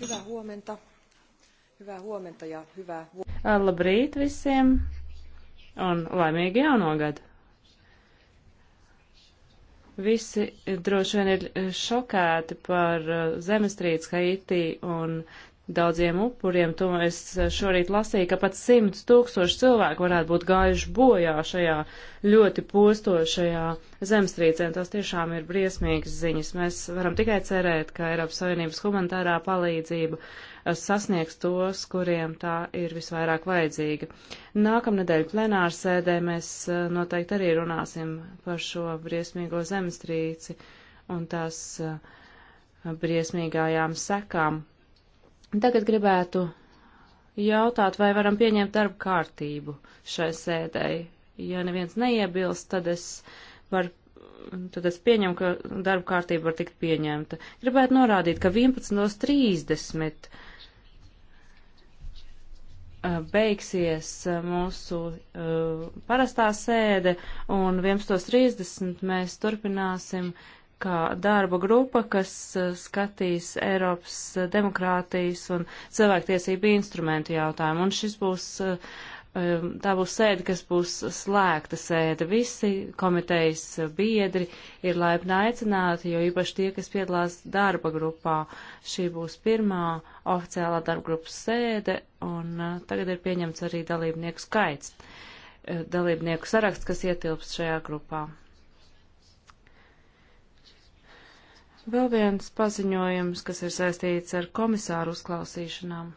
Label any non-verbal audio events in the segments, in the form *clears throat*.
Hyvää huomenta. Hyvää huomenta ja hyvää huomenta. Labrīt visiem un laimīgi jauno gadu. Visi droši vien ir šokēti par zemestrīces Haiti un daudziem upuriem. To es šorīt lasīju, ka pat 100 tūkstoši cilvēku varētu būt gājuši bojā šajā ļoti postošajā zemstrīcē. Tas tiešām ir briesmīgas ziņas. Mēs varam tikai cerēt, ka Eiropas Savienības humanitārā palīdzība eh, sasniegs tos, kuriem tā ir visvairāk vajadzīga. Nākamnedēļ plenāra sēdē mēs eh, noteikti arī runāsim par šo briesmīgo zemstrīci un tās eh, briesmīgajām sekām Tagad gribētu jautāt, vai varam pieņemt darba kārtību šai sēdēji. Ja neviens neiebilst, tad es varu tad es pieņemu, ka darba kārtība var tikt pieņemta. Gribētu norādīt, ka 11.30 beigsies mūsu parastā sēde, un 11.30 mēs turpināsim kā darba grupa, kas uh, skatīs Eiropas demokrātijas un cilvēktiesību instrumentu jautājumu. Un šis būs, uh, um, tā būs sēde, kas būs slēgta sēde. Visi komitejas biedri ir laipni aicināti, jo īpaši tie, kas piedalās darba grupā. Šī būs pirmā oficiālā darba grupas sēde, un uh, tagad ir pieņemts arī dalībnieku skaits dalībnieku saraksts, kas ietilps šajā grupā. Vēl viens paziņojums, kas ir saistīts ar komisāru uzklausīšanām.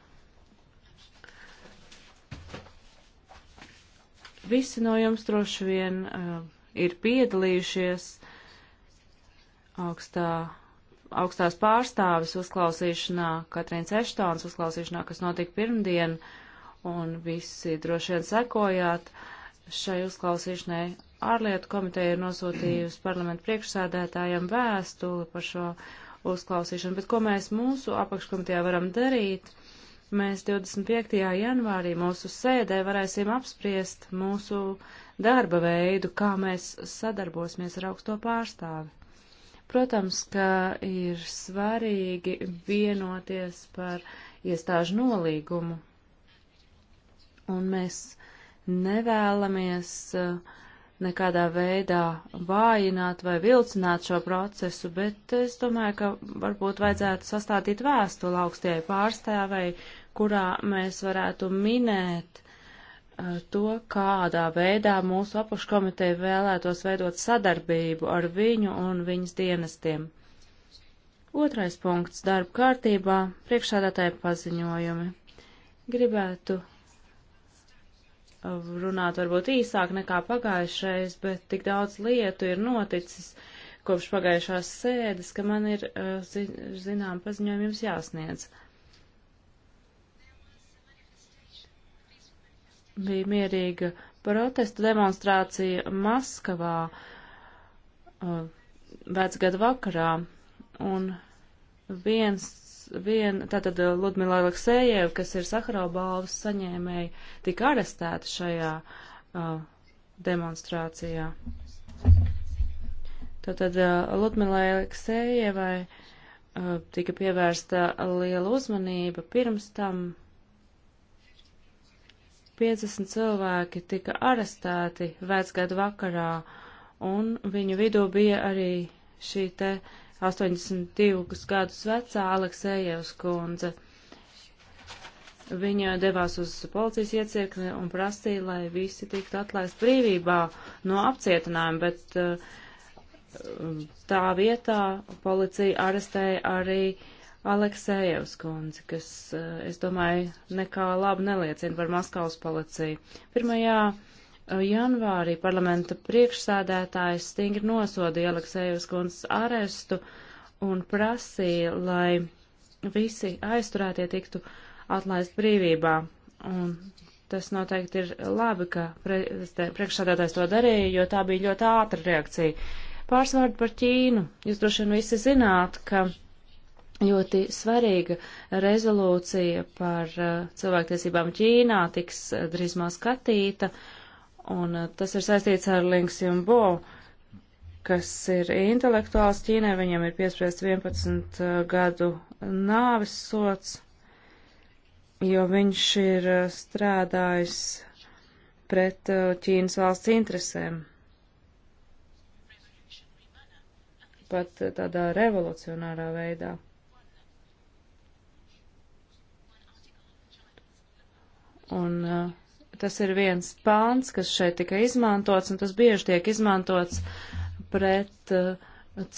Visi no jums droši vien uh, ir piedalījušies augstā, augstās pārstāvis uzklausīšanā, Katrīnas Eštons uzklausīšanā, kas notika pirmdien, un visi droši vien sekojāt šai uzklausīšanai ārlietu komiteja ir nosūtījusi parlamentu priekšsādētājiem vēstuli par šo uzklausīšanu, bet ko mēs mūsu apakškomitejā varam darīt? Mēs 25. janvārī mūsu sēdē varēsim apspriest mūsu darba veidu, kā mēs sadarbosimies ar augsto pārstāvi. Protams, ka ir svarīgi vienoties par iestāžu nolīgumu, un mēs nevēlamies uh, nekādā veidā vājināt vai vilcināt šo procesu, bet es domāju, ka varbūt vajadzētu sastādīt vēstuli augstajai pārstāvēji, kurā mēs varētu minēt uh, to, kādā veidā mūsu apakškomiteja vēlētos veidot sadarbību ar viņu un viņas dienestiem. Otrais punkts darba kārtībā - priekšādātāja paziņojumi. Gribētu runāt varbūt īsāk nekā pagājušais, bet tik daudz lietu ir noticis kopš pagājušās sēdes, ka man ir uh, zinām paziņojumi jums jāsniedz. Bija mierīga protesta demonstrācija Maskavā uh, vecgada vakarā, un viens vien, tātad eh, Ludmila Aleksējeva, kas ir Saharau balvas saņēmēja, tika arestēta šajā uh, demonstrācijā. Tātad uh, Ludmila Aleksējevai uh, tika pievērsta liela uzmanība pirms tam. 50 cilvēki tika arestēti vecgadu vakarā, un viņu vidū bija arī šī te uh, 82 gadus vecā Aleksējevs kundze. Viņa devās uz policijas iecirkni un prasīja, lai visi tiktu atlaist brīvībā no apcietinājuma, bet uh, tā vietā policija arestēja arī Aleksējevs kundzi, kas, uh, es domāju, nekā labu neliecina par Maskavas policiju. 1 janvārī parlamenta priekšsādētājs stingri nosodīja Aleksējus kundzes arestu un prasīja, lai visi aizturētie tiktu atlaist brīvībā. Un tas noteikti ir labi, ka priekšsādātājs to darīja, jo tā bija ļoti ātra reakcija. Pārsvārdu par Ķīnu. Jūs droši vien visi zināt, ka ļoti svarīga rezolūcija par cilvēktiesībām Ķīnā tiks drīzumā skatīta. Uh, Un eh, tas ir saistīts ar Links Jumbo, kas ir intelektuāls Ķīnē, viņam ir piespriezt 11 eh, gadu nāves sots, jo viņš ir eh, strādājis pret Ķīnas valsts interesēm. Pat tādā revolucionārā veidā. Un uh, Tas ir viens pāns, kas šeit tika izmantots, un tas bieži tiek izmantots pret uh,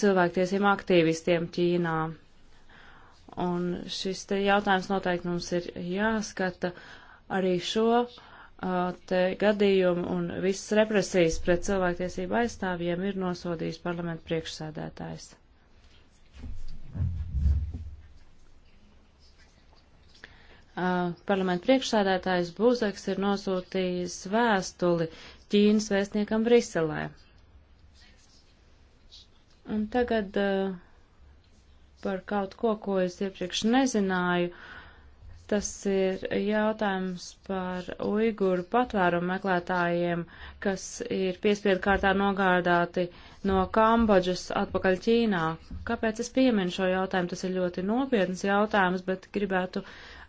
cilvēktiesiem aktīvistiem Ķīnā. Un šis te jautājums noteikti mums ir jāskata arī šo uh, te gadījumu, un visas represijas pret cilvēktiesību aizstāvjiem ir nosodījis parlamentu priekšsēdētājs. parlamenta priekšsādātājs Buzeks ir nosūtījis vēstuli Ķīnas vēstniekam Briselē. Un tagad uh, par kaut ko, ko es iepriekš nezināju. Tas ir jautājums par uiguru patvērumu meklētājiem, kas ir piespiedu kārtā nogārdāti no Kambodžas atpakaļ Ķīnā. Kāpēc es pieminu šo jautājumu? Tas ir ļoti nopietns jautājums, bet gribētu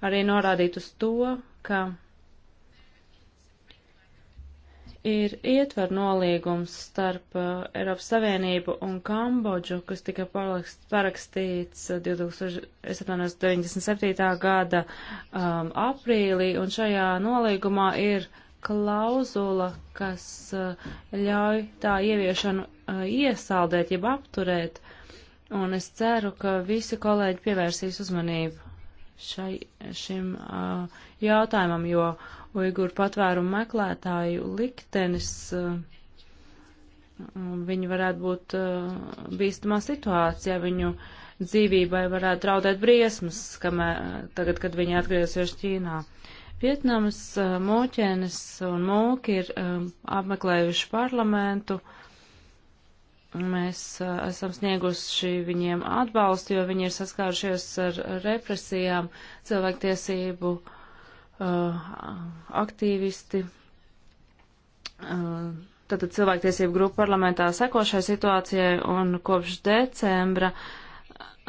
arī norādīt uz to, ka ir ietver nolīgums starp uh, Eiropas Savienību un Kambodžu, kas tika parakstīts 1997. Uh, gada um, aprīlī, un šajā nolīgumā ir klauzula, kas uh, ļauj tā ieviešanu uh, iesaldēt, jeb apturēt, un es ceru, ka visi kolēģi pievērsīs uzmanību šai, šim uh, jautājumam, jo Uiguru patvērumu meklētāju liktenis, uh, viņi varētu būt uh, bīstamā situācijā, viņu dzīvībai varētu draudēt briesmas, kamēr, tagad, kad viņi atgriezies Ķīnā. Vietnamas uh, mūķēnis un mūki ir um, apmeklējuši parlamentu. Uh, Mēs uh, esam snieguši viņiem atbalstu, jo viņi ir saskārušies ar represijām, cilvēktiesību uh, aktīvisti. Uh, Tātad cilvēktiesību grupa parlamentā sekošai situācijai un kopš decembra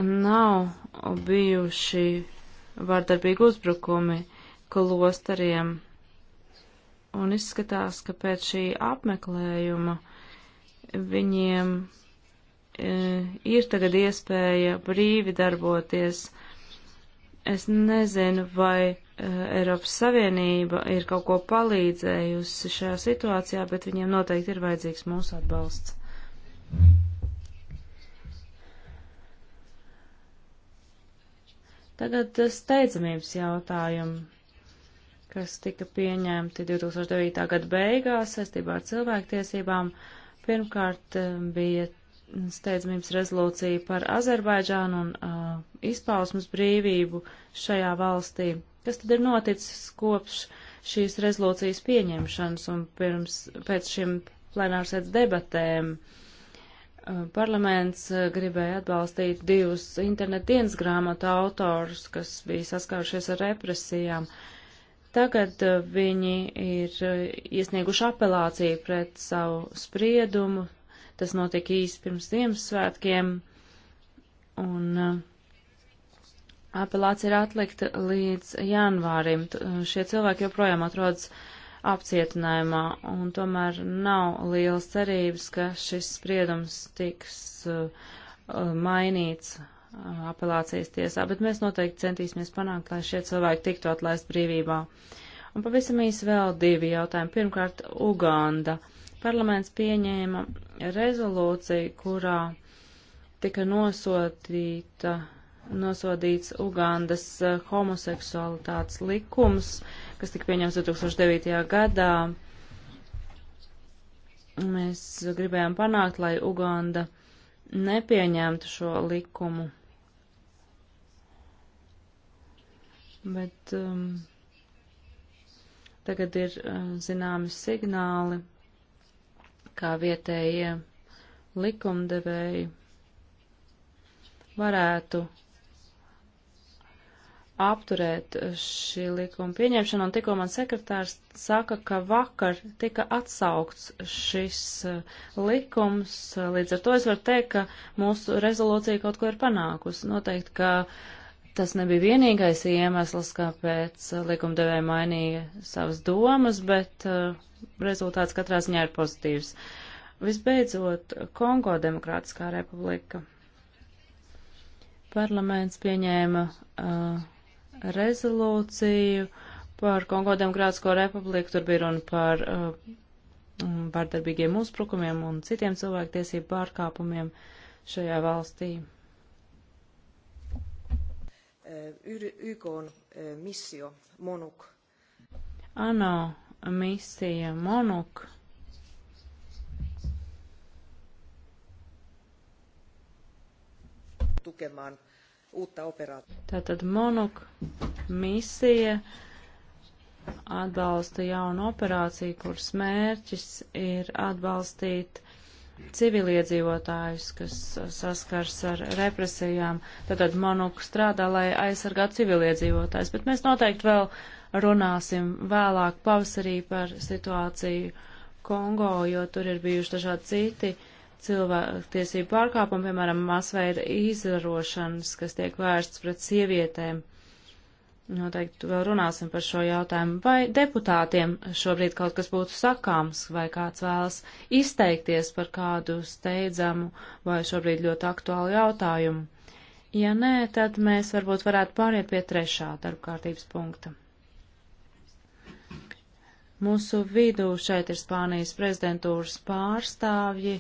nav bijuši vārdarbīgi uzbrukumi klosteriem. Un izskatās, ka pēc šī apmeklējuma uh, viņiem e, ir tagad iespēja brīvi darboties. Es nezinu, vai e, Eiropas Savienība ir kaut ko palīdzējusi šajā situācijā, bet viņiem noteikti ir vajadzīgs mūsu atbalsts. Tagad steidzamības jautājumi, kas tika pieņemti 2009. gada beigās saistībā ar cilvēktiesībām. Uh, Pirmkārt um, bija steidzamības rezolūcija par Azerbaidžānu un uh, izpausmas brīvību šajā valstī. Kas tad ir noticis kopš šīs rezolūcijas pieņemšanas un pirms, pēc šiem plenārsēdz debatēm? Uh, parlaments uh, gribēja atbalstīt divus internet dienas grāmatu autors, kas bija saskārušies ar represijām. Uh, Tagad eh, viņi ir eh, iesnieguši apelāciju pret savu spriedumu. Tas notika īsi pirms Ziemassvētkiem. Un eh, apelācija ir atlikta līdz janvārim. Šie cilvēki joprojām atrodas apcietinājumā, un tomēr nav lielas cerības, ka šis spriedums tiks mainīts apelācijas tiesā, bet mēs noteikti centīsimies panākt, lai šie cilvēki tiktu atlaist brīvībā. Un pavisam īsi vēl divi jautājumi. Pirmkārt, Uganda. Parlaments pieņēma rezolūciju, kurā tika nosodīta, nosodīts Ugandas eh, homoseksualitātes likums, kas tika pieņemts 2009. gadā. Mēs gribējām panākt, lai Uganda nepieņemtu šo likumu. bet um, tagad ir uh, zināmi signāli, kā vietējie likumdevēji varētu apturēt šī likuma pieņemšanu, un tikko man sekretārs saka, ka vakar tika atsaukts šis uh, likums, līdz ar to es varu teikt, ka mūsu rezolūcija kaut ko ir panākusi. Noteikti, ka Tas nebija vienīgais iemesls, kāpēc uh, likumdevēja mainīja savas domas, bet uh, rezultāts katrā ziņā ir pozitīvs. Visbeidzot, Kongo Demokrātiskā republika. Parlaments pieņēma uh, rezolūciju par Kongo Demokrātisko republiku. Tur bija runa par uh, mm, vardarbīgiem uzbrukumiem un citiem cilvēktiesību pārkāpumiem šajā valstī. YK missio MONUK. ANO misija MONUK. tukemaan uutta operaatiota. Tātad MONUK misija atbalsta jaunu operāciju, kuras mērķis ir atbalstīt civiliedzīvotājus, kas saskars ar represijām. Tātad Monuk strādā, lai aizsargātu civiliedzīvotājus, bet mēs noteikti vēl runāsim vēlāk pavasarī par situāciju Kongo, jo tur ir bijuši dažādi citi cilvēktiesību pārkāpumi, piemēram, masveida izrarošanas, kas tiek vērsts pret sievietēm. Uh, Noteikti vēl runāsim par šo jautājumu. Vai deputātiem šobrīd kaut kas būtu sakāms, vai kāds vēlas izteikties par kādu steidzamu vai šobrīd ļoti aktuālu jautājumu? Ja nē, tad mēs varbūt varētu pāriet pie trešā darbkārtības punkta. Mūsu vidū šeit ir Spānijas prezidentūras pārstāvji,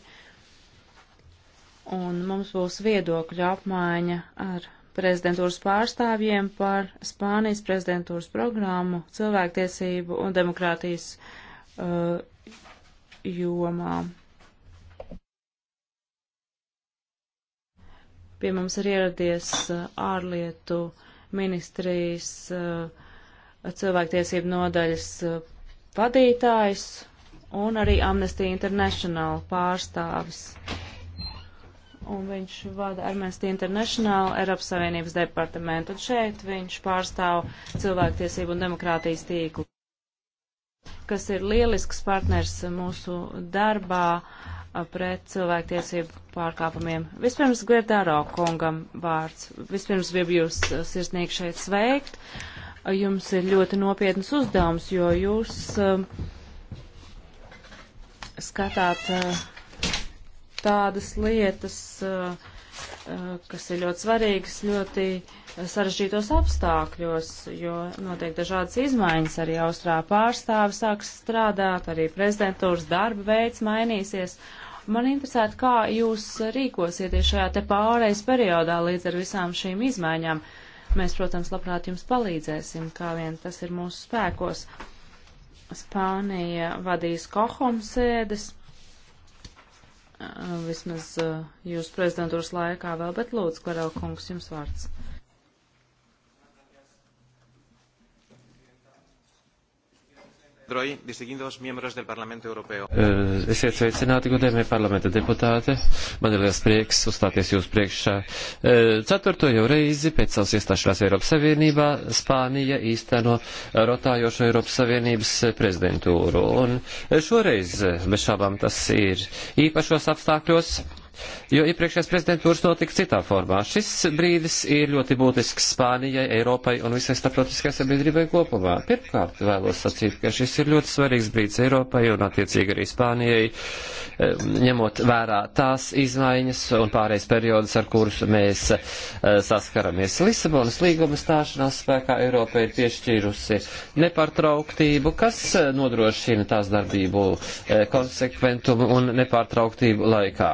un mums būs viedokļu apmaiņa ar prezidentūras pārstāvjiem par Spānijas prezidentūras programmu cilvēktiesību un demokrātijas uh, jomā. Pie mums ir ieradies uh, ārlietu ministrijas uh, cilvēktiesību nodaļas uh, vadītājs un arī Amnesty International pārstāvis. Uh, un viņš vada Amnesty International Eiropas Savienības departamentu. Un šeit viņš pārstāv cilvēktiesību un demokrātijas tīklu, kas ir lielisks partners mūsu darbā pret cilvēktiesību pārkāpumiem. Vispirms Gverdaro kungam vārds. Vispirms gribu jūs sirsnīgi šeit sveikt. Jums ir ļoti nopietnas uzdevums, jo jūs skatāt uh, tādas lietas, uh, uh, kas ir ļoti svarīgas ļoti sarežģītos apstākļos, jo notiek dažādas izmaiņas. Arī Austrā pārstāve sāks strādāt, arī prezidentūras darba veids mainīsies. Man interesētu, kā jūs rīkosieties šajā te pārejas periodā līdz ar visām šīm izmaiņām. Mēs, protams, labprāt jums palīdzēsim, kā vien tas ir mūsu spēkos. Spānija vadīs kohom sēdes vismaz eh, jūsu prezidentūras laikā vēl, bet lūdzu, Klarel kungs, jums vārds. Droi, distinguidos miembros del Parlamento Europeo. Eh, esiet sveicināti, godējumie parlamenta deputāti. Man ir liels prieks uzstāties jūs priekšā. Eh, ceturto jau reizi pēc savas iestāšanās Eiropas Savienībā Spānija īsteno rotājošo Eiropas Savienības prezidentūru. Un šoreiz, bez šābām, tas ir īpašos apstākļos jo iepriekšējais prezidentūras notika citā formā. Šis brīdis ir ļoti būtisks Spānijai, Eiropai un visai starptautiskajai sabiedrībai kopumā. Pirmkārt, vēlos sacīt, ka šis ir ļoti svarīgs brīdis Eiropai un attiecīgi arī Spānijai, ņemot vērā tās izmaiņas un pārējais periodus, ar kurus mēs eh, saskaramies. Lisabonas līguma stāšanās spēkā Eiropai ir piešķīrusi nepārtrauktību, kas eh, nodrošina tās darbību eh, konsekventumu un nepārtrauktību laikā.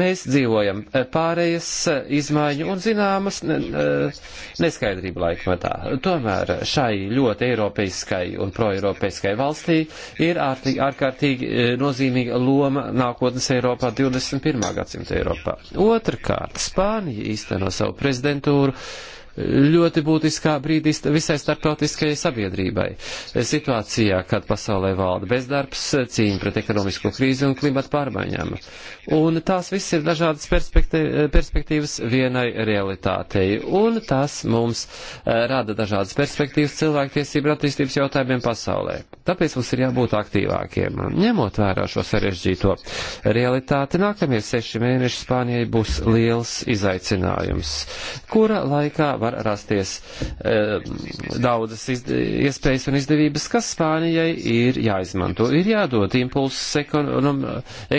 Mēs dzīvojam eh, pārējas eh, izmaiņu un zināmas neskaidrību laikmetā. Tomēr šai ļoti eiropeiskai un proeiropeiskai valstī ir ārkārtīgi eh, nozīmīga loma nākotnes Eiropā, 21. gadsimta Eiropā. Otrkārt, Spānija īsteno savu prezidentūru ļoti būtiskā brīdī visai starptautiskajai sabiedrībai. Situācijā, kad pasaulē valda bezdarbs, cīņa pret ekonomisko krīzi un klimatu pārmaiņām. Un tās viss ir dažādas perspektīvas vienai realitātei. Un tas mums eh, rada dažādas perspektīvas cilvēktiesību attīstības jautājumiem pasaulē. Tāpēc mums ir jābūt aktīvākiem. Ņemot vērā šo sarežģīto realitāti, nākamie seši mēneši Spānijai būs liels izaicinājums, kura laikā var rasties e, daudzas izd iespējas un izdevības, kas Spānijai ir jāizmanto. Ir jādod impulss ekonom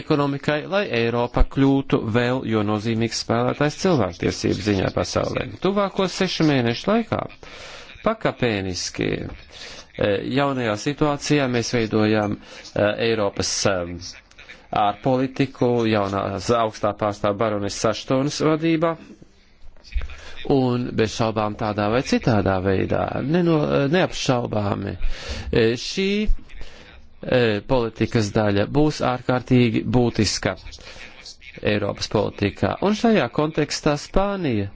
ekonomikai, lai Eiropa kļūtu vēl jo nozīmīgs spēlētājs cilvēktiesību ziņā pasaulē. Tuvāko sešu mēnešu laikā pakāpeniski Eh, jaunajā situācijā mēs veidojam eh, Eiropas ehm, ārpolitiku jaunās augstā pārstāv baronis Saštonas vadībā. Un bez šaubām tādā vai citādā veidā, neno, eh, neapšaubāmi, šī politikas daļa būs ārkārtīgi būtiska. Eiropas politikā. Un šajā kontekstā Spānija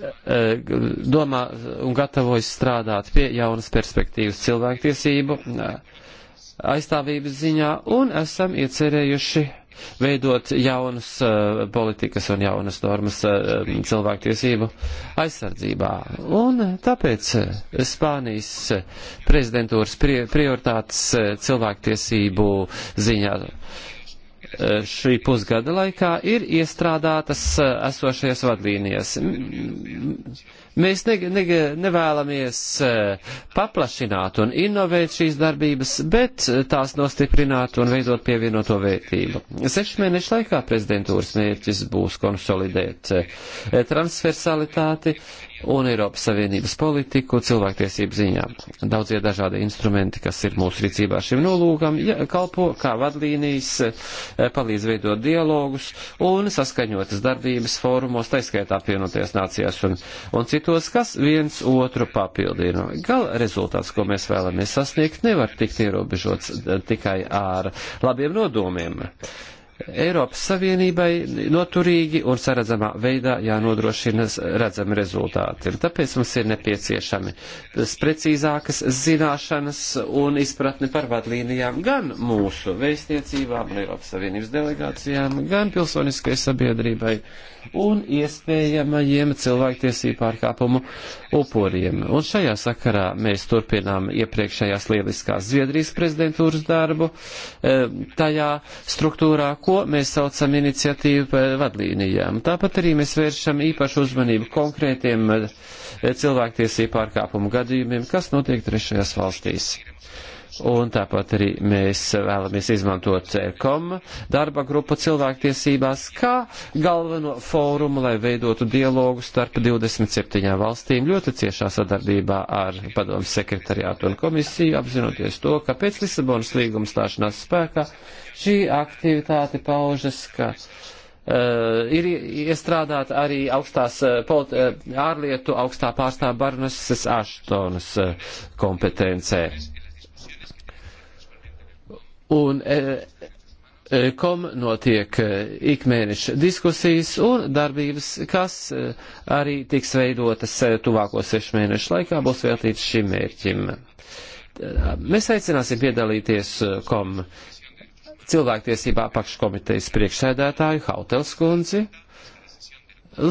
E, domā un gatavojas strādāt pie jaunas perspektīvas cilvēktiesību e, aizstāvības ziņā un esam iecerējuši veidot jaunas uh, politikas un jaunas normas uh, cilvēktiesību aizsardzībā. Un tāpēc Spānijas prezidentūras pri prioritātes cilvēktiesību ziņā Eh, šī pusgada laikā ir iestrādātas eh, esošajās vadlīnijas. Mēs ne, ne, nevēlamies eh, paplašināt un inovēt šīs darbības, bet tās nostiprināt un veidot pievienoto vērtību. Sešu mēnešu laikā prezidentūras mērķis būs konsolidēt transversalitāti un Eiropas Savienības politiku cilvēktiesību ziņā. Daudzie dažādi instrumenti, kas ir mūsu rīcībā šim nolūkam, kalpo kā vadlīnijas, eh, palīdz veidot dialogus un saskaņotas darbības fórumos, taiskaitā apvienoties nācijās un, un citos, kas viens otru papildina. Gala rezultāts, ko mēs vēlamies sasniegt, nevar tikt ierobežots eh, tikai ar labiem nodomiem. Uh, Eiropas Savienībai noturīgi un saredzamā veidā jānodrošina redzami rezultāti. Un tāpēc mums ir nepieciešami precīzākas zināšanas un izpratni par vadlīnijām gan mūsu vēstniecībām un Eiropas Savienības delegācijām, gan pilsoniskai sabiedrībai un iespējamajiem cilvēktiesību pārkāpumu upuriem. Un šajā sakarā mēs turpinām iepriekšējās lieliskās Zviedrijas prezidentūras darbu eh, tajā struktūrā, ko mēs saucam iniciatīvu par vadlīnijām. Tāpat arī mēs vēršam īpašu uzmanību konkrētiem eh, cilvēktiesību pārkāpumu gadījumiem, kas notiek trešajās valstīs. Un tāpat arī mēs vēlamies izmantot CERCOM darba grupu cilvēktiesībās kā galveno fórumu, lai veidotu dialogu starp 27 valstīm ļoti ciešā sadarbībā ar padomu sekretariātu un komisiju, apzinoties to, ka pēc Lisabonas līguma stāšanās spēkā šī aktivitāte paužas, ka uh, ir iestrādāta arī augstās uh, polit, uh, ārlietu augstā pārstāvā Barneses Aštonas uh, kompetencē Un e, e, kom notiek e, ikmēneša diskusijas un darbības, kas arī tiks veidotas tuvāko sešu mēnešu laikā, būs veltīts šim mērķim. Mēs aicināsim piedalīties kom cilvēktiesībā apakškomitejas priekšsēdētāju Hautels kundzi,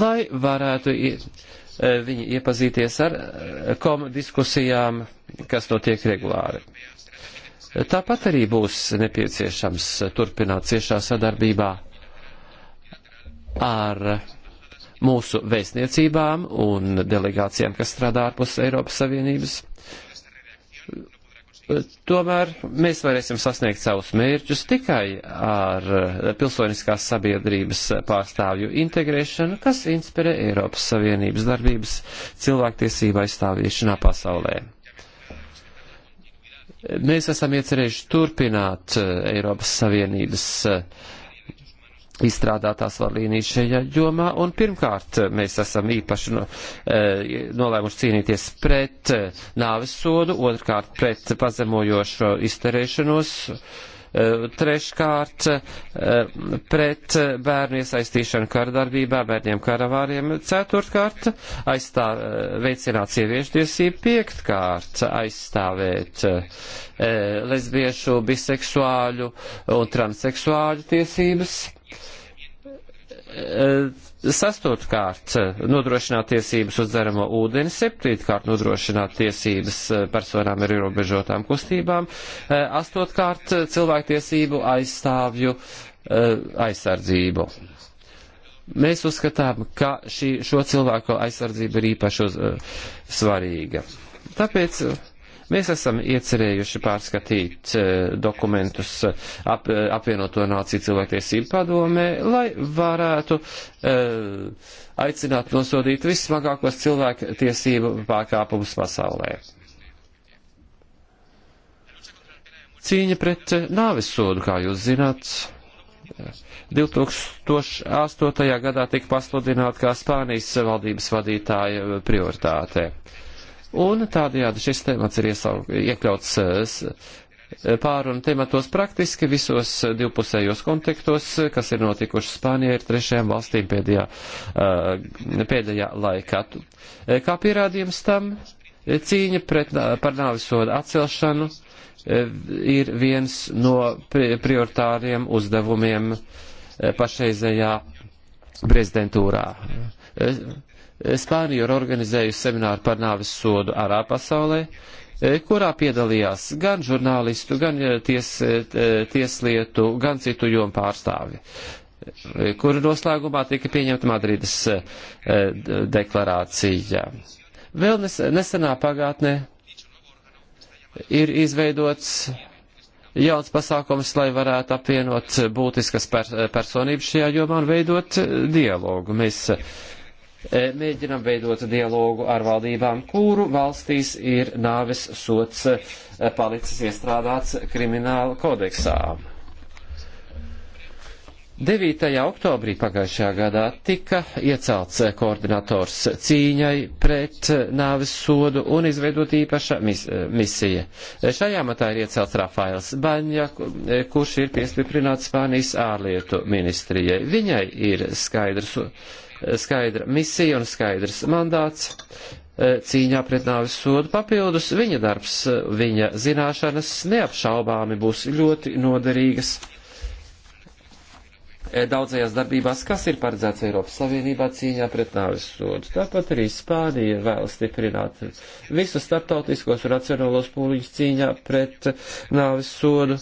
lai varētu viņi iepazīties ar kom diskusijām, kas notiek regulāri. Tāpat arī būs nepieciešams turpināt ciešā sadarbībā ar mūsu vēstniecībām un delegācijām, kas strādā ārpus Eiropas Savienības. Tomēr mēs varēsim sasniegt savus mērķus tikai ar pilsoniskās sabiedrības pārstāvju integrēšanu, kas inspirē Eiropas Savienības darbības cilvēktiesība aizstāviešanā pasaulē. Mēs esam iecerējuši turpināt eh, Eiropas Savienības eh, izstrādātās vadlīnijas šajā jomā, un pirmkārt eh, mēs esam īpaši no, nolēmuši cīnīties pret nāves sodu, otrkārt pret pazemojošo izterēšanos, Eh, treškārt, eh, pret bērnu iesaistīšanu kardarbībā, bērniem karavāriem. Ceturtkārt, aizstāv, eh, veicināt sieviešu tiesību. Piektkārt, aizstāvēt lesbiešu, biseksuāļu un transseksuāļu tiesības Sastotkārt, nodrošināt tiesības uz dzeramo ūdeni, septītkārt, nodrošināt tiesības eh, personām ar ierobežotām kustībām, eh, astotkārt, cilvēktiesību aizstāvju eh, aizsardzību. Mēs uzskatām, ka šī, šo cilvēku aizsardzība ir īpaši uz, svarīga. Tāpēc Mēs esam iecerējuši pārskatīt eh, dokumentus eh, ap, eh, apvienoto nāciju cilvēktiesību padomē, lai varētu aicināt nosodīt vissmagākos cilvēktiesību pārkāpumus pasaulē. Cīņa pret nāvisodu, kā jūs zināt, 2008. gadā tika pasludināta kā Spānijas valdības vadītāja prioritāte. Un tādējādi šis temats ir iesau, iekļauts eh, pārunu tematos praktiski visos divpusējos kontekstos, kas ir notikuši Spānijai ar trešajām valstīm pēdējā, eh, pēdējā laikā. Eh, kā pierādījums tam, cīņa pret, par nāvisodu atcelšanu ir viens no prioritāriem uzdevumiem pašreizējā prezidentūrā Spānija ir organizējusi semināru par nāves sodu arā pasaulē, e, kurā piedalījās gan žurnālistu, gan e, ties, e, tieslietu, gan citu jomu pārstāvi kuru noslēgumā tika pieņemta Madrīdas deklarācija. Vēl nes, nesenā pagātnē ir izveidots jauns pasākums, lai varētu apvienot būtiskas per, personības šajā jomā un veidot dialogu. Mēs E, mēģinam veidot dialogu ar valdībām, kuru valstīs ir nāves sots e, palicis iestrādāts krimināla kodeksā. 9. oktobrī pagājušajā gadā tika iecelts koordinators cīņai pret nāves sodu un izveidot īpaša mis e, misija. Šajā matā ir iecelts Rafaels Baņa, kurš ir piestiprināts Spānijas ārlietu ministrijai. Viņai ir skaidrs skaidra misija un skaidrs mandāts e, cīņā pret nāvis sodu papildus. Viņa darbs, e, viņa zināšanas neapšaubāmi būs ļoti noderīgas e, daudzajās darbībās, kas ir paredzēts Eiropas Savienībā cīņā pret nāvis sodu. Tāpat arī Spānija vēlas stiprināt visus starptautiskos un nacionālos pūliņus cīņā pret nāvis sodu.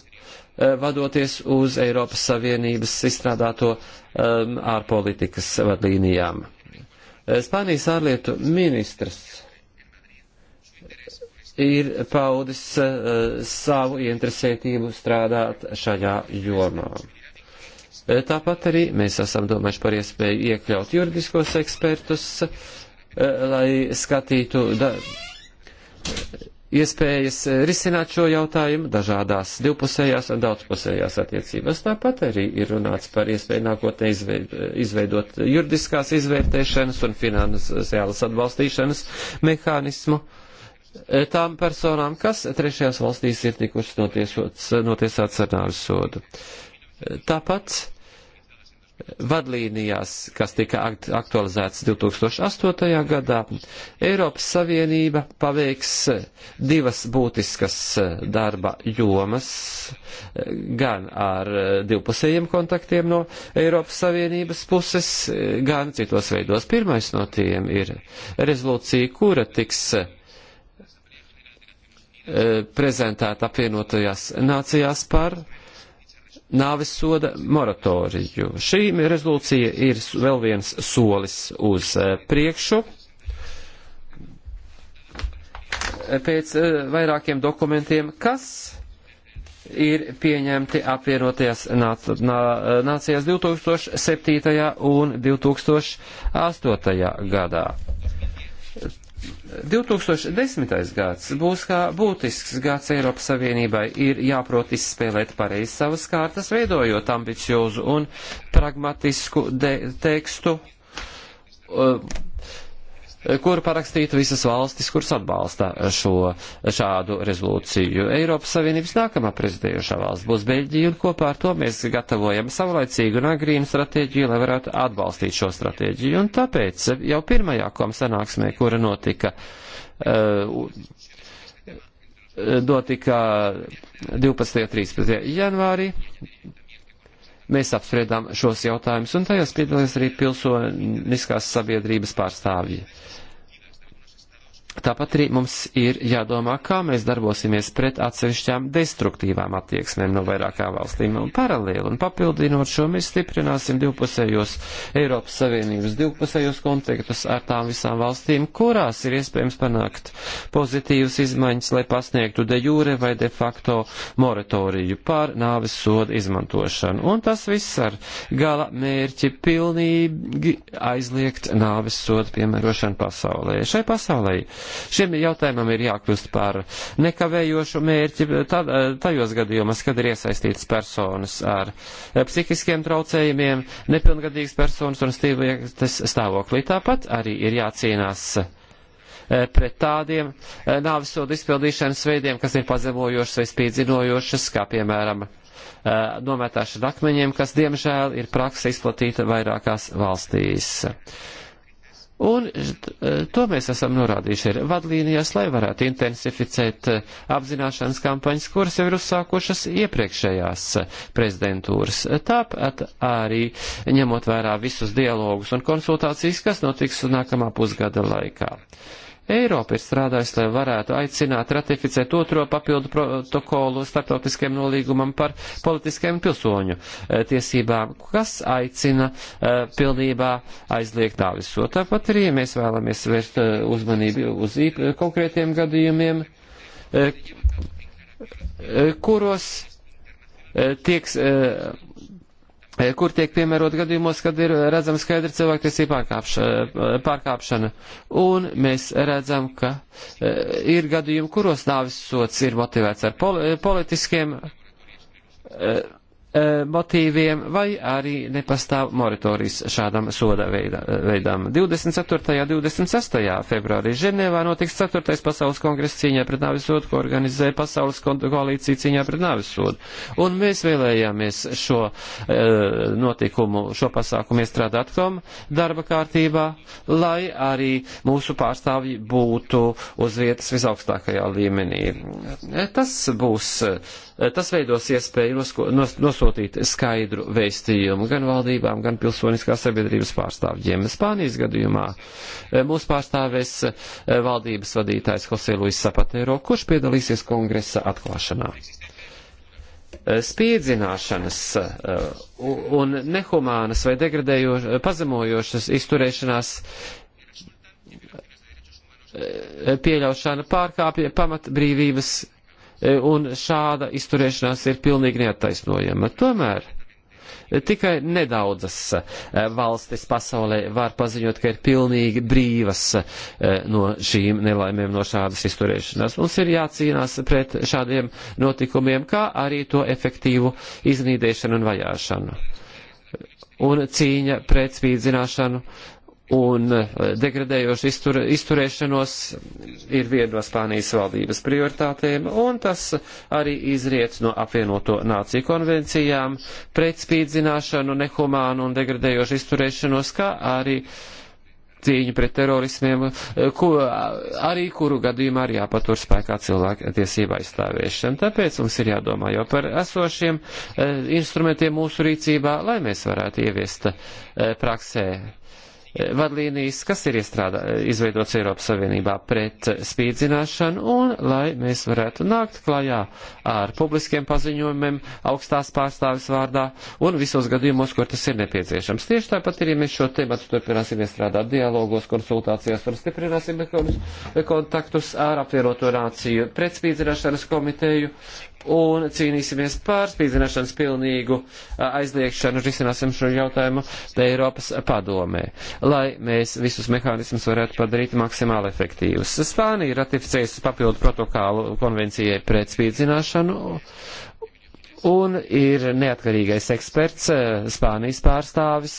Eh, vadoties uz Eiropas Savienības izstrādāto um, ārpolitikas vadlīnijām. Eh, Spānijas ārlietu ministrs ir paudis uh, savu interesētību strādāt šajā jomā. Tāpat arī mēs esam domājuši par iespēju iekļaut juridiskos ekspertus, uh, lai skatītu da, iespējas eh, risināt šo jautājumu dažādās divpusējās un daudzpusējās attiecībās. Tāpat arī ir runāts par iespēju nākotnē izveidot juridiskās izvērtēšanas un finansiālas atbalstīšanas mehānismu eh, tām personām, kas trešajās valstīs ir tikušas notiesāts ar nāvis sodu. Eh, tāpat vadlīnijās, kas tika aktualizētas 2008. gadā, Eiropas Savienība paveiks divas būtiskas darba jomas, gan ar divpusējiem kontaktiem no Eiropas Savienības puses, gan citos veidos. Pirmais no tiem ir rezolūcija, kura tiks eh, prezentēta apvienotajās nācijās par nāves soda moratoriju. Šī rezolūcija ir vēl viens solis uz eh, priekšu. Eh, pēc eh, vairākiem dokumentiem, kas ir pieņemti apvienotajās nācijās 2007. un 2008. gadā. 2010. gads būs kā būtisks gads Eiropas Savienībai, ir jāprot izspēlēt pareizi savas kārtas, veidojot ambiciozu un pragmatisku tekstu, uh, kuru parakstītu visas valstis, kuras atbalsta šo šādu rezolūciju. Eiropas Savienības nākamā prezidējušā valsts būs Beļģija, un kopā ar to mēs gatavojam savlaicīgu un agrīnu stratēģiju, lai varētu atbalstīt šo stratēģiju. Un tāpēc jau pirmajā kom sanāksmē, kura notika. Uh, notika 12. un 13. janvārī. Mēs apspriedām šos jautājumus, un tajās piedalījās arī pilsoniskās sabiedrības pārstāvji. Uh, Tāpat arī mums ir jādomā, kā mēs darbosimies pret atsevišķām destruktīvām attieksmēm no vairākām valstīm. Un paralēli un papildinot šo, mēs stiprināsim divpusējos Eiropas Savienības divpusējos kontaktus ar tām visām valstīm, kurās ir iespējams panākt pozitīvas izmaiņas, lai pasniegtu de jure vai de facto moratoriju par nāves sodu izmantošanu. Un tas viss ar gala mērķi pilnīgi aizliegt nāves sodu piemērošanu pasaulē. Šai pasaulē Šim jautājumam ir jākļūst par nekavējošu mērķi tad, eh, tajos gadījumos, kad ir iesaistītas personas ar eh, psihiskiem traucējumiem, nepilngadīgas personas un stīvietas stāvoklī. Tāpat arī ir jācīnās eh, pret tādiem nāvisodu izpildīšanas veidiem, kas ir pazemojošas vai spīdzinojošas, kā piemēram nometāšana akmeņiem, kas diemžēl ir praksa izplatīta vairākās valstīs. Un eh, to mēs esam norādījuši ar vadlīnijās, lai varētu intensificēt eh, apzināšanas kampaņas, kuras jau ir uzsākušas iepriekšējās eh, prezidentūras. Tāpat arī ņemot vērā visus dialogus un konsultācijas, kas notiks nākamā pusgada laikā. Uh, Eiropa ir strādājusi, lai varētu aicināt ratificēt otro papildu protokolu starptautiskajam nolīgumam par politiskajiem pilsoņu eh, tiesībām, kas aicina eh, pilnībā aizliegt nāviso. Tāpat arī, ja mēs vēlamies vērst eh, uzmanību uz konkrētiem gadījumiem, kuros tieks E, kur tiek piemērot gadījumos, kad ir redzama skaidra cilvēktiesība e, pārkāpšana. Un mēs redzam, ka e, ir gadījumi, kuros nāvis sots ir motivēts ar politiskiem Eh, motīviem, vai arī nepastāv moratorijas šādam soda eh, veidam. 24. un 26. februārī Ženēvā notiks 4. pasaules kongress cīņā pret nāvisodu, ko organizē pasaules koalīcija cīņā pret nāvisodu. Un mēs vēlējāmies šo e, notikumu, šo pasākumu iestrādāt kom darba kārtībā, lai arī mūsu pārstāvji būtu uz vietas visaugstākajā līmenī. Tas būs Tas veidos iespēju nosko, nos, nosūtīt skaidru vēstījumu gan valdībām, gan pilsoniskās sabiedrības pārstāvjiem. Spānijas gadījumā e, mūs pārstāvēs e, valdības vadītājs Jose Luis Zapatero, kurš piedalīsies kongresa atklāšanā e, spiedzināšanas un nehumānas vai degradējošas, pazemojošas izturēšanās pieļaušana pārkāpja pamatbrīvības E, un šāda izturēšanās ir pilnīgi neattaisnojama. Tomēr e, tikai nedaudzas e, valstis pasaulē var paziņot, ka ir pilnīgi brīvas no šīm nelaimēm, no šādas izturēšanās. Mums ir jācīnās pret šādiem notikumiem, kā arī to efektīvu iznīdēšanu un vajāšanu. Un cīņa pret spīdzināšanu un eh, degradējošu iztur, izturēšanos ir viena no Spānijas valdības prioritātēm, un tas arī izriet no apvienoto nāciju konvencijām pret spīdzināšanu, nehumānu un degradējošu izturēšanos, kā arī cīņu pret terorismiem, eh, ko, arī kuru gadījumā ir jāpatur spēkā cilvēka tiesība aizstāvēšana. Tāpēc mums ir jādomā jau par esošiem eh, instrumentiem mūsu rīcībā, lai mēs varētu ieviest praksē vadlīnijas, kas ir iestrādā, izveidots Eiropas Savienībā pret spīdzināšanu, un lai mēs varētu nākt klajā ar publiskiem paziņojumiem augstās pārstāvis vārdā un visos gadījumos, kur tas ir nepieciešams. Tieši tāpat ir, ja mēs šo tematu turpināsim iestrādāt dialogos, konsultācijās un stiprināsim kontaktus ar apvienoto nāciju pret spīdzināšanas komiteju, un cīnīsimies pār spīdzināšanas pilnīgu aizliekšanu, risināsim šo jautājumu Eiropas padomē, lai mēs visus mehānismus varētu padarīt maksimāli efektīvus. Spānija ir ratificējusi papildu protokālu konvencijai pret spīdzināšanu un ir neatkarīgais eksperts, eh, Spānijas pārstāvis,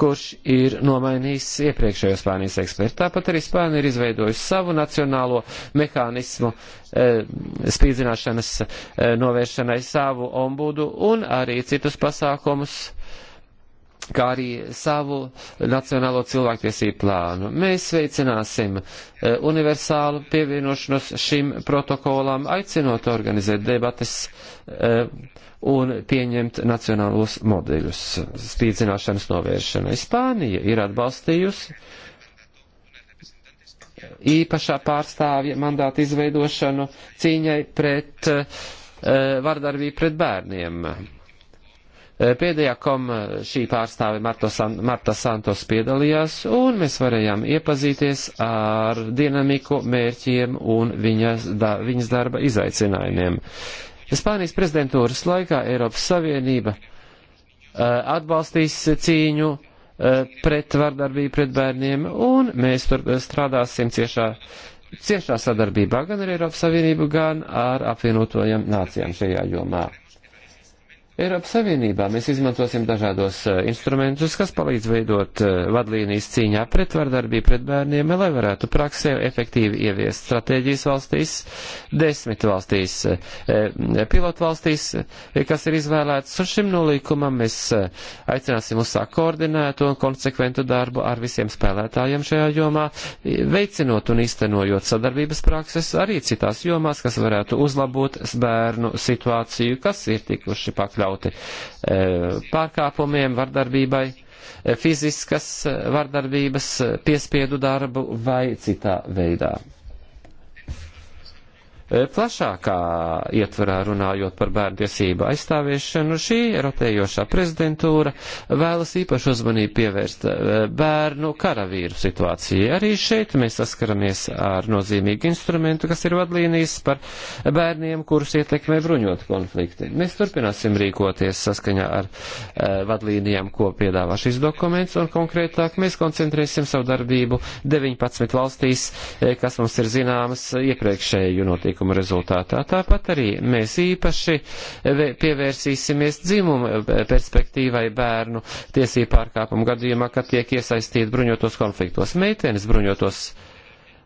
kurš ir nomainījis iepriekšējo Spānijas ekspertu. Tāpat arī Spānija ir izveidojusi savu nacionālo mehānismu e, spīdzināšanas e, novēršanai savu ombudu un arī citus pasākumus kā arī savu nacionālo cilvēktiesību plānu. Mēs veicināsim eh, universālu pievienošanos šim protokolam, aicinot organizēt debates eh, un pieņemt nacionālos modeļus spīdzināšanas novēršanai. Spānija ir atbalstījusi īpašā pārstāvja mandāta izveidošanu cīņai pret uh, vardarbību pret bērniem. Eh, pēdējā kom eh, šī pārstāve Marta, San, Marta Santos piedalījās, un mēs varējām iepazīties ar dinamiku, mērķiem un viņas, da, viņas darba izaicinājumiem. Spānijas prezidentūras laikā Eiropas Savienība eh, atbalstīs cīņu pret vardarbību pret bērniem, un mēs tur strādāsim ciešā, ciešā sadarbībā gan ar Eiropas Savienību, gan ar apvienotojiem nācijām šajā jomā. Eiropas Savienībā mēs izmantosim dažādos eh, instrumentus, kas palīdz veidot eh, vadlīnijas cīņā pret vardarbību pret bērniem, lai varētu praksē efektīvi ieviest stratēģijas valstīs, desmit valstīs, eh, pilotvalstīs, kas ir izvēlētas, un šim nolīkumam mēs aicināsim uzsākt koordinētu un konsekventu darbu ar visiem spēlētājiem šajā jomā, veicinot un iztenojot sadarbības prakses arī citās jomās, kas varētu uzlabot bērnu situāciju, kas ir tikuši pakļauti pakļauti e, pārkāpumiem, vardarbībai, e, fiziskas e, vardarbības, piespiedu darbu vai citā veidā. E, plašākā ietvarā runājot par bērnu tiesību aizstāviešanu, šī rotējošā prezidentūra vēlas īpašu uzmanību pievērst e, bērnu karavīru situācijai. Arī šeit mēs saskaramies ar nozīmīgu instrumentu, kas ir vadlīnijas par bērniem, kurus ietekmē bruņot konflikti. Mēs turpināsim rīkoties saskaņā ar e, vadlīnijām, ko piedāvā šis dokuments, un konkrētāk mēs koncentrēsim savu darbību 19 valstīs, kas mums ir zināmas iepriekšēju notikumu priekšlikuma rezultātā. Tāpat arī mēs īpaši pievērsīsimies dzimumu perspektīvai bērnu tiesību pārkāpumu gadījumā, kad tiek iesaistīti bruņotos konfliktos. Meitenes bruņotos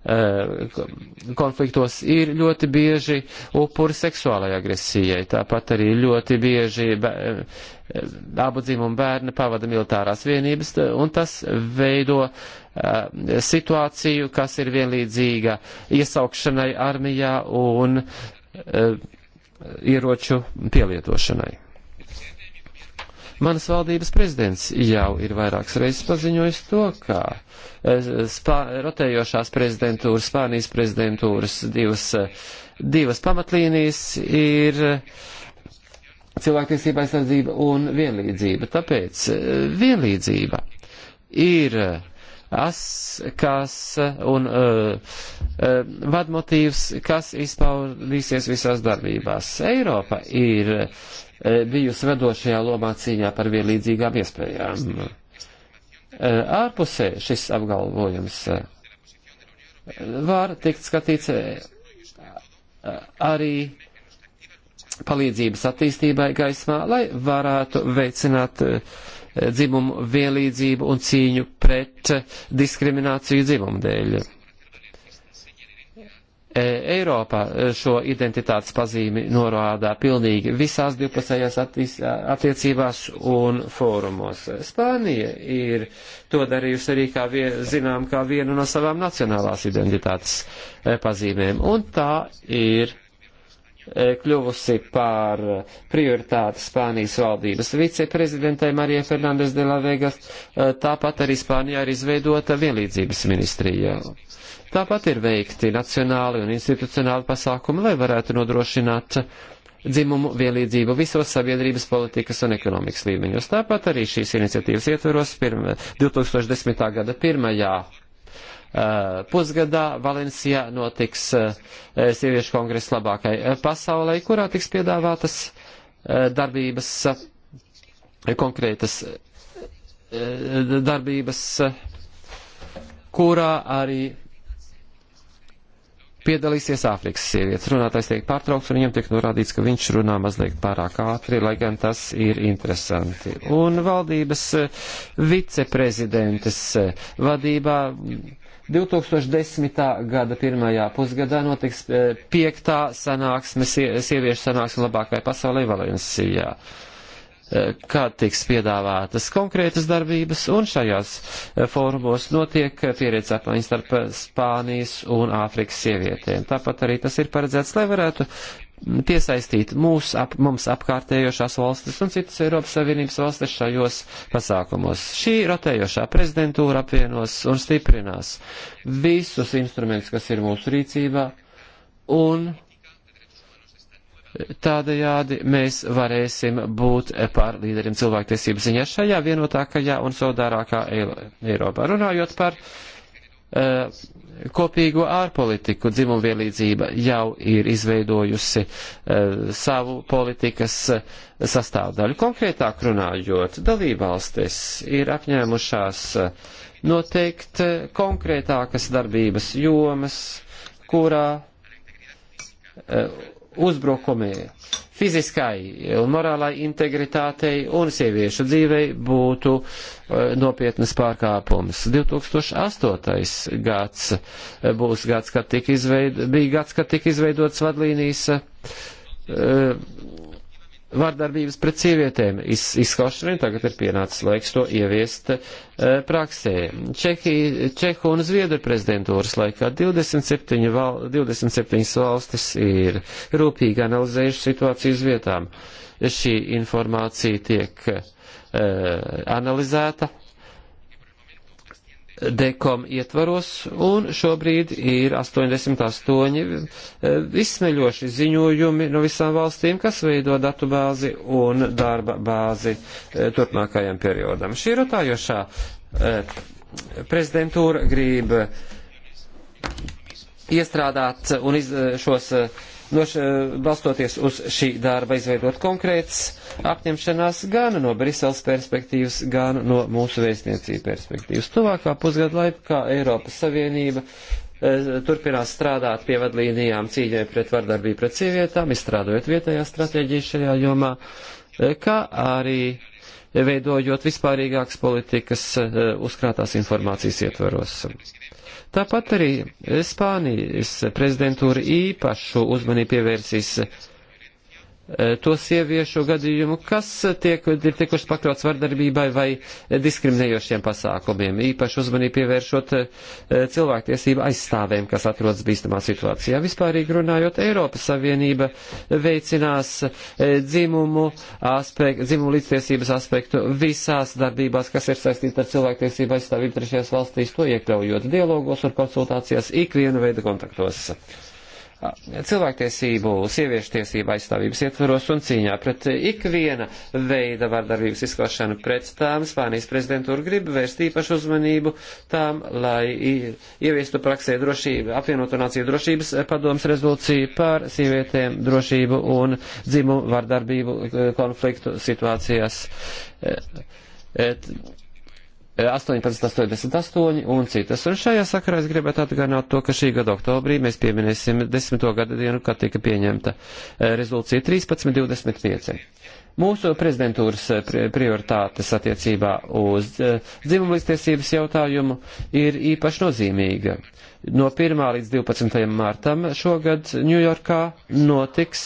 eh, konfliktos ir ļoti bieži upuri seksuālajai agresijai. Tāpat arī ļoti bieži eh, abu dzimumu bērni pavada militārās vienības, un tas veido uh, Eh, situāciju, kas ir vienlīdzīga iesaukšanai armijā un eh, ieroču pielietošanai. Manas valdības prezidents jau ir vairākas reizes paziņojis to, ka eh, spā, rotējošās prezidentūras, Spānijas prezidentūras divas, divas pamatlīnijas ir cilvēktiesība aizsardzība un vienlīdzība. Tāpēc vienlīdzība ir askas un uh, uh, vadmotīvs, kas izpaudīsies visās darbībās. Eiropa ir uh, bijusi vedošajā lomā cīņā par vienlīdzīgām iespējām. Uh, ārpusē šis apgalvojums uh, var tikt skatīts uh, arī palīdzības attīstībai gaismā, lai varētu veicināt uh, Eh, dzimumu vienlīdzību un cīņu pret diskrimināciju dzimumu dēļ. Eh, Eiropā eh, šo identitātes pazīmi norādā pilnīgi visās divpusējās attiecībās un fórumos. Spānija ir to darījusi arī, kā vien, zinām, kā vienu no savām nacionālās identitātes pazīmēm, un tā ir Eh, kļuvusi par prioritāti Spānijas valdības viceprezidentai Marijai Fernandes de la Vegas, eh, tāpat arī Spānijā ir izveidota vienlīdzības ministrija. Tāpat ir veikti nacionāli un institucionāli pasākumi, lai varētu nodrošināt dzimumu vienlīdzību visos sabiedrības politikas un ekonomikas līmeņos. Tāpat arī šīs iniciatīvas ietveros pirma, 2010. gada pirmajā Eh, pusgadā Valencijā notiks eh, sieviešu kongresa labākai eh, pasaulē, kurā tiks piedāvātas darbības, konkrētas darbības, kurā arī piedalīsies Āfrikas sievietes. Runātājs tiek pārtraukts, un viņam tiek norādīts, ka viņš runā mazliet pārāk ātri, lai gan tas ir interesanti. Un valdības viceprezidentes vadībā 2010. gada pirmajā pusgadā notiks eh, piektā sanāksme, sieviešu sanāksme labākai pasaulē Valencijā eh, kad tiks piedāvātas konkrētas darbības, un šajās eh, fórumos notiek pieredze apmaiņas starp Spānijas un Āfrikas sievietēm. Tāpat arī tas ir paredzēts, lai varētu piesaistīt mūs, ap, mums apkārtējošās valstis un citas Eiropas Savienības valstis šajos pasākumos. Šī rotējošā prezidentūra apvienos un stiprinās visus instrumentus, kas ir mūsu rīcībā, un tādējādi mēs varēsim būt par līderiem cilvēktiesības ziņā šajā vienotākajā un saudārākā Eiropā. Runājot par uh, Eh, kopīgo ārpolitiku. Dzimumvielīdzība jau ir izveidojusi eh, savu politikas eh, sastāvdaļu. Konkrētāk runājot, dalībvalstis ir apņēmušās noteikt konkrētākas darbības jomas, kurā uzbrukumi fiziskai un morālai integritātei un sieviešu dzīvei būtu eh, nopietnas pārkāpums. 2008. gads eh, būs gads, kad tika izveid, bija gads, kad tika izveidots vadlīnijas eh, vārdarbības pret sievietēm iz, izskaušanai, tagad ir pienācis laiks to ieviest e, praksē. Čehi, Čehu un Zviedru prezidentūras laikā 27, val, 27 valstis ir rūpīgi analizējuši situācijas vietām. Šī informācija tiek e, analizēta dekom ietvaros, un šobrīd ir 88 izsmeļoši e, ziņojumi no visām valstīm, kas veido datu bāzi un darba bāzi e, turpmākajam periodam. Šī rotājošā e, prezidentūra grib iestrādāt un iz, šos uh, no š, eh, balstoties uz šī darba izveidot konkrētas apņemšanās gan no Briseles perspektīvas, gan no mūsu vēstniecība perspektīvas. Tuvākā pusgada laikā Eiropas Savienība eh, turpinās strādāt pie vadlīnijām cīņai pret vardarbību pret sievietām, izstrādājot vietējās stratēģijas šajā jomā, eh, kā arī veidojot vispārīgākas politikas eh, uzkrātās informācijas ietvaros. Tāpat arī Spānijas prezidentūra īpašu uzmanību pievērsīs Eh, to sieviešu gadījumu, kas tiek, ir tikuši pakļauts vardarbībai vai diskriminējošiem pasākumiem, īpaši uzmanību pievēršot eh, cilvēktiesību aizstāvēm, kas atrodas bīstamā situācijā. Vispārīgi runājot, Eiropas Savienība veicinās eh, dzimumu, aspekt, dzimumu līdztiesības aspektu visās darbībās, kas ir saistīta ar cilvēktiesību aizstāvību trešajās valstīs, to iekļaujot dialogos un konsultācijās ikvienu veidu kontaktos cilvēktiesību, sieviešu tiesību aizstāvības ietvaros un cīņā pret ikviena veida vardarbības izklāšanu pret tām. Spānijas prezidentūra grib vērst īpašu uzmanību tām, lai ieviestu praksē drošību, apvienoto nāciju drošības padomas rezolūciju par sievietēm drošību un dzimumu vardarbību e, konfliktu situācijās. Et, e, 1888 un citas. Un šajā sakarā es gribētu atgādināt to, ka šī gada oktobrī mēs pieminēsim desmito gada dienu, kad tika pieņemta eh, rezolūcija 1325. Mūsu prezidentūras eh, prioritātes attiecībā uz eh, dzimumlīstiesības jautājumu ir īpaši nozīmīga. No 1. līdz 12. martam šogad Ņujorkā notiks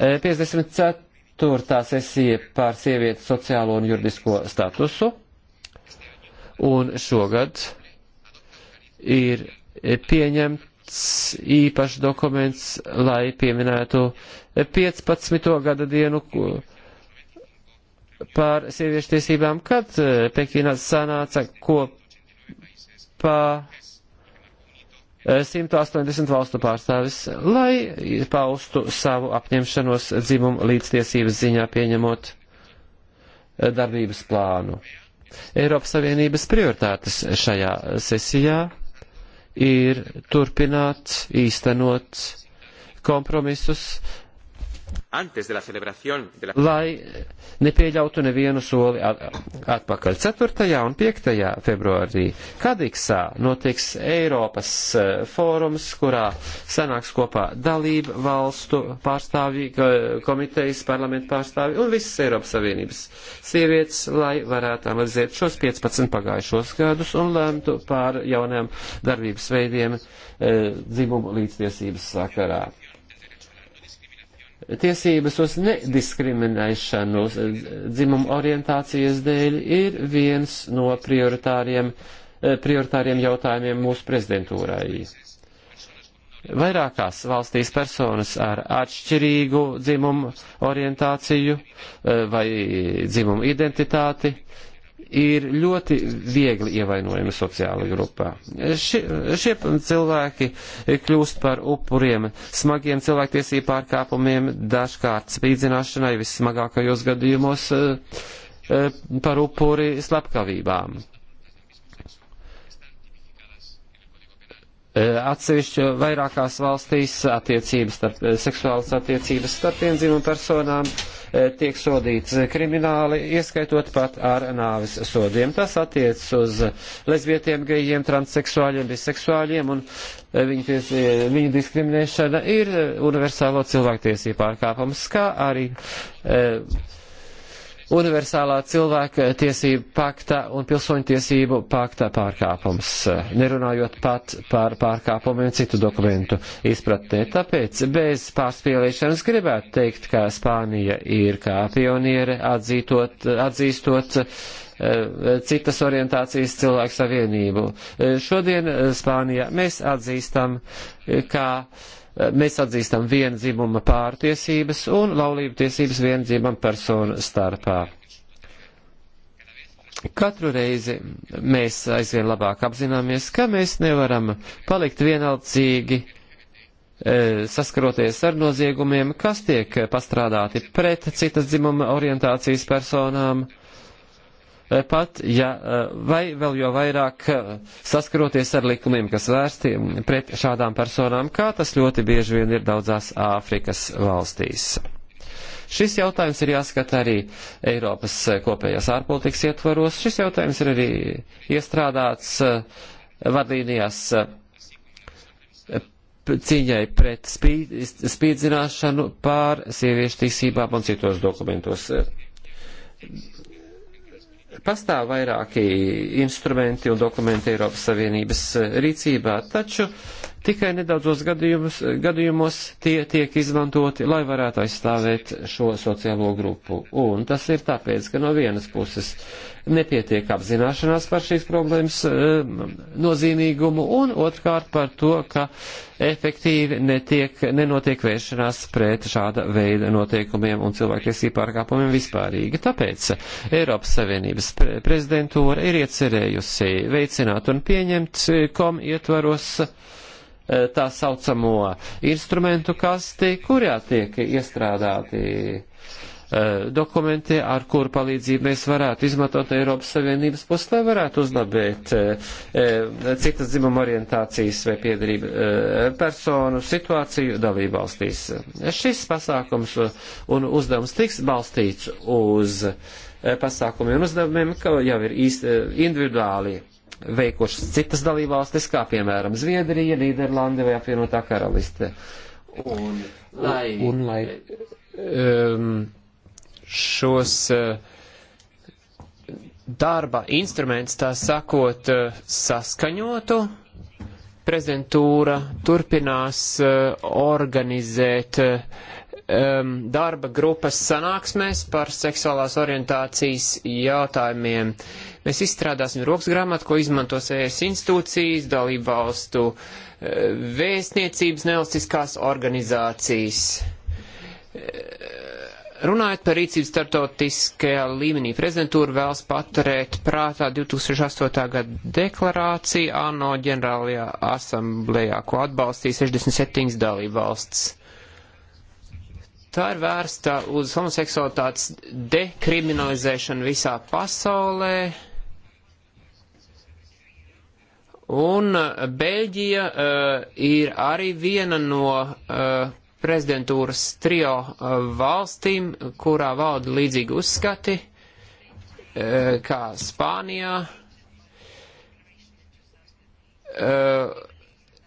54. sesija par sievietes sociālo un juridisko statusu un šogad ir pieņemts īpašs dokuments, lai pieminētu 15. gada dienu par sieviešu tiesībām, kad eh, Pekinā sanāca kopā 180 eh, valstu pārstāvis, lai paustu savu apņemšanos dzimumu līdztiesības ziņā pieņemot eh, darbības plānu. Eiropas Savienības prioritātes šajā sesijā ir turpināt īstenot kompromisus lai nepieļautu nevienu soli atpakaļ. 4. un 5. februārī Kadiksā notiks Eiropas eh, fórums, kurā sanāks kopā dalību valstu pārstāvji, komitejas parlamentu pārstāvji un visas Eiropas Savienības sievietes, lai varētu analizēt šos 15 pagājušos gadus un lēmtu pār jaunajām darbības veidiem eh, dzimumu līdztiesības sakarā tiesības uz nediskriminēšanu eh, dzimumu orientācijas dēļ ir viens no prioritāriem, eh, prioritāriem jautājumiem mūsu prezidentūrai. Vairākās valstīs personas ar atšķirīgu dzimumu orientāciju eh, vai dzimumu identitāti ir ļoti viegli ievainojami sociāla grupā. Šie, šie cilvēki kļūst par upuriem smagiem cilvēktiesību pārkāpumiem, dažkārt spīdzināšanai vissmagākajos gadījumos eh, eh, par upuri slepkavībām. Eh, Atsevišķi vairākās valstīs attiecības starp, seksuālas attiecības starp vienzimu personām uh, tiek sodīts krimināli, ieskaitot pat ar nāvis sodiem. Tas attiec uz lesbietiem, gejiem, transseksuāļiem, biseksuāļiem, un eh, viņu, ties, eh, viņu diskriminēšana ir eh, universālo cilvēktiesību pārkāpums, kā arī. E, universālā cilvēka tiesību pakta un pilsoņu tiesību pakta pārkāpums, nerunājot pat par pārkāpumiem citu dokumentu izpratnē. Tāpēc bez pārspīlēšanas gribētu teikt, ka Spānija ir kā pioniere atzītot, atzīstot eh, citas orientācijas cilvēku savienību. Eh, šodien eh, Spānijā mēs atzīstam, kā Eh, mēs atzīstam viena dzimuma pārtiesības un laulību tiesības viena dzimuma personu starpā. Katru reizi mēs aizvien labāk apzināmies, ka mēs nevaram palikt vienaldzīgi eh, saskaroties ar noziegumiem, kas tiek pastrādāti pret citas dzimuma orientācijas personām Eh, pat, ja, eh, vai vēl jo vairāk eh, saskaroties ar likumiem, kas vērsti pret šādām personām, kā tas ļoti bieži vien ir daudzās Āfrikas valstīs. Šis jautājums ir jāskata arī Eiropas kopējās ārpolitikas ietvaros. Šis jautājums ir arī iestrādāts vadlīnijās cīņai pret spīdzināšanu pār sieviešu tiesībām un citos dokumentos. Pastāv vairāki instrumenti un dokumenti Eiropas Savienības eh, rīcībā, taču uh, Tikai nedaudzos gadījumus, gadījumos tie tiek izmantoti, lai varētu aizstāvēt šo sociālo grupu. Un tas ir tāpēc, ka no vienas puses nepietiek apzināšanās par šīs problēmas eh, nozīmīgumu, un otrkārt par to, ka efektīvi netiek, nenotiek vēršanās pret šāda veida noteikumiem un cilvēktiesību pārkāpumiem vispārīgi. Tāpēc Eiropas Savienības pre prezidentūra ir iecerējusi veicināt un pieņemt eh, kom ietvaros uh, Eh, tā saucamo instrumentu kasti, kurā tiek iestrādāti eh, dokumenti, ar kuru palīdzību mēs varētu izmantot Eiropas Savienības pusi, lai varētu uzlabēt eh, citas dzimuma orientācijas vai piedarību personu situāciju dalībvalstīs. Šis pasākums un uzdevums tiks balstīts uz pasākumiem un uzdevumiem, ka jau ir īsti individuāli veikušas citas dalībvalstis, kā piemēram Zviedrija, Nīderlanda vai apvienotā karaliste. Un, lai, un, un, lai um, šos uh, darba instruments, tā sakot, uh, saskaņotu, prezidentūra turpinās uh, organizēt uh, um, darba grupas sanāksmēs par seksuālās orientācijas jautājumiem. Mēs izstrādāsim rokasgrāmatu, ko izmantos ES institūcijas, dalību valstu uh, vēstniecības nevalstiskās organizācijas. Uh, runājot par rīcību startautiskajā līmenī, prezidentūra vēlas paturēt prātā 2008. gada deklarāciju ANO ģenerālajā asamblējā, ko atbalstīja 67 dalībvalsts. Tā ir vērsta uz homoseksualitātes dekriminalizēšanu visā pasaulē. Un uh, Beļģija uh, ir arī viena no uh, prezidentūras trio uh, valstīm, kurā valda līdzīgi uzskati uh, kā Spānijā. Uh,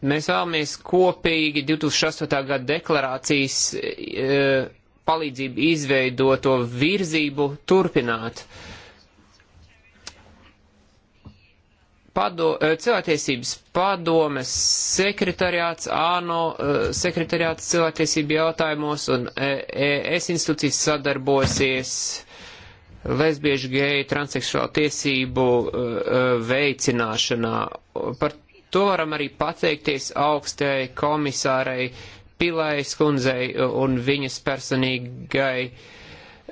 Mēs vēlamies kopīgi 2008. gada deklarācijas e, palīdzību izveidoto virzību turpināt. Pado, e, cilvēktiesības padomes sekretariāts, ANO e, sekretariāts cilvēktiesību jautājumos un e, ES institūcijas sadarbosies lesbiešu, geju, transseksuālu tiesību veicināšanā. Par to varam arī pateikties augstai komisārei Pilais kundzei un viņas personīgai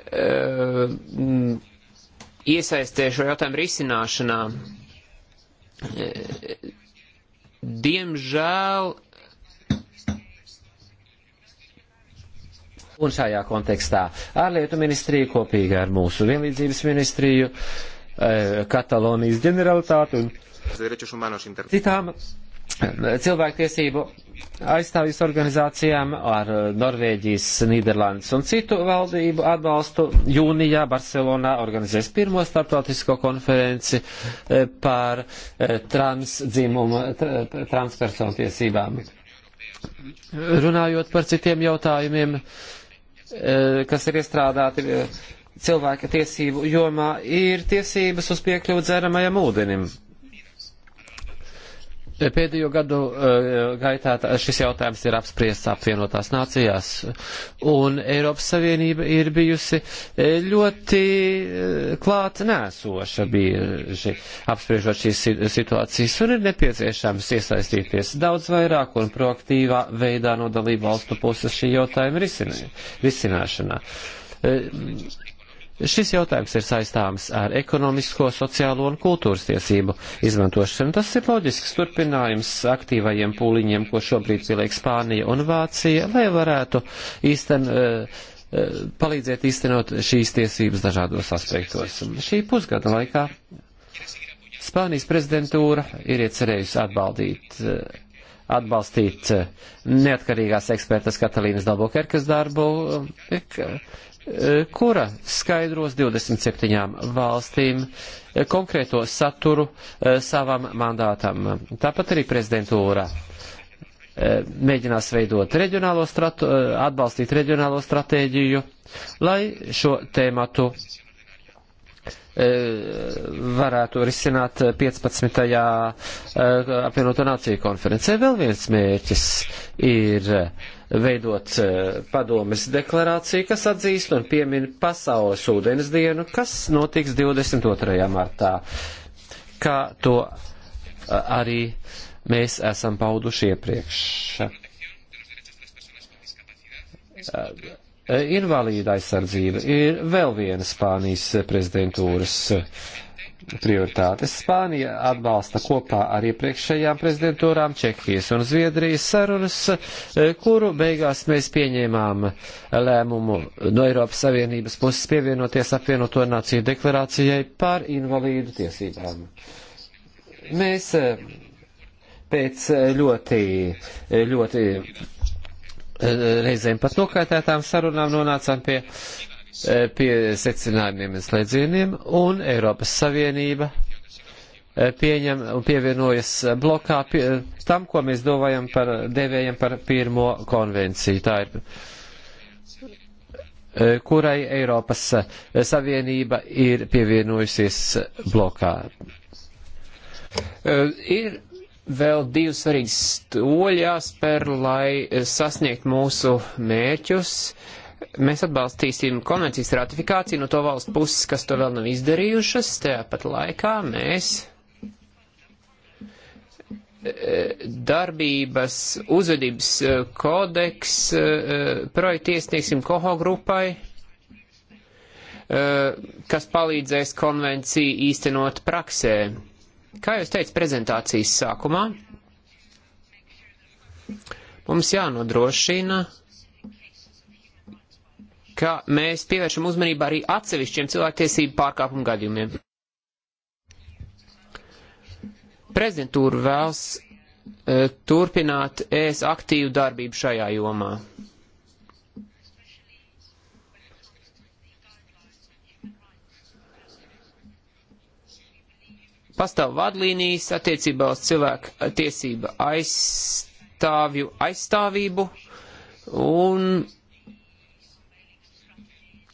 uh, iesaistē šo jautājumu risināšanā. Eh, diemžēl. Un šajā kontekstā ārlietu ministrija kopīgi ar mūsu vienlīdzības ministriju, eh, Katalonijas ģeneralitāti un citām eh, cilvēktiesību aizstāvjus organizācijām ar eh, Norvēģijas, Nīderlandes un citu valdību atbalstu. Jūnijā Barcelonā organizēs pirmo starptautisko konferenci eh, par transdzimumu, transpersonu tiesībām. Runājot par citiem jautājumiem, kas ir iestrādāti cilvēka tiesību jomā, ir tiesības uz piekļuvu dzeramajam ūdenim. Pēdējo gadu uh, gaitā šis jautājums ir apspriests apvienotās nācijās, un Eiropas Savienība ir bijusi eh, ļoti eh, klāt nēsoša bieži apspriežot šīs situācijas, un ir nepieciešams iesaistīties daudz vairāk un proaktīvā veidā no dalību valstu puses šī jautājuma risinā, risināšanā. Uh, Šis jautājums ir saistāms ar ekonomisko, sociālo un kultūras tiesību izmantošanu. Tas ir loģisks turpinājums aktīvajiem pūliņiem, ko šobrīd pieliek Spānija un Vācija, lai varētu īsten, eh, eh, palīdzēt īstenot šīs tiesības dažādos aspektos. Šī pusgada laikā Spānijas prezidentūra ir iecerējusi atbaldīt eh, atbalstīt neatkarīgās ekspertas Katalīnas Dabokerkas darbu, Eh, kura skaidros 27 valstīm eh, konkrēto saturu eh, savam mandātam. Tāpat arī prezidentūra mēģinās veidot reģionālo stratu, atbalstīt reģionālo stratēģiju, lai šo tēmatu varētu risināt 15. apvienoto nāciju konferencē. Vēl viens mērķis ir veidot eh, padomes deklarāciju, kas atzīst un piemin pasaules ūdens dienu, kas notiks 22. martā. Kā to eh, arī mēs esam pauduši iepriekš. Eh, Invalīda aizsardzība ir vēl viena Spānijas prezidentūras uh, prioritātes. Spānija atbalsta kopā ar iepriekšējām prezidentūrām Čehijas un Zviedrijas sarunas, eh, kuru beigās mēs pieņēmām lēmumu no Eiropas Savienības puses pievienoties apvienoto nāciju deklarācijai par invalīdu tiesībām. Mēs eh, pēc eh, ļoti, ļoti reizēm pat nokaitētām sarunām nonācām pie Eh, pie secinājumiem un slēdzieniem, un Eiropas Savienība eh, pieņem un pievienojas blokā pie, tam, ko mēs domājam par devējiem par pirmo konvenciju. Tā ir eh, kurai Eiropas Savienība ir pievienojusies blokā. Ir vēl divi svarīgi stoļi jāspēr, lai sasniegt mūsu mērķus. Uh, mēs atbalstīsim konvencijas ratifikāciju no to valstu puses, kas to vēl nav izdarījušas. Tāpat laikā mēs e, darbības uzvedības e, kodeks e, projektu iesniegsim koho grupai, kas palīdzēs konvenciju īstenot praksē. Kā jūs teicat prezentācijas sākumā, mums jānodrošina, ka mēs pievēršam uzmanību arī atsevišķiem cilvēktiesību pārkāpumu gadījumiem. Prezidentūra vēlas e, turpināt ES aktīvu darbību šajā jomā. Pastāv vadlīnijas attiecībā uz cilvēku e, tiesību aizstāvju aizstāvību un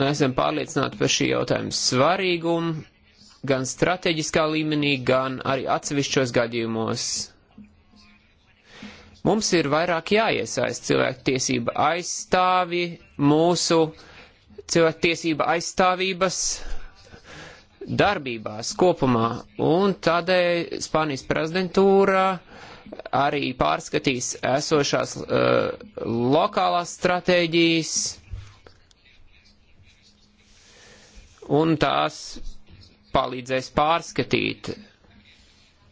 esam pārliecināti par šī jautājuma svarīgumu gan strateģiskā līmenī, gan arī atsevišķos gadījumos. Mums ir vairāk jāiesaist cilvēktiesība aizstāvi mūsu cilvēktiesība aizstāvības darbībās kopumā, un tādēļ Spānijas prezidentūra arī pārskatīs esošās uh, lokālās stratēģijas, un tās palīdzēs pārskatīt.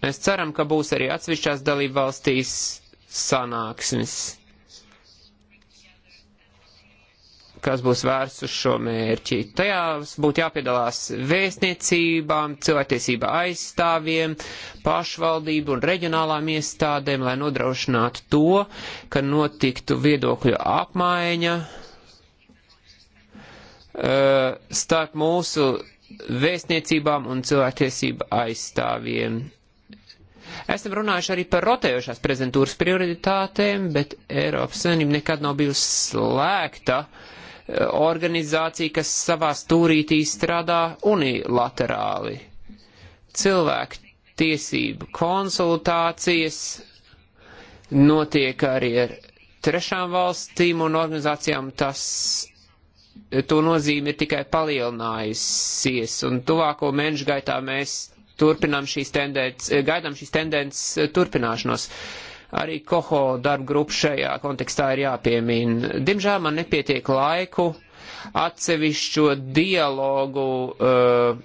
Mēs ceram, ka būs arī atsevišķās dalību valstīs sanāksmes, kas būs vērsts uz šo mērķi. Tajās būtu jāpiedalās vēstniecībām, cilvēktiesība aizstāvjiem, pašvaldību un reģionālām iestādēm, lai nodrošinātu to, ka notiktu viedokļu apmaiņa Eh, starp mūsu vēstniecībām un cilvēktiesību aizstāvjiem. Esam runājuši arī par rotējošās prezentūras prioritātēm, bet Eiropas Savienība nekad nav bijusi slēgta eh, organizācija, kas savā stūrītī strādā unilaterāli. Cilvēku tiesību konsultācijas notiek arī ar trešām valstīm un organizācijām. Tas to nozīme ir tikai palielinājusies, un tuvāko mēnešu gaitā mēs turpinām šīs tendences, eh, gaidām šīs tendences eh, turpināšanos. Arī koho darba grupa šajā kontekstā ir jāpiemina. Diemžēl man nepietiek laiku atsevišķo dialogu uh,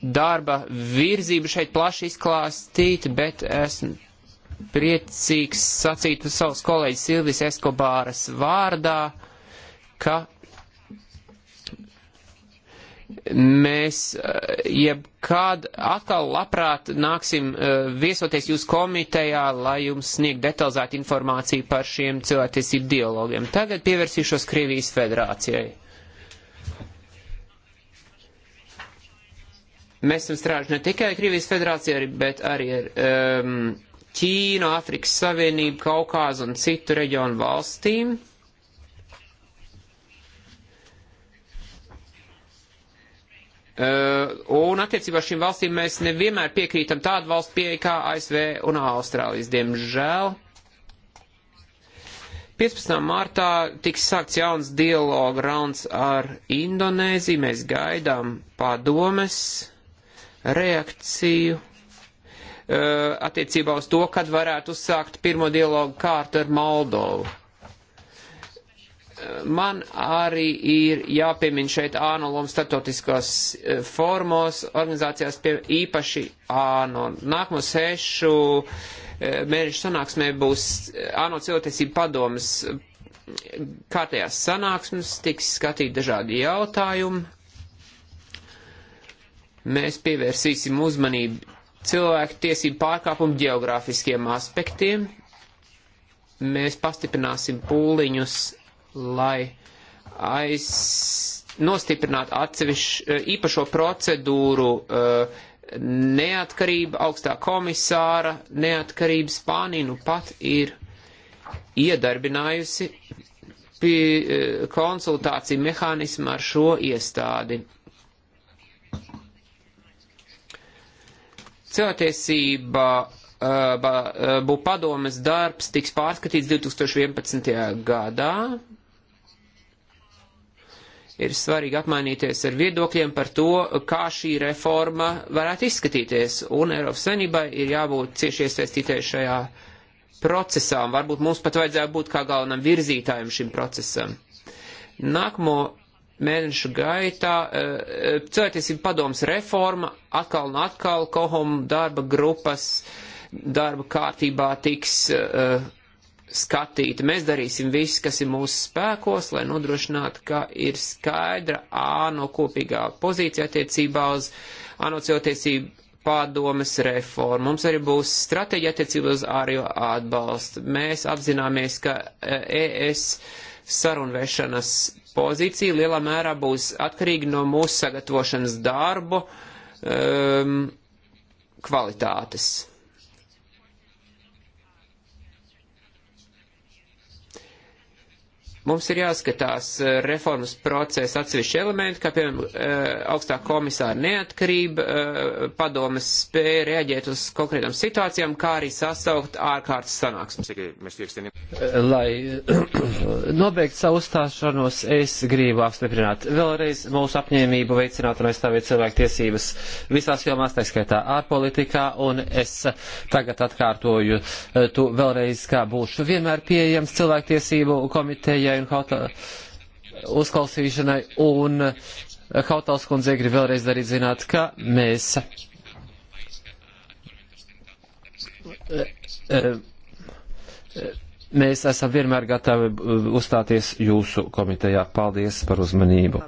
darba virzību šeit plaši izklāstīt, bet esmu priecīgs sacīt savus kolēģis Silvis Eskobāras vārdā, ka mēs eh, jebkād atkal labprāt nāksim eh, viesoties jūs komitejā, lai jums sniegt detalizētu informāciju par šiem cilvēktiesību dialogiem. Tagad pievērsīšos Krievijas federācijai. Mēs esam strādājuši ne tikai Krievijas federācijā, bet arī ar um, Ķīnu, Afrikas Savienību, Kaukāzu un citu reģionu valstīm. Eh, un attiecībā ar šīm valstīm mēs nevienmēr piekrītam tādu valstu pieeja kā ASV un Austrālijas. Diemžēl 15. martā tiks sākts jauns dialoga rauns ar Indonēziju. Mēs gaidām padomes reakciju eh, attiecībā uz to, kad varētu uzsākt pirmo dialogu kārtu ar Moldovu man arī ir jāpiemina šeit ANO loma statotiskās e, formos, organizācijās pie, īpaši ANO. Nākamo sešu e, mēnešu sanāksmē būs ANO e, cilvēktiesība padomas kārtējās sanāksmes, tiks skatīt dažādi jautājumi. Mēs pievērsīsim uzmanību cilvēku tiesību pārkāpumu geogrāfiskiem aspektiem. Mēs pastiprināsim pūliņus lai aiz, nostiprinātu atsevišķu e, īpašo procedūru e, neatkarību, augstā komisāra neatkarību Spānija nu pat ir iedarbinājusi e, konsultāciju mehānismu ar šo iestādi. Cilvēktiesība bū padomes darbs tiks pārskatīts 2011. gadā ir svarīgi apmainīties ar viedokļiem par to, kā šī reforma varētu izskatīties, un Eiropas Savienībai ir jābūt cieši iesaistītai šajā procesā, un varbūt mums pat vajadzētu būt kā galvenam virzītājam šim procesam. Nākamo mēnešu gaitā eh, cilvēktiesību padomas reforma atkal un atkal kohom darba grupas darba kārtībā tiks uh, skatīti. Mēs darīsim visu, kas ir mūsu spēkos, lai nodrošinātu, ka ir skaidra āno kopīgā pozīcija attiecībā uz āno cilvēktiesību pārdomas reformu. Mums arī būs strateģija attiecībā uz ārējo atbalstu. Mēs apzināmies, ka ES e sarunvešanas pozīcija lielā mērā būs atkarīga no mūsu sagatavošanas darbu um, kvalitātes mums ir jāskatās eh, reformas procesa atsevišķi elementi, kā piemēram eh, augstā komisāra neatkarība, eh, padomas spēja reaģēt uz konkrētām situācijām, kā arī sasaukt ārkārtas sanāksmes. Lai *clears throat* nobeigt savu uzstāšanos, es gribu apstiprināt vēlreiz mūsu apņēmību veicināt un aizstāvēt cilvēku tiesības visās jomās, tā skaitā ārpolitikā, un es tagad atkārtoju tu vēlreiz, kā būšu vienmēr pieejams cilvēku tiesību komiteja diskusijai un hautā, uzklausīšanai. Un Hautals kundzei grib vēlreiz darīt zināt, ka mēs Mēs esam vienmēr gatavi uzstāties jūsu komitejā. Paldies par uzmanību.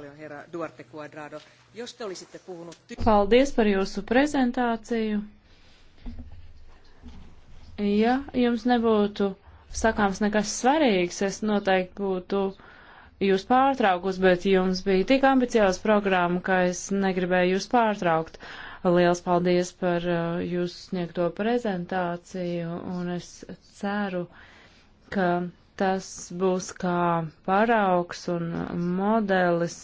Paldies par jūsu prezentāciju. Ja jums nebūtu sakāms nekas svarīgs, es noteikti būtu jūs pārtraukus, bet jums bija tik ambiciāls programma, ka es negribēju jūs pārtraukt. Liels paldies par uh, jūsu sniegto prezentāciju, un es ceru, ka tas būs kā paraugs un modelis,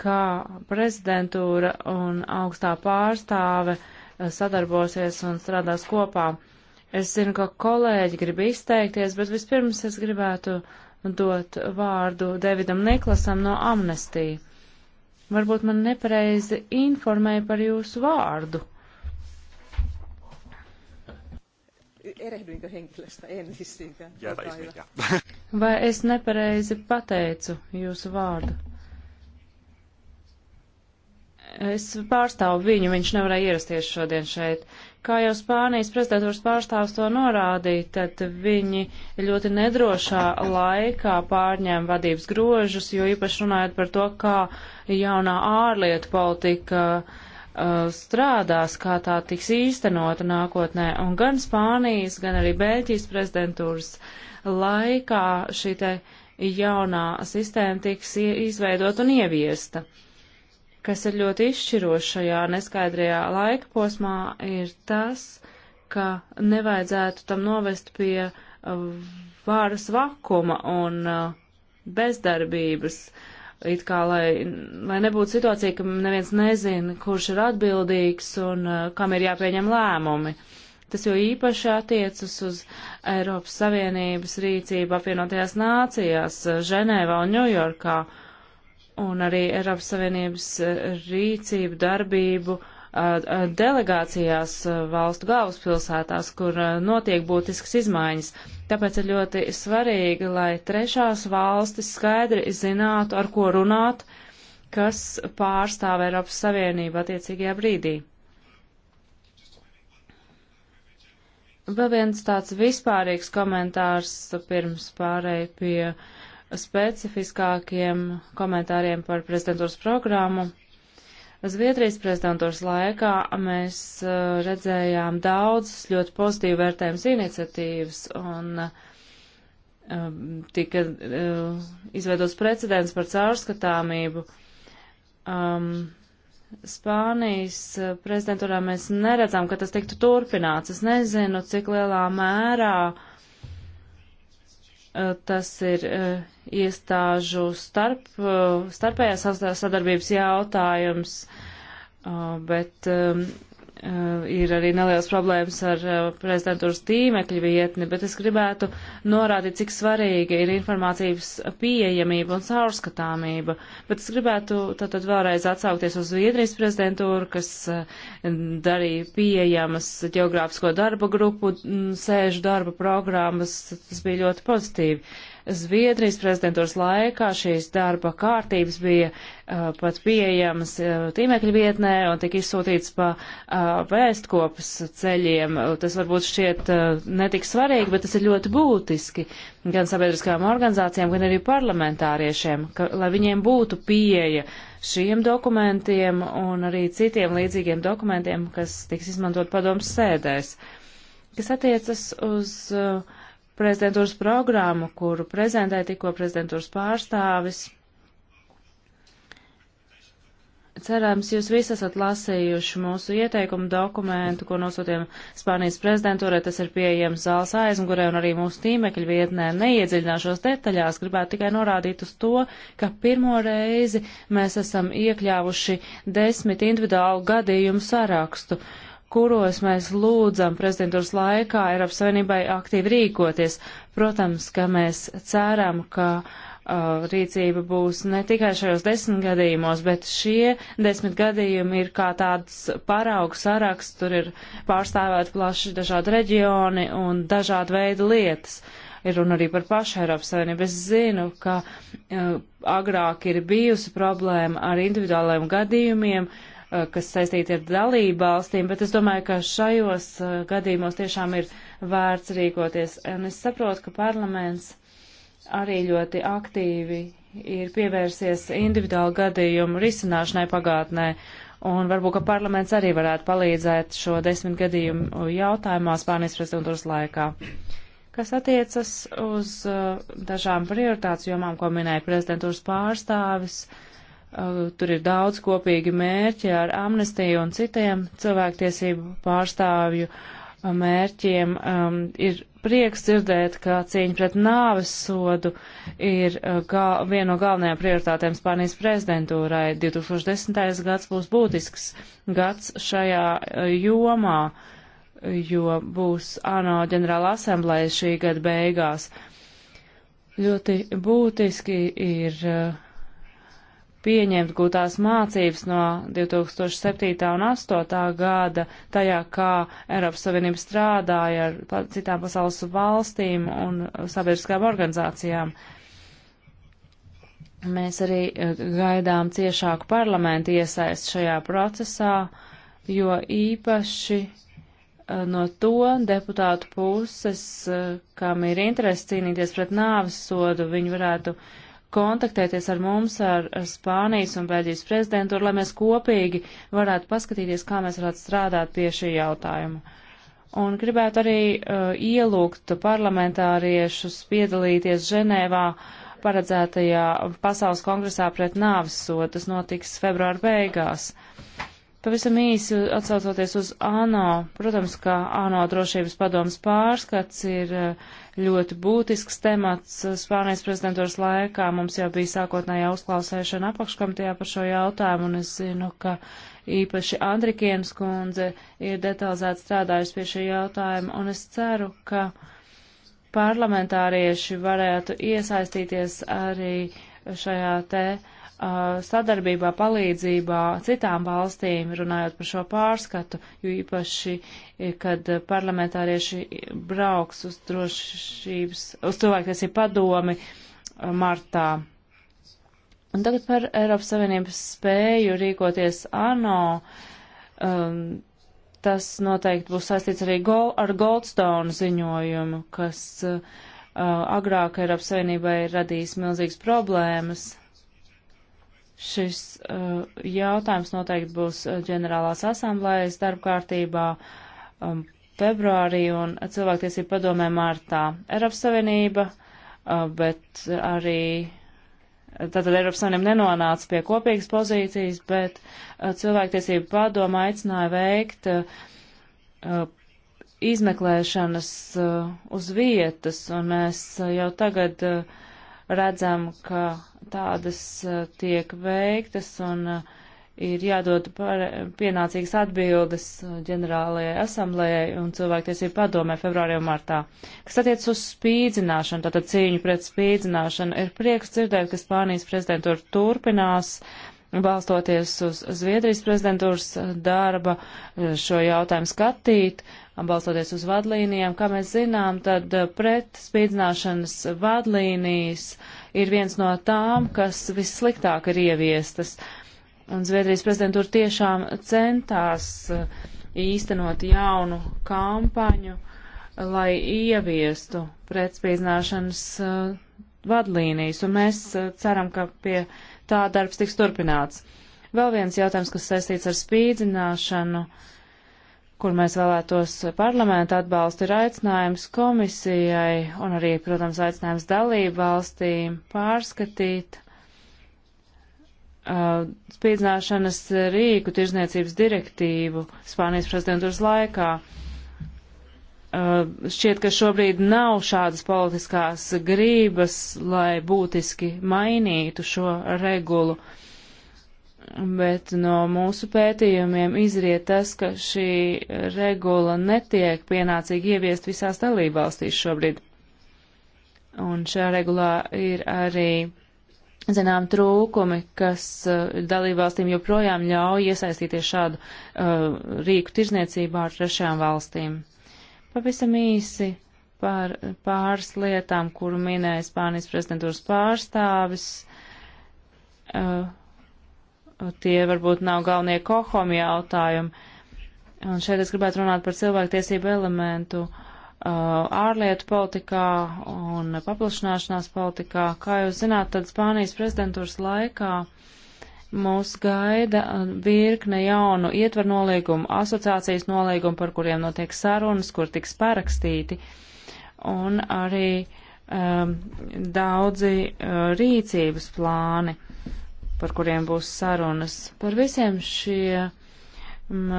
kā prezidentūra un augstā pārstāve uh, sadarbosies un strādās kopā. Es zinu, ka kolēģi grib izteikties, bet vispirms es gribētu dot vārdu Davidam Niklasam no Amnestī. Varbūt man nepareizi informēja par jūsu vārdu. Vai es nepareizi pateicu jūsu vārdu? Es pārstāvu viņu, viņš nevarēja ierasties šodien šeit. Kā jau Spānijas prezidentūras pārstāvs to norādīja, tad viņi ļoti nedrošā laikā pārņēma vadības grožus, jo īpaši runājot par to, kā jaunā ārlietu politika uh, strādās, kā tā tiks īstenota nākotnē. Un gan Spānijas, gan arī Bēļķijas prezidentūras laikā šī te jaunā sistēma tiks izveidota un ieviesta. Uh, kas ir ļoti izšķiroši šajā neskaidrajā laika posmā, ir tas, ka nevajadzētu tam novest pie uh, vāras vakuma un uh, bezdarbības. It kā lai, lai nebūtu situācija, ka neviens nezina, kurš ir atbildīgs un uh, kam ir jāpieņem lēmumi. Tas jau īpaši attiecas uz Eiropas Savienības rīcību apvienotajās nācijās, Ženēvā un Ņujorkā. Uh, un arī Eiropas Savienības eh, rīcību, darbību delegācijās valstu galvaspilsētās, kur notiek būtiskas izmaiņas. Tāpēc ir ļoti svarīgi, lai trešās valstis skaidri zinātu, ar ko runāt, kas pārstāv Eiropas Savienību attiecīgajā brīdī. Vēl viens tāds vispārīgs komentārs pirms pārēju pie uh, specifiskākiem komentāriem par prezidentūras programmu. Zviedrijas prezidentūras laikā mēs uh, redzējām daudzas ļoti pozitīvi vērtējums iniciatīvas un uh, tika uh, izveidots precedents par caurskatāmību. Um, Spānijas uh, prezidentūrā mēs neredzam, ka tas tiktu turpināts. Es nezinu, cik lielā mērā uh, Eh, tas ir eh, iestāžu starp, eh, starpējās sadarbības jautājums, bet Uh, ir arī nelielas problēmas ar uh, prezidentūras tīmekļa vietni, bet es gribētu norādīt, cik svarīga ir informācijas pieejamība un caurskatāmība. Bet es gribētu tātad vēlreiz atsaukties uz Zviedrijas prezidentūru, kas uh, darīja pieejamas geogrāfisko darba grupu, sēžu darba programmas. Tas bija ļoti pozitīvi. Zviedrijas prezidentūras laikā šīs darba kārtības bija uh, pat pieejamas uh, tīmekļa vietnē un tika izsūtīts pa uh, vēstkopas ceļiem. Uh, tas varbūt šķiet uh, netik svarīgi, bet tas ir ļoti būtiski gan sabiedriskām organizācijām, gan arī parlamentāriešiem, ka, lai viņiem būtu pieeja šiem dokumentiem un arī citiem līdzīgiem dokumentiem, kas tiks izmantot padomus sēdēs. Kas attiecas uz uh, prezidentūras programmu, kuru prezentēja tikko prezidentūras pārstāvis. Cerams, jūs visi esat lasījuši mūsu ieteikumu dokumentu, ko nosūtījām Spānijas prezidentūrē. Tas ir pieejams zāles aizmugurē un arī mūsu tīmekļa vietnē. Neiedziļināšos detaļās, gribētu tikai norādīt uz to, ka pirmo reizi mēs esam iekļāvuši desmit individuālu gadījumu sarakstu. Uh, kuros mēs lūdzam prezidentūras laikā Eiropas Savienībai aktīvi rīkoties. Protams, ka mēs ceram, ka uh, rīcība būs ne tikai šajos desmit gadījumos, bet šie desmit gadījumi ir kā tāds paraugu saraksts, tur ir pārstāvēti plaši dažādi reģioni un dažādi veidi lietas. Ir runa arī par pašu Eiropas Savienību. Es zinu, ka uh, agrāk ir bijusi problēma ar individuālajiem gadījumiem, uh, Eh, kas saistīti ar dalību valstīm, bet es domāju, ka šajos eh, gadījumos tiešām ir vērts rīkoties. Un es saprotu, ka parlaments arī ļoti aktīvi ir pievērsies individuālu gadījumu risināšanai pagātnē. Un varbūt, ka parlaments arī varētu palīdzēt šo desmit gadījumu jautājumā Spānijas prezidentūras laikā. Kas attiecas uz uh, dažām prioritātes jomām, ko minēja prezidentūras pārstāvis, uh, Uh, tur ir daudz kopīgi mērķi ar amnestiju un citiem cilvēktiesību pārstāvju uh, mērķiem. Um, ir prieks dzirdēt, ka cīņa pret nāves sodu ir uh, gal, viena no galvenajām prioritātēm Spānijas prezidentūrai. 2010. gads būs būtisks gads šajā jomā, jo būs ANO ģenerāla asambleja šī gada beigās. Ļoti būtiski ir uh, pieņemt gūtās mācības no 2007. un 2008. gada tajā, kā Eiropas Savienība strādāja ar citām pasaules valstīm un sabiedriskām organizācijām. Mēs arī e, gaidām ciešāku parlamentu iesaist šajā procesā, jo īpaši e, no to deputātu puses, e, kam ir interesi cīnīties pret nāves sodu, viņi varētu uh, kontaktēties ar mums, ar, ar Spānijas un Bēļģijas prezidentu, lai mēs kopīgi varētu paskatīties, kā mēs varētu strādāt pie šī jautājuma. Un gribētu arī uh, ielūgt parlamentāriešus piedalīties Ženēvā paredzētajā pasaules kongresā pret nāvis sodu. Tas notiks februāra beigās. Pavisam īsi atsaucoties uz ANO, protams, ka ANO drošības padomas pārskats ir uh, ļoti būtisks temats Spānijas prezidentūras laikā. Mums jau bija sākotnējā uzklausēšana apakškomitejā par šo jautājumu, un es zinu, ka īpaši Andrikienas kundze ir detalizēti strādājusi pie šī jautājuma, un es ceru, ka parlamentārieši varētu iesaistīties arī šajā te uh, Uh, sadarbībā, palīdzībā citām valstīm, runājot par šo pārskatu, jo īpaši, eh, kad parlamentārieši brauks uz drošības, uz cilvēktiesību padomi uh, martā. Un tagad par Eiropas Savienības spēju rīkoties ANO. Um, tas noteikti būs saistīts arī gol, ar Goldstone ziņojumu, kas uh, agrāk Eiropas Savienībai radīs milzīgas problēmas. Šis uh, jautājums noteikti būs uh, ģenerālās asamblējas darbkārtībā um, februārī un cilvēktiesību padomē martā. Eiropas Savienība, uh, bet arī. Tātad Eiropas Savienība nenonāca pie kopīgas pozīcijas, bet uh, cilvēktiesību padoma aicināja veikt uh, uh izmeklēšanas uh, uz vietas, un mēs jau tagad uh, redzam, ka tādas eh, tiek veiktas un eh, ir jādod pienācīgas atbildes eh, ģenerālajai asamblējai un cilvēktiesību padomē februārī un martā. Kas attiec uz spīdzināšanu, tātad cīņu pret spīdzināšanu, ir prieks dzirdēt, ka Spānijas prezidentūra turpinās balstoties uz Zviedrijas prezidentūras darba šo jautājumu skatīt balstoties uz vadlīnijām. Kā mēs zinām, tad eh, pret spīdzināšanas vadlīnijas ir viens no tām, kas vissliktāk ir ieviestas. Un Zviedrijas prezidentūra tiešām centās eh, īstenot jaunu kampaņu, lai ieviestu pretspīdzināšanas eh, vadlīnijas, un mēs ceram, ka pie tā darbs tiks turpināts. Vēl viens jautājums, kas saistīts ar spīdzināšanu, uh, kur mēs vēlētos parlamentu atbalstu, ir aicinājums komisijai un arī, protams, aicinājums dalību valstīm pārskatīt uh, spīdzināšanas rīku tirzniecības direktīvu Spānijas prezidentūras laikā. Uh, šķiet, ka šobrīd nav šādas politiskās grības, lai būtiski mainītu šo regulu. Uh, bet no mūsu pētījumiem izriet tas, ka šī regula netiek pienācīgi ieviest visās dalībvalstīs šobrīd. Un šajā regulā ir arī, zinām, trūkumi, kas uh, dalībvalstīm joprojām ļauj iesaistīties šādu uh, rīku tirzniecībā ar trešajām valstīm. Pavisam īsi par pāris lietām, kuru minēja Spānijas prezidentūras pārstāvis. Uh, tie varbūt nav galvenie kohom jautājumi. Un šeit es gribētu runāt par cilvēktiesību elementu uh, ārlietu politikā un paplašanāšanās politikā. Kā jūs zināt, tad Spānijas prezidentūras laikā mūs gaida uh, virkne jaunu ietvaru nolīgumu, asociācijas nolīgumu, par kuriem notiek sarunas, kur tiks parakstīti. Un arī um, daudzi uh, rīcības plāni par kuriem būs sarunas. Par visiem šiem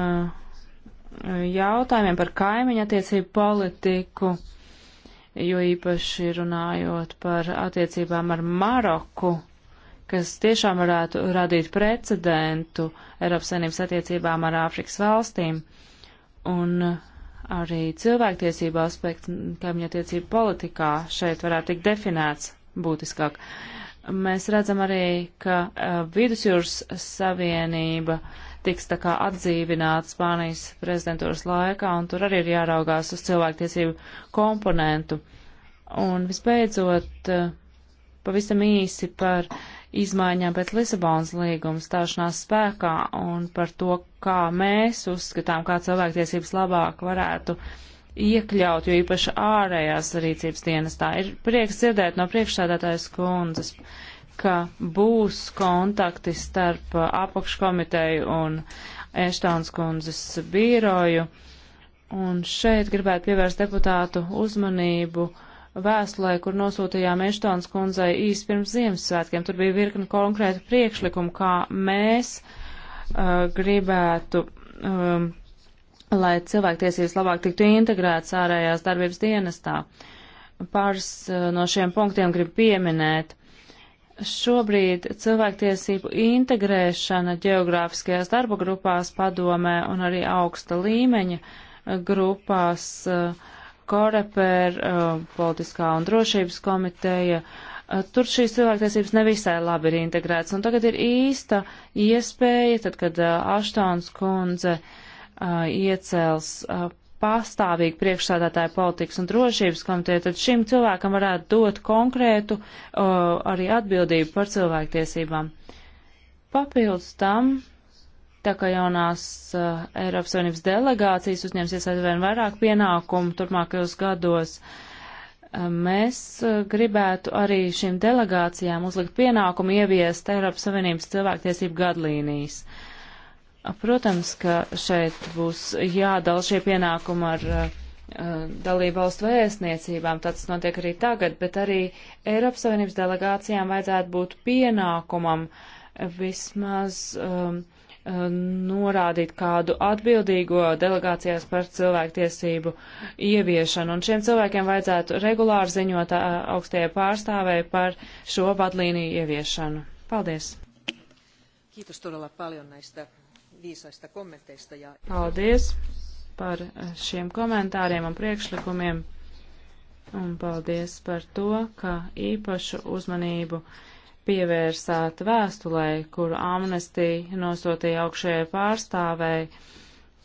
jautājumiem par kaimiņa attiecību politiku, jo īpaši runājot par attiecībām ar Maroku, kas tiešām varētu radīt precedentu Eiropas Savienības attiecībām ar Āfrikas valstīm. Un arī cilvēktiesība aspekts kaimiņa attiecību politikā šeit varētu tikt definēts būtiskāk. Uh, Mēs redzam arī, ka uh, Vidusjūras savienība tiks tā kā atdzīvināta Spānijas prezidentūras laikā, un tur arī ir jāraugās uz cilvēktiesību komponentu. Un visbeidzot, uh, pavisam īsi par izmaiņām pēc Lisabonas līguma stāšanās spēkā un par to, kā mēs uzskatām, kā cilvēktiesības labāk varētu uh, iekļaut, jo īpaši ārējās rīcības dienestā. Ir prieks dzirdēt no priekšsēdētājas kundzes, ka būs kontakti starp apakškomiteju un Eštāns kundzes bīroju. Un šeit gribētu pievērst deputātu uzmanību vēstulē, kur nosūtījām Eštāns kundzei īs pirms Ziemassvētkiem. Tur bija virkni konkrēti priekšlikumi, kā mēs uh, gribētu um, lai cilvēktiesības labāk tiktu integrētas ārējās darbības dienestā. Pāris eh, no šiem punktiem gribu pieminēt. Šobrīd cilvēktiesību integrēšana geogrāfiskajās darba grupās padomē un arī augsta līmeņa eh, grupās eh, Koreper, politiskā un drošības komiteja, tur šīs cilvēktiesības nevisai labi ir integrētas. Un tagad ir īsta iespēja, tad, kad Aštons kundze uh, uh, iecels uh, pastāvīgi priekšsādātāja politikas un drošības komiteja, tad šim cilvēkam varētu dot konkrētu uh, arī atbildību par cilvēktiesībām. Papildus tam, tā kā jaunās uh, Eiropas Savienības delegācijas uzņemsies aizvien vairāk pienākumu turpmākajos gados, uh, mēs gribētu arī šīm delegācijām uzlikt pienākumu ieviest Eiropas Savienības cilvēktiesību gadlīnijas. Uh, Protams, ka šeit būs jādala šie pienākumi ar uh, dalību valstu vēstniecībām, tas notiek arī tagad, bet arī Eiropas Savienības delegācijām vajadzētu būt pienākumam vismaz um, eh, norādīt kādu atbildīgo delegācijās par cilvēktiesību ieviešanu. Un šiem cilvēkiem vajadzētu regulāri ziņot eh, augstajai pārstāvēji par šo vadlīniju ieviešanu. Paldies! Kiitos todella paljon näistä viisaista kommenteista. Ja... Paldies par eh, šiem komentāriem un priekšlikumiem. Un paldies par to, ka īpašu uzmanību pievērsāt vēstulē, kuru Amnesty nosūtīja augšējai pārstāvēji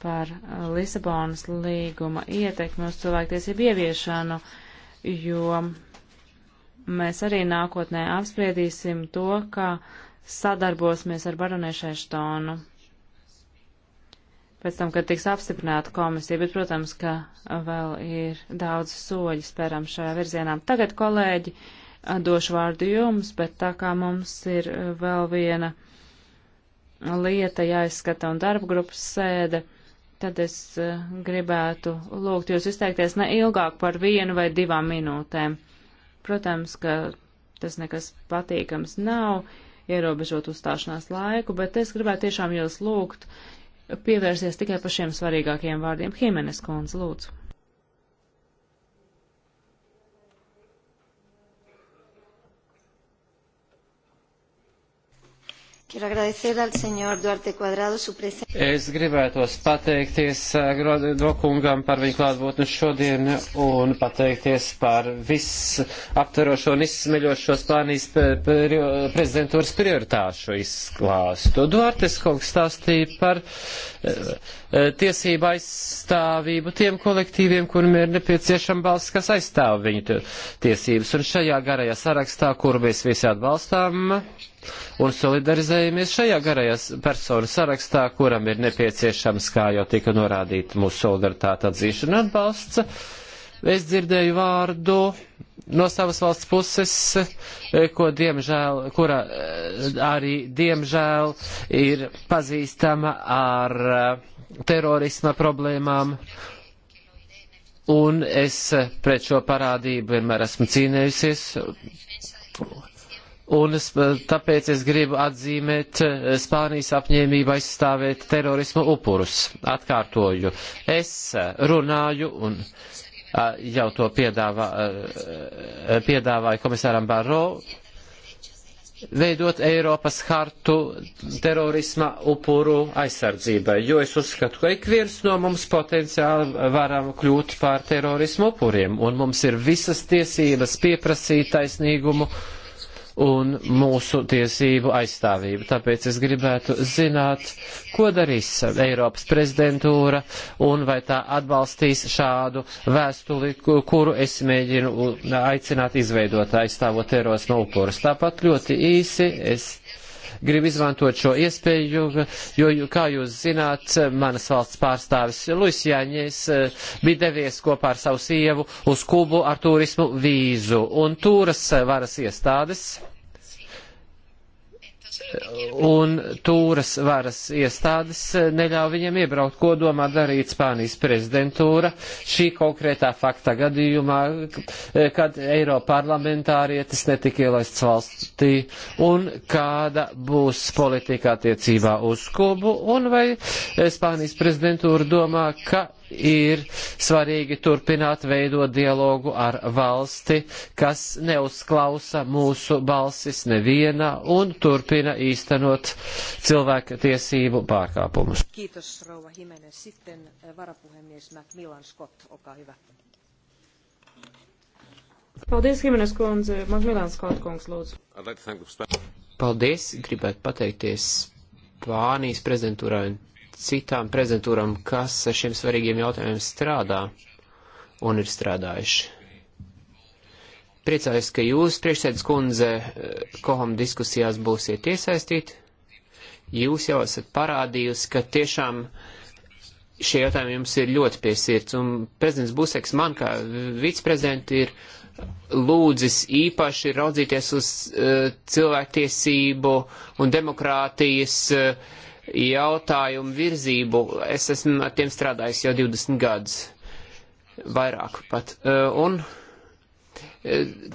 par eh, Lisabonas līguma ietekmi uz cilvēktiesību ieviešanu, jo mēs arī nākotnē apspriedīsim to, kā sadarbosimies ar baronešai Štonu pēc tam, kad tiks apstiprināta komisija, bet, protams, ka vēl ir daudz soļi spēram šajā virzienā. Tagad, kolēģi, došu vārdu jums, bet tā kā mums ir vēl viena lieta jāizskata un darba grupas sēde, tad es eh, gribētu lūgt jūs izteikties ne ilgāk par vienu vai divām minūtēm. Protams, ka tas nekas patīkams nav ierobežot uzstāšanās laiku, bet es gribētu tiešām jūs lūgt pievērsties tikai pašiem svarīgākajiem vārdiem. Himenes kundze, lūdzu. Es gribētos pateikties eh, Grokungam par viņu klātbūtni šodien un pateikties par visaptverošo un izsmeļošo Spānijas prezidentūras prioritāšu izklāstu. Duartes kungs stāstīja par eh, eh, tiesību aizstāvību tiem kolektīviem, kuriem ir nepieciešama balss, kas aizstāv viņu tiesības. Un šajā garajā sarakstā, kuru mēs visi atbalstām, un solidarizējamies šajā garajās personu sarakstā, kuram ir nepieciešams, kā jau tika norādīta mūsu solidaritāte atzīšana atbalsts. Es dzirdēju vārdu no savas valsts puses, eh, ko diemžēl, kura eh, arī diemžēl ir pazīstama ar eh, terorisma problēmām. Un es pret šo parādību vienmēr esmu cīnējusies Un es, eh, tāpēc es gribu atzīmēt eh, Spānijas apņēmību aizstāvēt terorismu upurus. Atkārtoju, es eh, runāju un jau to piedāvā, piedāvāju komisāram Barro veidot Eiropas hartu terorisma upuru aizsardzībai, jo es uzskatu, ka ik viens no mums potenciāli varam kļūt par terorismu upuriem, un mums ir visas tiesības pieprasīt taisnīgumu uh, un mūsu tiesību aizstāvību. Tāpēc es gribētu zināt, ko darīs Eiropas prezidentūra un vai tā atbalstīs šādu vēstuli, kuru es mēģinu aicināt izveidot, aizstāvot eros no upuras. Tāpat ļoti īsi es gribu izmantot šo iespēju, jo, jo kā jūs zināt, manas valsts pārstāvis Luis Jāņēs eh, bija devies kopā ar savu sievu uz Kubu ar turismu vīzu. Un tūras eh, varas iestādes un tūras varas iestādes neļauj viņiem iebraukt, ko domā darīt Spānijas prezidentūra šī konkrētā fakta gadījumā, kad Eiroparlamentārietis netika ielaists valstī un kāda būs politika attiecībā uz Kubu un vai Spānijas prezidentūra domā, ka ir svarīgi turpināt veidot dialogu ar valsti, kas neuzklausa mūsu balsis neviena un turpina īstenot cilvēku tiesību pārkāpumus. Kiitos, Rauva Himene. Sitten eh, varapuhemies Macmillan Scott, olkaa hyvä. Paldies, Himenes kundze. Macmillan Scott kungs, lūdzu. Paldies, gribētu pateikties Spānijas prezidentūrai un citām prezentūram, kas ar šiem svarīgiem jautājumiem strādā un ir strādājuši. Priecājos, ka jūs, priekšsēdus kundze, kohom diskusijās būsiet iesaistīti. Jūs jau esat parādījusi, ka tiešām šie jautājumi jums ir ļoti piesirds. Un prezidents Buseks man kā viceprezidenti ir lūdzis īpaši raudzīties uz uh, cilvēktiesību un demokrātijas uh, jautājumu virzību. Es esmu ar tiem strādājis jau 20 gadus, vairāk pat. Un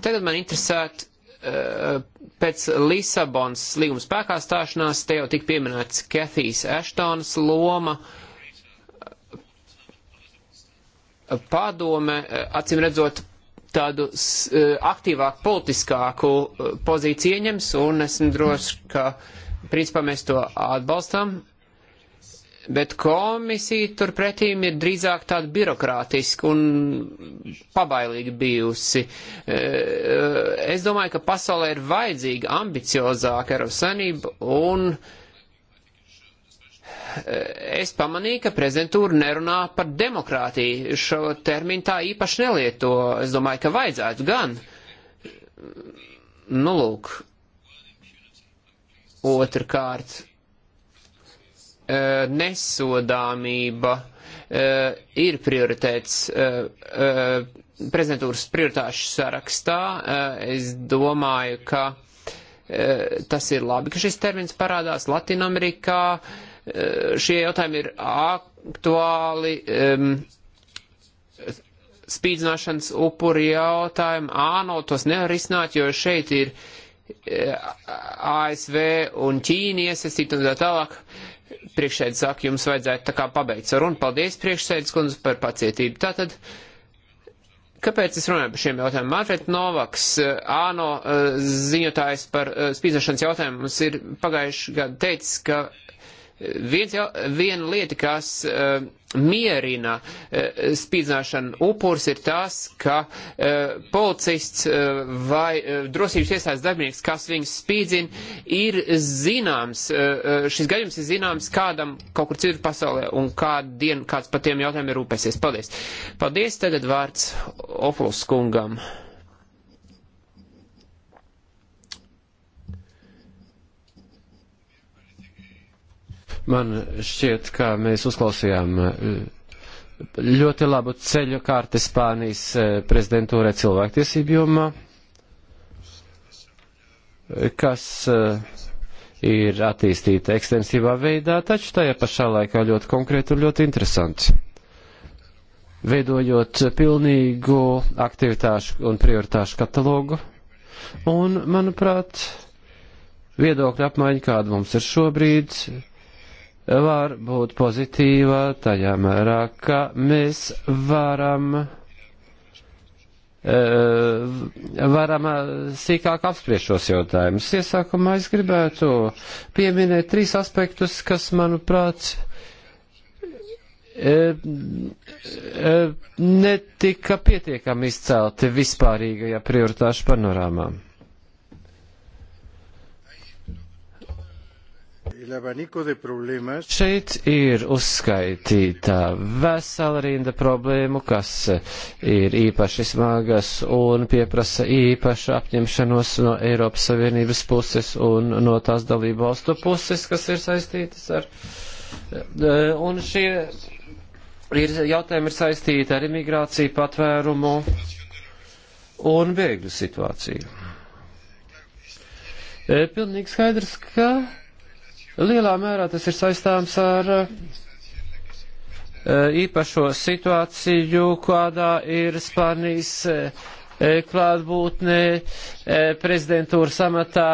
tagad man interesētu pēc Lisabons līguma spēkā stāšanās, te jau tik pieminēts Kethijas Ashtonas loma. Padome, acīm redzot, tādu aktīvāku, politiskāku pozīciju ieņems, un esmu drošs, ka uh, principā mēs to atbalstam, bet komisija turpretīm ir drīzāk tāda birokrātiska un pabailīga bijusi. E, e, es domāju, ka pasaulē ir vajadzīga ambiciozāka Eiropas Sanība un e, es pamanīju, ka prezidentūra nerunā par demokrātiju. Šo terminu tā īpaši nelieto. Es domāju, ka vajadzētu gan. Nu, lūk. Otrkārt, eh, nesodāmība eh, ir prioritēts eh, prezidentūras prioritāšu sarakstā. Es domāju, ka tas ir labi, ka šis termins parādās Latinamerikā. Šie jautājumi ir aktuāli. Spīdzināšanas upuri jautājumi, āno tos nevar izsnāt, jo šeit ir uh, ASV un Ķīna iesaistīt un tā tālāk. Priekšsēdz saka, jums vajadzētu tā kā pabeigt sarunu. Paldies, priekšsēdz kundze, par pacietību. Tātad, kāpēc es runāju par šiem jautājumiem? Manfred Novaks, eh, ANO eh, ziņotājs par eh, spīdzināšanas jautājumu, mums ir pagājuši gadu teicis, ka viens, jau, viena lieta, kas mierina e, spīdzināšanu upurs ir tas, ka e, policists e, vai e, drosības iestādes darbinieks, kas viņus spīdzina, ir zināms, e, e, šis gadījums ir zināms kādam kaut kur citur pasaulē un kādu dienu kāds par tiem jautājumiem ir rūpēsies. Paldies! Paldies! Tagad vārds Opulus kungam. Man šķiet, ka mēs uzklausījām eh, ļoti labu ceļu kārti Spānijas eh, prezidentūrē cilvēktiesību jomā, kas eh, ir attīstīta ekstensīvā veidā, taču tajā pašā laikā ļoti konkrēti un ļoti interesanti. Veidojot pilnīgu aktivitāšu un prioritāšu katalogu, un, manuprāt, viedokļa apmaiņa, kāda mums ir šobrīd, var būt pozitīva tajā mērā, ka mēs varam eh, varam eh, sīkāk apspriest šos jautājumus. Iesākumā es gribētu pieminēt trīs aspektus, kas, manuprāt, eh, netika pietiekami izcelti vispārīgajā prioritāšu panorāmā. Šeit ir uzskaitīta vesela rinda problēmu, kas ir īpaši smagas un pieprasa īpašu apņemšanos no Eiropas Savienības puses un no tās dalību valstu puses, kas ir saistītas ar. Un šie ir, jautājumi ir saistīti ar imigrāciju, patvērumu un bēgļu situāciju. Pilnīgi skaidrs, ka Lielā mērā tas ir saistāms ar eh, eh, īpašo situāciju, kādā ir Spānijas eh, klātbūtnē prezidentūras amatā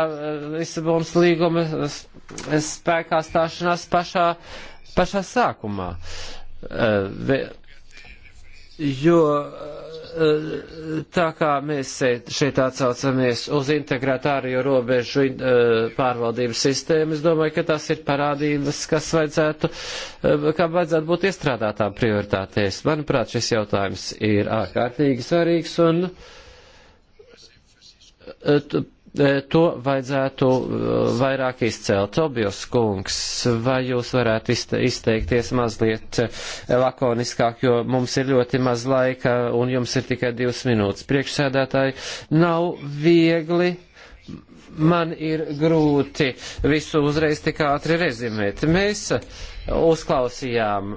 Lisabonas līguma spēkā stāšanās pašā, pašā sākumā. Jo tā kā mēs šeit atsaucamies uz integrētu ārējo robežu pārvaldības sistēmu, es domāju, ka tas ir parādības, kas vajadzētu, kam vajadzētu būt iestrādātām prioritātēs. Manuprāt, šis jautājums ir ārkārtīgi svarīgs un E, to vajadzētu e, vairāk izcelt. Tobijos kungs, vai jūs varētu izteikties mazliet e, lakoniskāk, jo mums ir ļoti maz laika un jums ir tikai divas minūtes. Priekšsēdētāji, nav viegli. Man ir grūti visu uzreiz tik ātri rezimēt. Mēs uzklausījām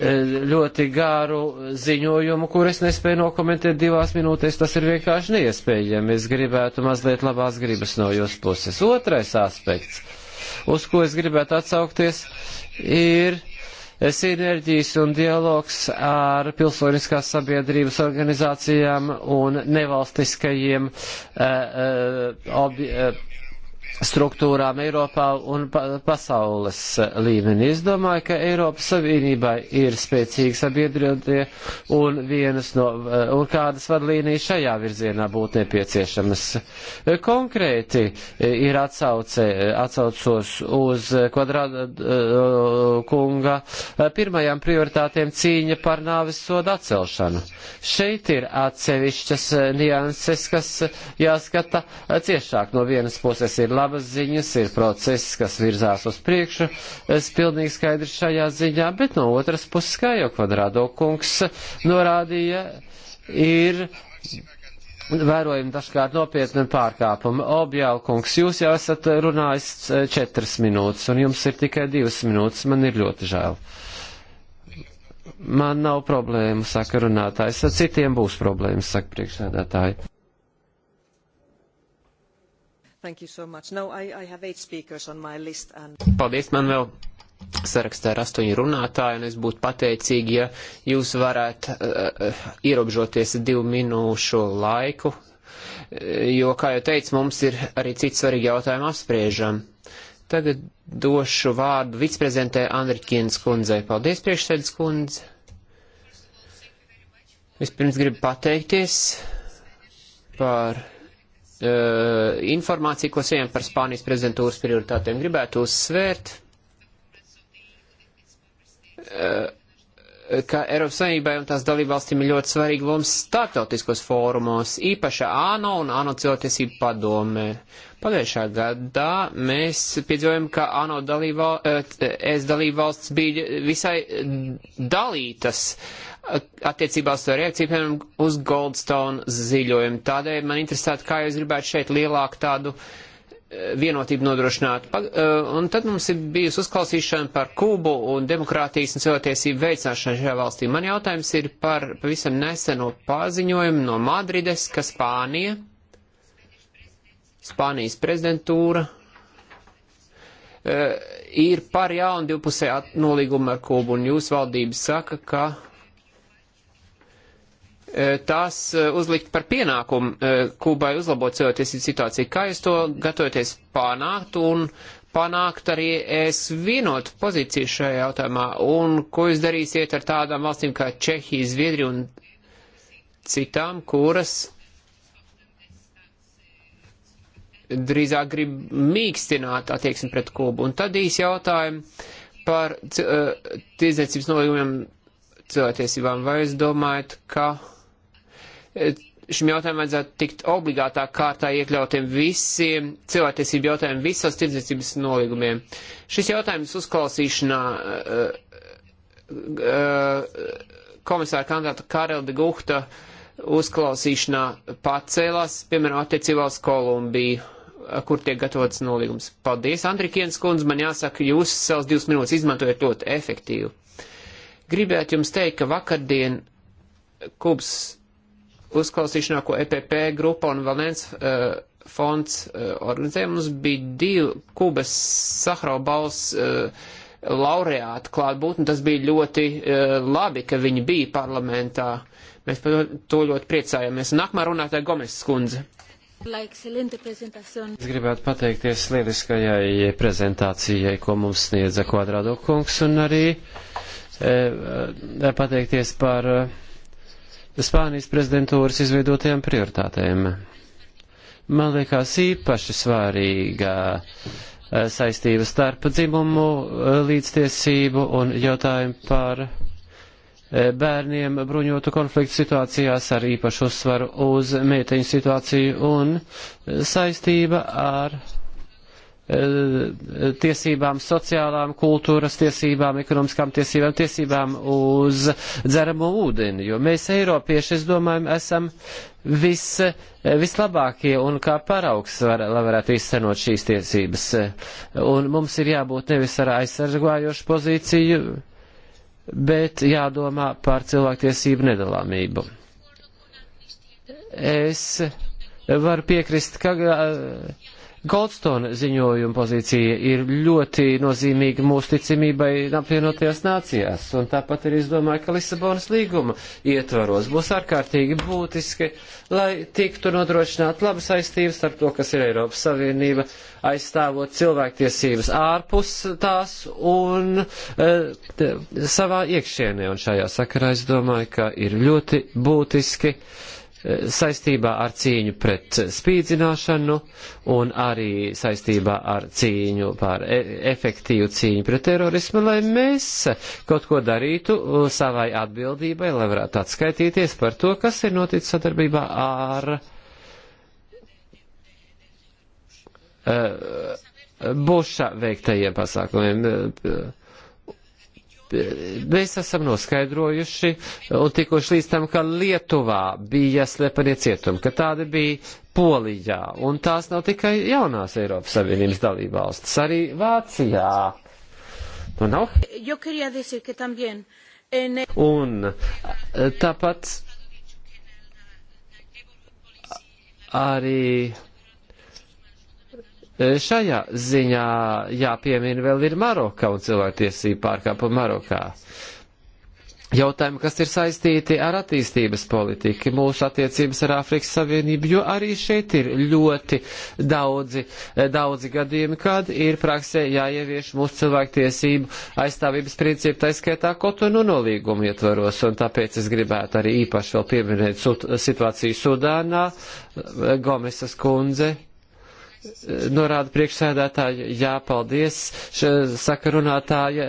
E, ļoti garu ziņojumu, kur es nespēju nokomentēt divās minūtēs. Tas ir vienkārši neiespējami. Es gribētu mazliet labās gribas no jūsu puses. Otrais aspekts, uz ko es gribētu atsaukties, ir sinerģijas un dialogs ar pilsoniskās sabiedrības organizācijām un nevalstiskajiem uh, e, uh, e, objektiem. Uh, struktūrām Eiropā un pa pasaules līmenī. Es domāju, ka Eiropas Savienībai ir spēcīgi sabiedrotie un vienas no, un kādas vadlīnijas šajā virzienā būtu nepieciešamas. Konkrēti ir atsauce, atsaucos uz kvadrāta kunga pirmajām prioritātēm cīņa par nāvis sodu atcelšanu. Šeit ir atsevišķas nianses, kas jāskata ciešāk no vienas puses ir labi labas ziņas, ir process, kas virzās uz priekšu, es pilnīgi skaidrs šajā ziņā, bet no otras puses, kā jau kvadrādo kungs norādīja, ir vērojami dažkārt nopietni pārkāpumi. Objālkungs, jūs jau esat runājis eh, četras minūtes, un jums ir tikai divas minūtes, man ir ļoti žēl. Man nav problēmu, saka runātājs, ar citiem būs problēmas, saka priekšsēdētāji. Thank you so much. No, I, I have eight speakers on my list. And... Paldies, man vēl sarakstā ar astoņu runātāju, un es būtu pateicīgi, ja jūs varētu uh, uh ierobežoties divu minūšu laiku, uh, jo, kā jau teicu, mums ir arī cits svarīgi jautājumi apspriežam. Tagad došu vārdu viceprezidentē Andrikienas kundzei. Paldies, priekšsēdus kundze. Vispirms gribu pateikties par Eh, informāciju, ko saņem par Spānijas prezidentūras prioritātēm. Gribētu uzsvērt, eh, ka Eiropas Savienībai un tās dalībvalstīm ir ļoti svarīga loma starptautiskos fórumos, īpaši ANO un ANO cilvēktiesību padomē. Pagājušā gadā mēs piedzīvojam, ka ANO dalībval, eh, es dalībvalsts bija visai dalītas uh, attiecībā uz to reakciju, piemēram, uz Goldstone ziļojumu. Tādēļ man interesētu, kā jūs gribētu šeit lielāku tādu eh, vienotību nodrošināt. Eh, un tad mums ir bijusi uzklausīšana par Kūbu un demokrātijas un cilvēktiesību veicināšanu šajā valstī. Man jautājums ir par pavisam neseno paziņojumu no Madrides, ka Spānija, Spānijas prezidentūra eh, ir par jaunu divpusēju nolīgumu ar Kūbu, un jūs valdības saka, ka E, tās e, uzlikt par pienākumu e, Kubai uzlabot cilvēktiesību situāciju. Kā jūs to gatavoties panākt un panākt arī es vienotu pozīciju šajā jautājumā? Un ko jūs darīsiet ar tādām valstīm kā Čehija, Zviedrija un citām, kuras drīzāk grib mīkstināt attieksmi pret Kubu? Un tad īsi jautājumi par tirdzniecības nolīgumiem cilvēktiesībām. Vai jūs domājat, ka šim jautājumam vajadzētu tikt obligātā kārtā iekļautiem visiem cilvēktiesību jautājumiem visos tirdzniecības nolīgumiem. Šis jautājums uzklausīšanā eh, eh, komisāra kandidāta Karelda Guhta uzklausīšanā pacēlās, piemēram, attiecībā uz Kolumbiju, eh, kur tiek gatavots nolīgums. Paldies, Andrikienas kundze, man jāsaka, jūs savus divas minūtes izmantojat ļoti efektīvi. Gribētu jums teikt, ka vakardien Kubs uzklausīšanā, ko EPP grupa un vēl viens uh, eh, fonds uh, eh, organizē, mums bija divi Kubas Sahara balss uh, laureāti klātbūtni. Tas bija ļoti uh, labi, ka viņi bija parlamentā. Mēs par to ļoti priecājāmies. Nākamā runātāja Gomes skundze. Es gribētu pateikties lieliskajai prezentācijai, ko mums sniedza Kvadrado kungs, un arī e, pateikties par. E, Spānijas prezidentūras izveidotajām prioritātēm. Man liekas īpaši svārīga eh, saistība starp dzimumu eh, līdztiesību un jautājumu par eh, bērniem bruņotu konfliktu situācijās ar īpašu uzsvaru uz meiteņu situāciju un saistība ar Eh, tiesībām, sociālām, kultūras tiesībām, ekonomiskām tiesībām, tiesībām uz dzeramo ūdeni, jo mēs Eiropieši, es domāju, esam vis, eh, vislabākie un kā paraugs var, varētu izcenot šīs tiesības. Un mums ir jābūt nevis ar aizsargājošu pozīciju, bet jādomā par cilvēktiesību nedalāmību. Es varu piekrist, ka eh, Goldstone ziņojuma pozīcija ir ļoti nozīmīga mūsu ticamībai apvienotajās nācijās, un tāpat ir izdomāju, ka Lisabonas līguma ietvaros būs ārkārtīgi būtiski, lai tiktu nodrošināt labas aizstības starp to, kas ir Eiropas Savienība, aizstāvot cilvēktiesības ārpus tās un e, savā iekšienē, un šajā sakarā es domāju, ka ir ļoti būtiski. E, Eh, saistībā ar cīņu pret spīdzināšanu un arī saistībā ar cīņu par e efektīvu cīņu pret terorismu, lai mēs kaut ko darītu uh, savai atbildībai, lai varētu atskaitīties par to, kas ir noticis sadarbībā ar uh, Buša veiktajiem pasākumiem. Uh, Mēs esam noskaidrojuši un tikuši līdz tam, ka Lietuvā bija slepenie cietumi, ka tādi bija Polijā, un tās nav tikai jaunās Eiropas Savienības dalībvalstis, arī Vācijā. Nu, nav? Un tāpat arī E, šajā ziņā jāpiemina vēl ir Maroka un cilvēktiesība pārkāpuma Marokā. Jautājumi, kas ir saistīti ar attīstības politiku, mūsu attiecības ar Āfrikas Savienību, jo arī šeit ir ļoti daudzi, e, daudzi gadījumi, kad ir praksē jāievieš mūsu cilvēktiesību aizstāvības principu, taiskaitā kotonu nolīgumu ietvaros, un tāpēc es gribētu arī īpaši vēl pieminēt situāciju Sudānā, e, Gomesas kundze, norāda priekšsēdētāji, jāpaldies, saka runātāja,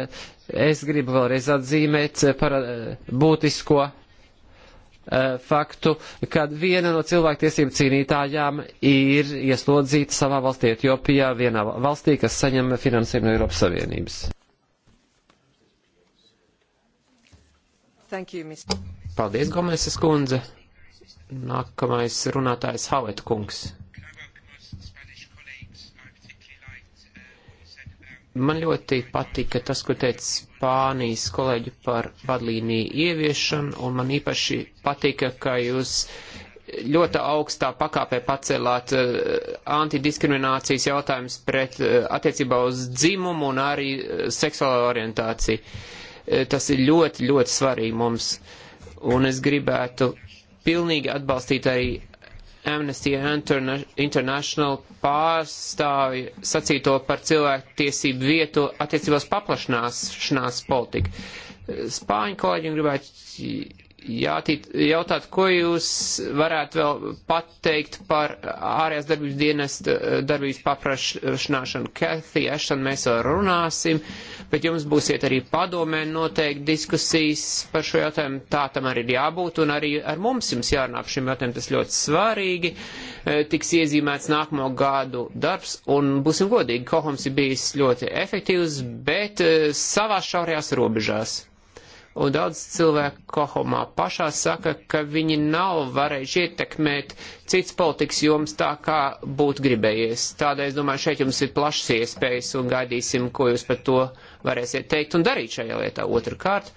es gribu vēlreiz atzīmēt eh, par eh, būtisko eh, faktu, kad viena no cilvēktiesību cīnītājām ir ieslodzīta savā valstī Etiopijā, vienā valstī, kas saņem finansējumu no Eiropas Savienības. Thank you, Ms. Paldies, Gomeses kundze. Nākamais runātājs Havet kungs. Man ļoti patika tas, ko teica Spānijas kolēģi par vadlīniju ieviešanu, un man īpaši patika, ka jūs ļoti augstā pakāpē pacēlāt uh, eh, antidiskriminācijas jautājumus pret uh, attiecībā uz dzimumu un arī uh, seksuālo orientāciju. Uh, tas ir ļoti, ļoti svarīgi mums, un es gribētu pilnīgi atbalstīt arī Amnesty International pārstāvi sacīto par cilvēku tiesību vietu attiecībās paplašanāšanās politiku. Spāņu kolēģiem gribētu jātīt, jautāt, ko jūs varētu vēl pateikt par ārējās darbības dienas darbības paplašanāšanu. Kathy Ashton mēs vēl runāsim. Uh, bet jums būsiet arī padomē noteikti diskusijas par šo jautājumu. Tā tam arī ir jābūt, un arī ar mums jums jārunā par šiem jautājumiem. Tas ļoti svarīgi. E, tiks iezīmēts nākamo gadu darbs, un būsim godīgi, Kohoms ir bijis ļoti efektīvs, bet e, savās šaurajās robežās. Un daudz cilvēku Kohomā pašā saka, ka viņi nav varējuši ietekmēt cits politikas joms tā, kā būtu gribējies. Tādēļ, es domāju, šeit jums ir plašas iespējas un gaidīsim, ko jūs par to uh, varēsiet teikt un darīt šajā lietā. Otrakārt,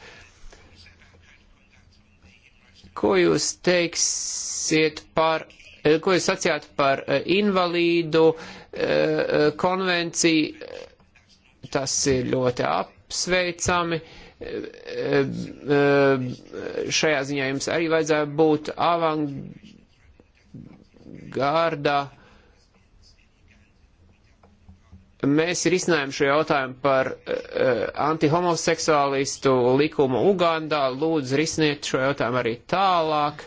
ko jūs teiksiet par, ko jūs sacījāt par eh, invalīdu eh, konvenciju? Tas ir ļoti apsveicami. Eh, šajā ziņā jums arī vajadzētu būt avangardā mēs risinājām šo jautājumu par uh, antihomoseksuālistu likumu Ugandā. Lūdzu, risiniet šo jautājumu arī tālāk.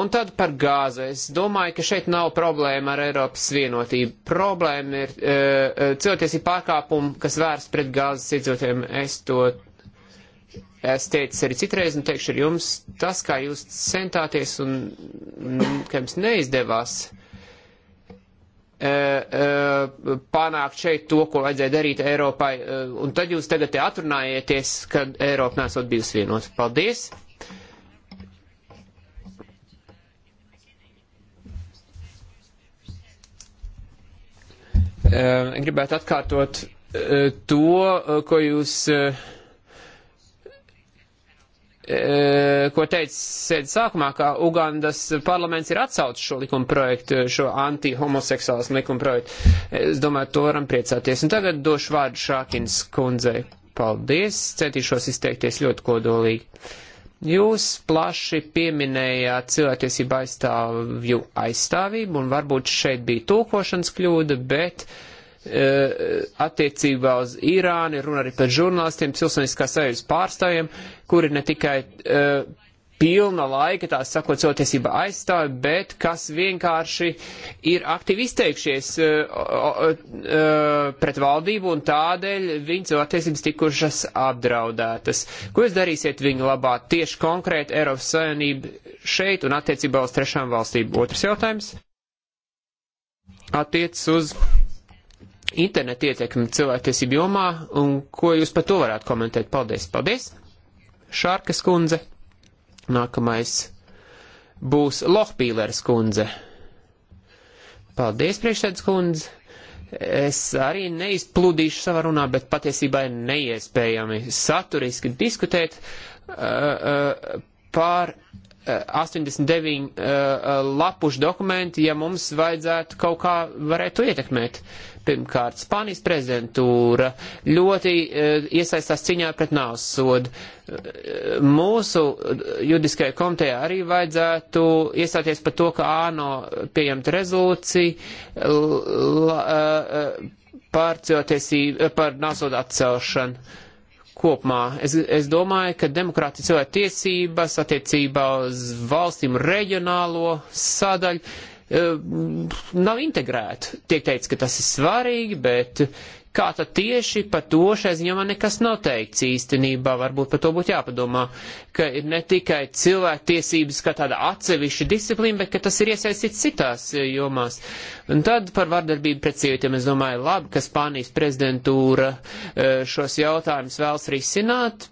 Un tad par gāzi. Es domāju, ka šeit nav problēma ar Eiropas vienotību. Problēma ir uh, eh, eh, cilvēktiesība pārkāpuma, kas vērsts pret gāzes iedzīvotiem. Es to es teicu arī citreiz un teikšu ar jums, tas, kā jūs centāties un, un kā jums neizdevās eh, eh, panākt šeit to, ko vajadzēja darīt Eiropai, eh, un tad jūs tagad te atrunājieties, kad Eiropa nesot bijusi vienot. Paldies! Gribētu atkārtot to, ko jūs E, ko teica sēdz sākumā, ka Ugandas parlaments ir atsaucis šo likuma projektu, šo anti-homoseksuālismu likuma projektu. Es domāju, to varam priecāties. Un tagad došu vārdu Šākins kundzei. Paldies, centīšos izteikties ļoti kodolīgi. Jūs plaši pieminējāt cilvēktiesību aizstāvju aizstāvību, un varbūt šeit bija tūkošanas kļūda, bet uh, Eh, attiecībā uz Irānu, runa arī par žurnālistiem, pilsoniskās savienības pārstāvjiem, kuri ne tikai uh, pilna laika, tā sakot, cilvēktiesība aizstāvi, bet kas vienkārši ir aktīvi izteikšies uh, uh, uh, pret valdību un tādēļ viņu cilvēktiesības tikušas apdraudētas. Ko jūs darīsiet viņu labā tieši konkrēti Eiropas Savienība šeit un attiecībā uz trešām valstīm? Otrs jautājums attiec uz internetu ietekmi cilvēktiesību jomā un ko jūs par to varētu komentēt. Paldies, paldies! Šārkas kundze. Nākamais būs Lohpīlers kundze. Paldies, priekšsēdus kundze. Es arī neizpludīšu savā runā, bet patiesībā ir neiespējami saturiski diskutēt uh, uh, par 89 uh, uh, lapušu dokumentu, ja mums vajadzētu kaut kā varētu ietekmēt. Uh, Pirmkārt, Spānijas prezidentūra ļoti eh, iesaistās ciņā pret nāvsodu. Eh, mūsu eh, judiskajai komitejai arī vajadzētu iestāties par to, ka āno pieņemt rezolūciju par cilvēktiesību, par nāvsodu atcelšanu kopumā. Es, es domāju, ka demokrāti cilvēku tiesības attiecībā uz valstīm reģionālo sadaļu Ehm, nav integrēta. Tiek teikts, ka tas ir svarīgi, bet kā tad tieši par to šai ziņā nekas nav teikts īstenībā. Varbūt par to būtu jāpadomā, ka ir ne tikai cilvēktiesības kā tāda atsevišķa disciplīna, bet ka tas ir iesaistīts citās eh, jomās. Un tad par vardarbību pret sievietēm es domāju labi, ka Spānijas prezidentūra eh, šos jautājumus vēlas risināt.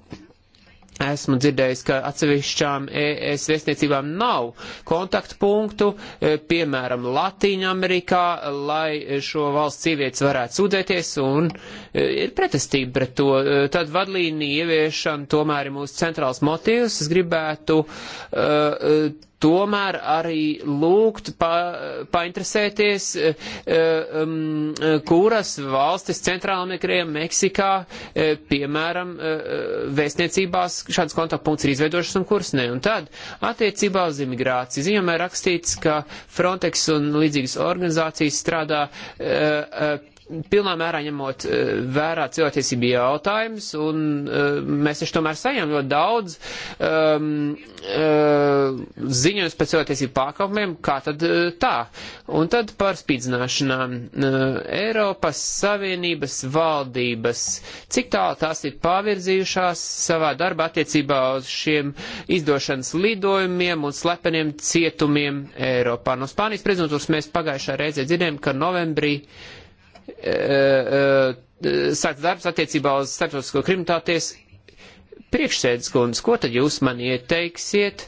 Esmu dzirdējis, ka atsevišķām ES viesniecībām nav kontaktpunktu, e, piemēram, Latīņamerikā, lai šo valsts sievietes varētu sūdzēties, un e, ir pretestība pret to. E, tad vadlīnija ieviešana tomēr ir mūsu centrāls motīvs. Es gribētu uh, tomēr arī lūgt pa, painteresēties, eh, um, kuras valstis centrālamerikriem Meksikā, eh, piemēram, eh, vēstniecībās šāds kontaktpunkts ir izveidošas un kuras ne. Un tad attiecībā uz imigrāciju ziņojumā rakstīts, ka Frontex un līdzīgas organizācijas strādā pilnā mērā ņemot eh, vērā cilvēktiesību jautājumus, un eh, mēs taču tomēr saņem ļoti daudz um, ehm, um, eh, ziņojums par cilvēktiesību pārkāpumiem, kā tad tā. Un tad par spīdzināšanām. Eiropas Savienības valdības, cik tālu tās ir pavirzījušās savā darba attiecībā uz šiem izdošanas lidojumiem un slepeniem cietumiem Eiropā. No Spānijas prezidentūras mēs pagājušā reizē dzirdējām, ka novembrī uh, E, e, sākt darbs attiecībā uz starptautisko kriminālu tiesu. Priekšsēdus kundze, ko tad jūs man ieteiksiet,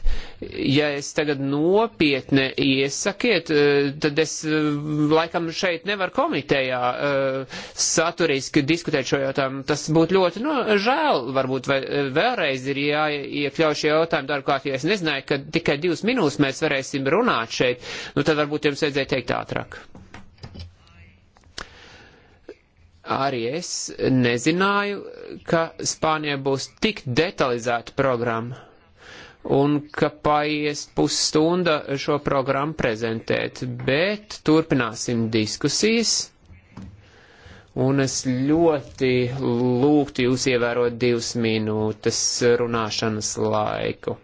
ja es tagad nopietni iesakiet, e, tad es laikam šeit nevaru komitejā saturiski diskutēt šo jautājumu. Tas būtu ļoti nu, žēl, varbūt vai, vēlreiz ir jāiekļauj šie jautājumi darba kārtībā. Es nezināju, ka tikai divas minūtes mēs varēsim runāt šeit, nu tad varbūt jums vajadzēja teikt ātrāk. Arī es nezināju, ka Spānijai būs tik detalizēta programma un ka paies pusstunda šo programmu prezentēt, bet turpināsim diskusijas. Un es ļoti lūgtu jūs ievērot divas minūtes runāšanas laiku.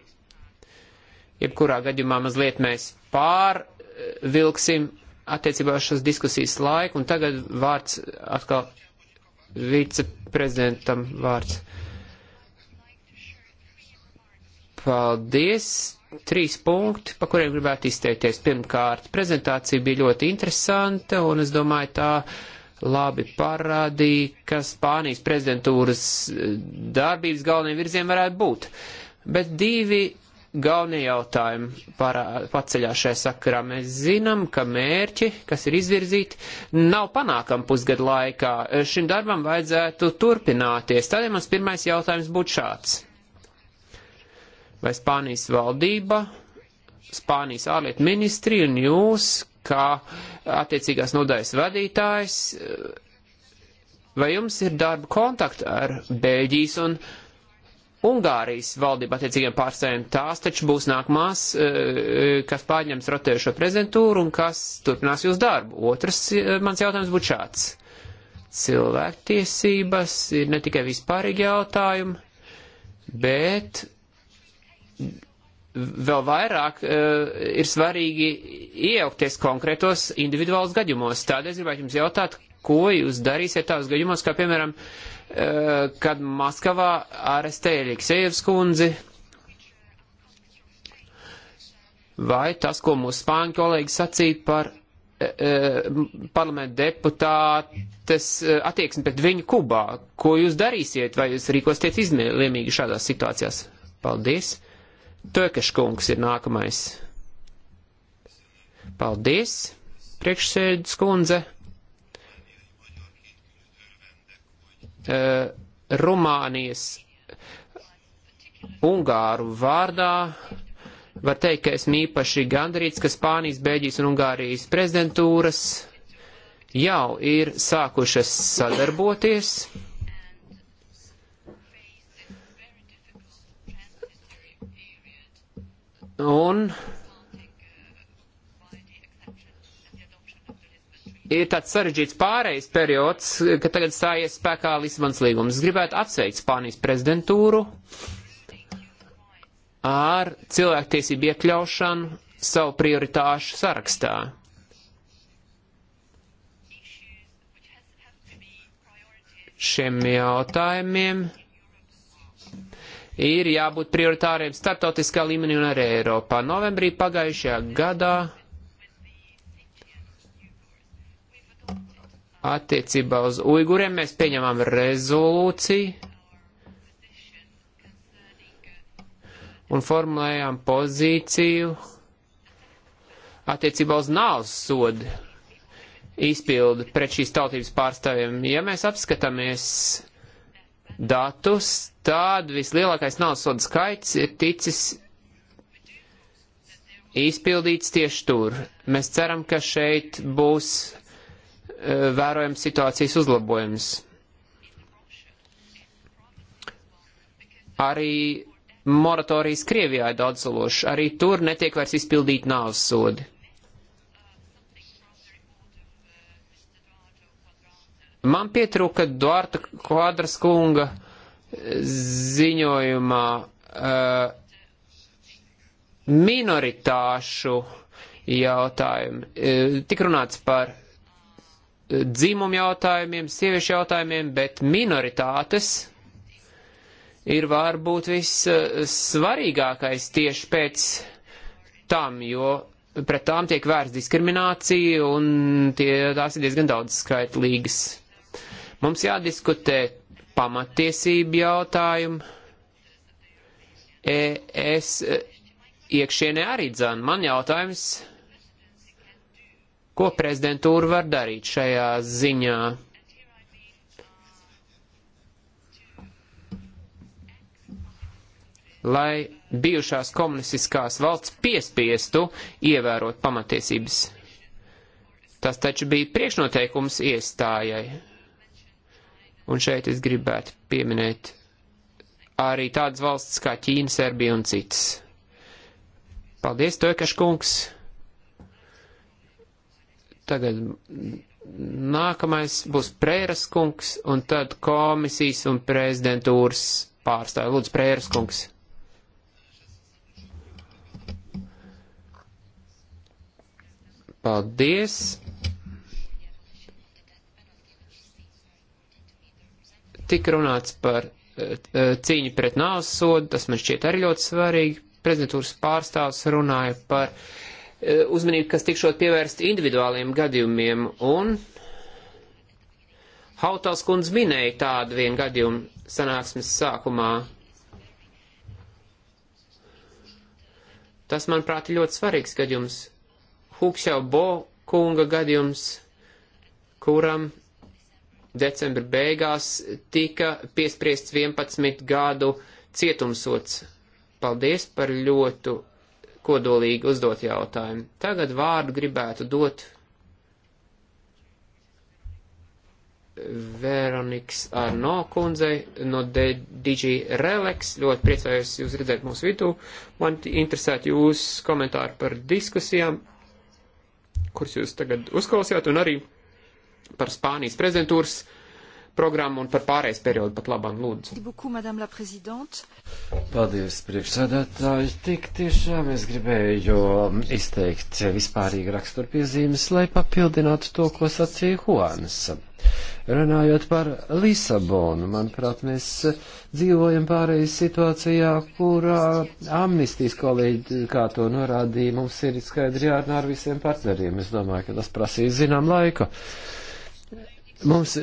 Jebkurā gadījumā mazliet mēs pārvilksim attiecībā uz šas diskusijas laiku, un tagad vārds atkal viceprezidentam vārds. Paldies! Trīs punkti, pa kuriem gribētu izteikties. Pirmkārt, prezentācija bija ļoti interesanta, un es domāju, tā labi parādīja, ka Spānijas prezidentūras darbības galvenajiem virziem varētu būt. Bet divi galvenie jautājumi parā, paceļā šai sakarā. Mēs zinām, ka mērķi, kas ir izvirzīti, nav panākami pusgadu laikā. Šim darbam vajadzētu turpināties. Tādēļ mans pirmais jautājums būtu šāds. Vai Spānijas valdība, Spānijas ārlietu ministri un jūs, kā attiecīgās nodaļas vadītājs, vai jums ir darba kontakti ar Bēļģijas un Bēļģijas? Ungārijas valdība attiecīgiem pārstāvjiem tās taču būs nākamās, eh, kas pārņems rotējušo prezentūru un kas turpinās jūs darbu. Otrs eh, mans jautājums būtu šāds. Cilvēktiesības ir ne tikai vispārīgi jautājumi, bet vēl vairāk uh, ir svarīgi iejaukties konkrētos individuālos gadījumos. Tādēļ es gribētu jums jautāt, ko jūs darīsiet tādos gadījumos, kā piemēram uh, Eh, kad Maskavā arestēja Eliksejevs kundzi. Vai tas, ko mūsu spāņu kolēģi sacīja par eh, eh, parlamenta deputātes attieksmi pret viņu Kubā. Ko jūs darīsiet, vai jūs rīkosiet izlēmīgi šādās situācijās? Paldies. Tökeškungs ir nākamais. Paldies, priekšsēdus kundze. Eh, Rumānijas Ungāru vārdā var teikt, ka esmu īpaši gandarīts, ka Spānijas, Beļģijas un Ungārijas prezidentūras jau ir sākušas sadarboties. Un ir tāds sarežģīts pārejas periods, ka tagad stājies spēkā Lisabons līgums. Es gribētu apsveikt Spānijas prezidentūru ar cilvēktiesību iekļaušanu savu prioritāšu sarakstā. Šiem jautājumiem ir jābūt prioritāriem starptautiskā līmenī un arī Eiropā. Novembrī pagājušajā gadā Attiecībā uz uiguriem mēs pieņemam rezolūciju un formulējām pozīciju attiecībā uz nāvs sodu izpildu pret šīs tautības pārstāvjiem. Ja mēs apskatāmies datus, tad vislielākais nāvs sodu skaits ir ticis izpildīts tieši tur. Mēs ceram, ka šeit būs E, vērojams situācijas uzlabojums. Arī moratorijas Krievijā ir daudz sološi. Arī tur netiek vairs izpildīt nāvs sodi. Man pietrūka Duārta Kvadras kunga ziņojumā uh, minoritāšu jautājumi. Uh, e, tik runāts par Eh, dzīmumu jautājumiem, sieviešu jautājumiem, bet minoritātes ir varbūt vissvarīgākais tieši pēc tam, jo pret tām tiek vērsta diskriminācija un tie, tās ir diezgan daudz skaitlīgas. Mums jādiskutē pamatiesību jautājumu. E, es iekšienē arī dzan. Man jautājums Ko prezidentūra var darīt šajā ziņā? Lai bijušās komunistiskās valsts piespiestu ievērot pamatiesības. Tas taču bija priekšnoteikums iestājai. Un šeit es gribētu pieminēt arī tādas valsts kā Ķīna, Serbija un citas. Paldies, Toikaškungs! Tagad nākamais būs Prēras kungs un tad komisijas un prezidentūras pārstāvi. Lūdzu, Prēras kungs. Paldies. Tik runāts par eh, eh, cīņu pret nāvsodu, tas man šķiet arī ļoti svarīgi. Prezidentūras pārstāvs runāja par uh, E, uzmanību, kas tikšot pievērst individuāliem gadījumiem, un Hautals kundze minēja tādu vienu gadījumu sanāksmes sākumā. Tas, manuprāt, ir ļoti svarīgs gadījums. Hukšau Bo kunga gadījums, kuram decembra beigās tika piespriests 11 gadu cietumsots. Paldies par ļoti kodolīgi uzdot jautājumu. Tagad vārdu gribētu dot Veronikas Arno kundzei no DG Relax. Ļoti priecājos jūs redzēt mūsu vidū. Man interesētu jūs komentāri par diskusijām, kuras jūs tagad uzklausījāt, un arī par Spānijas prezidentūras uh, programmu un par pārējais periodu pat labam lūdzu. Paldies, priekšsēdētāji. Tik tiešām es gribēju um, izteikt vispārīgi raksturpiezīmes, lai papildinātu to, ko sacīja Huanis. Runājot par Lisabonu, manuprāt, mēs dzīvojam pārējais situācijā, kurā amnistijas kolēģi, kā to norādīja, mums ir skaidri jārunā ar visiem partneriem. Es domāju, ka tas prasīs zinām laiku. Mums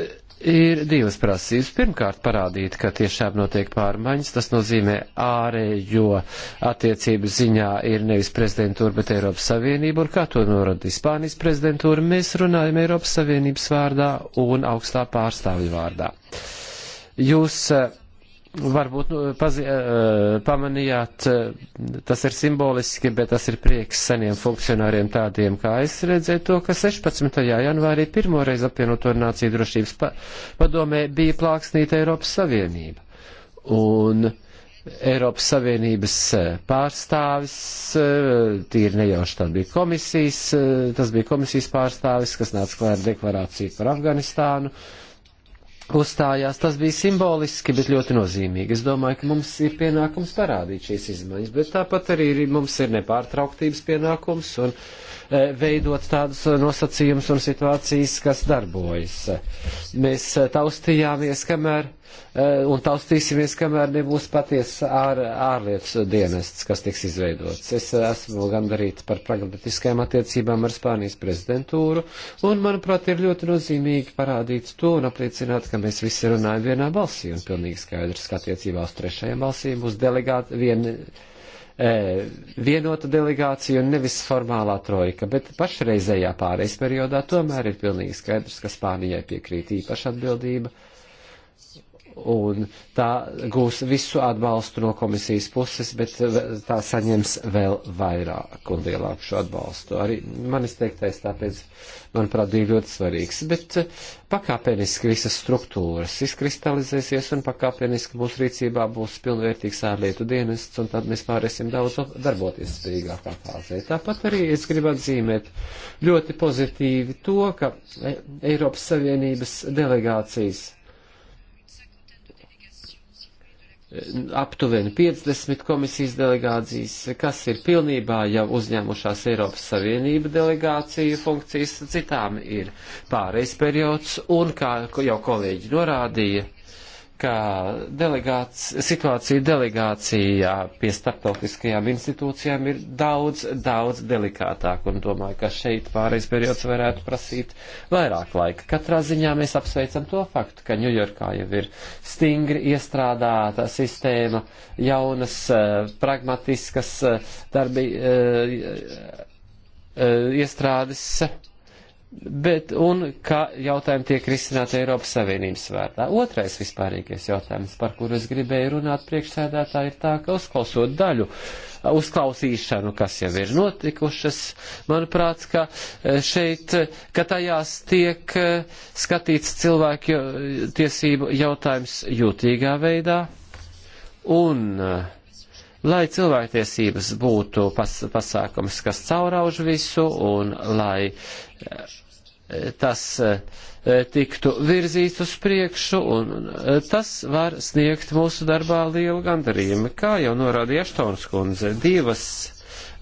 ir divas prasības. Pirmkārt, parādīt, ka tiešām notiek pārmaiņas. Tas nozīmē ārējo attiecību ziņā ir nevis prezidentūra, bet Eiropas Savienība. Un kā to norada Ispānijas prezidentūra, mēs runājam Eiropas Savienības vārdā un augstā pārstāvju vārdā. Jūs uh, Varbūt nu, pazi, eh, eh, pamanījāt, eh, tas ir simboliski, bet tas ir prieks seniem funkcionāriem tādiem, kā es redzēju to, ka 16. janvārī pirmoreiz apvienoto nāciju drošības padomē bija plāksnīta Eiropas Savienība. Un Eiropas Savienības pārstāvis, tīri nejauši tā bija komisijas, tas bija komisijas pārstāvis, kas nāca klāt deklarāciju par Afganistānu. Uh, uzstājās. Tas bija simboliski, bet ļoti nozīmīgi. Es domāju, ka mums ir pienākums parādīt šīs izmaiņas, bet tāpat arī mums ir nepārtrauktības pienākums. Un, uh, Eh, veidot tādus eh, nosacījumus un situācijas, kas darbojas. Mēs eh, taustījāmies, kamēr, un taustīsimies, kamēr nebūs patiesa ār, ārlietu dienests, kas tiks izveidots. Es esmu gandarīts par pragmatiskajām attiecībām ar Spānijas prezidentūru, un, manuprāt, ir ļoti nozīmīgi parādīt to un apliecināt, ka mēs visi runājam vienā balsī, un pilnīgi skaidrs, ka attiecībā uz trešajām balsīm būs delegāti vieni E, vienota delegācija un nevis formālā trojka, bet pašreizējā pārejas periodā tomēr ir pilnīgi skaidrs, ka Spānijai piekrīt īpaša atbildība un tā gūs visu atbalstu no komisijas puses, bet tā saņems vēl vairāk un lielāku šo atbalstu. Arī manis teiktais tāpēc, manuprāt, bija ļoti svarīgs, bet eh, pakāpeniski visas struktūras izkristalizēsies un pakāpeniski mūsu rīcībā būs pilnvērtīgs ārlietu dienests un tad mēs pārēsim daudz darboties spējīgākā fāzē. Tāpat arī es gribu atzīmēt ļoti pozitīvi to, ka eh, Eiropas Savienības delegācijas Eh, aptuveni 50 komisijas delegācijas, kas ir pilnībā jau uzņēmušās Eiropas Savienība delegāciju funkcijas, citām ir pārejas periods, un kā jau kolēģi norādīja, ka delegāts, situācija delegācijā pie starptautiskajām institūcijām ir daudz, daudz delikātāk, un domāju, ka šeit pāreiz periods varētu prasīt vairāk laika. Katrā ziņā mēs apsveicam to faktu, ka Ņujorkā jau ir stingri iestrādāta sistēma, jaunas, eh, pragmatiskas eh, darbi, eh, iestrādes bet un kā jautājumi tiek risināti Eiropas Savienības vērtā. Otrais vispārīgais jautājums, par kuru es gribēju runāt priekšsēdētā, ir tā, ka uzklausot daļu, uzklausīšanu, kas jau ir notikušas, manuprāt, ka eh, šeit, ka tajās tiek eh, skatīts cilvēku tiesību jautājums jūtīgā veidā. Un eh, lai cilvēktiesības būtu pas, pasākums, kas caurauž visu, un lai tas eh, tiktu virzīts uz priekšu, un eh, tas var sniegt mūsu darbā lielu gandarījumu. Kā jau norādīja Aštons kundze, divas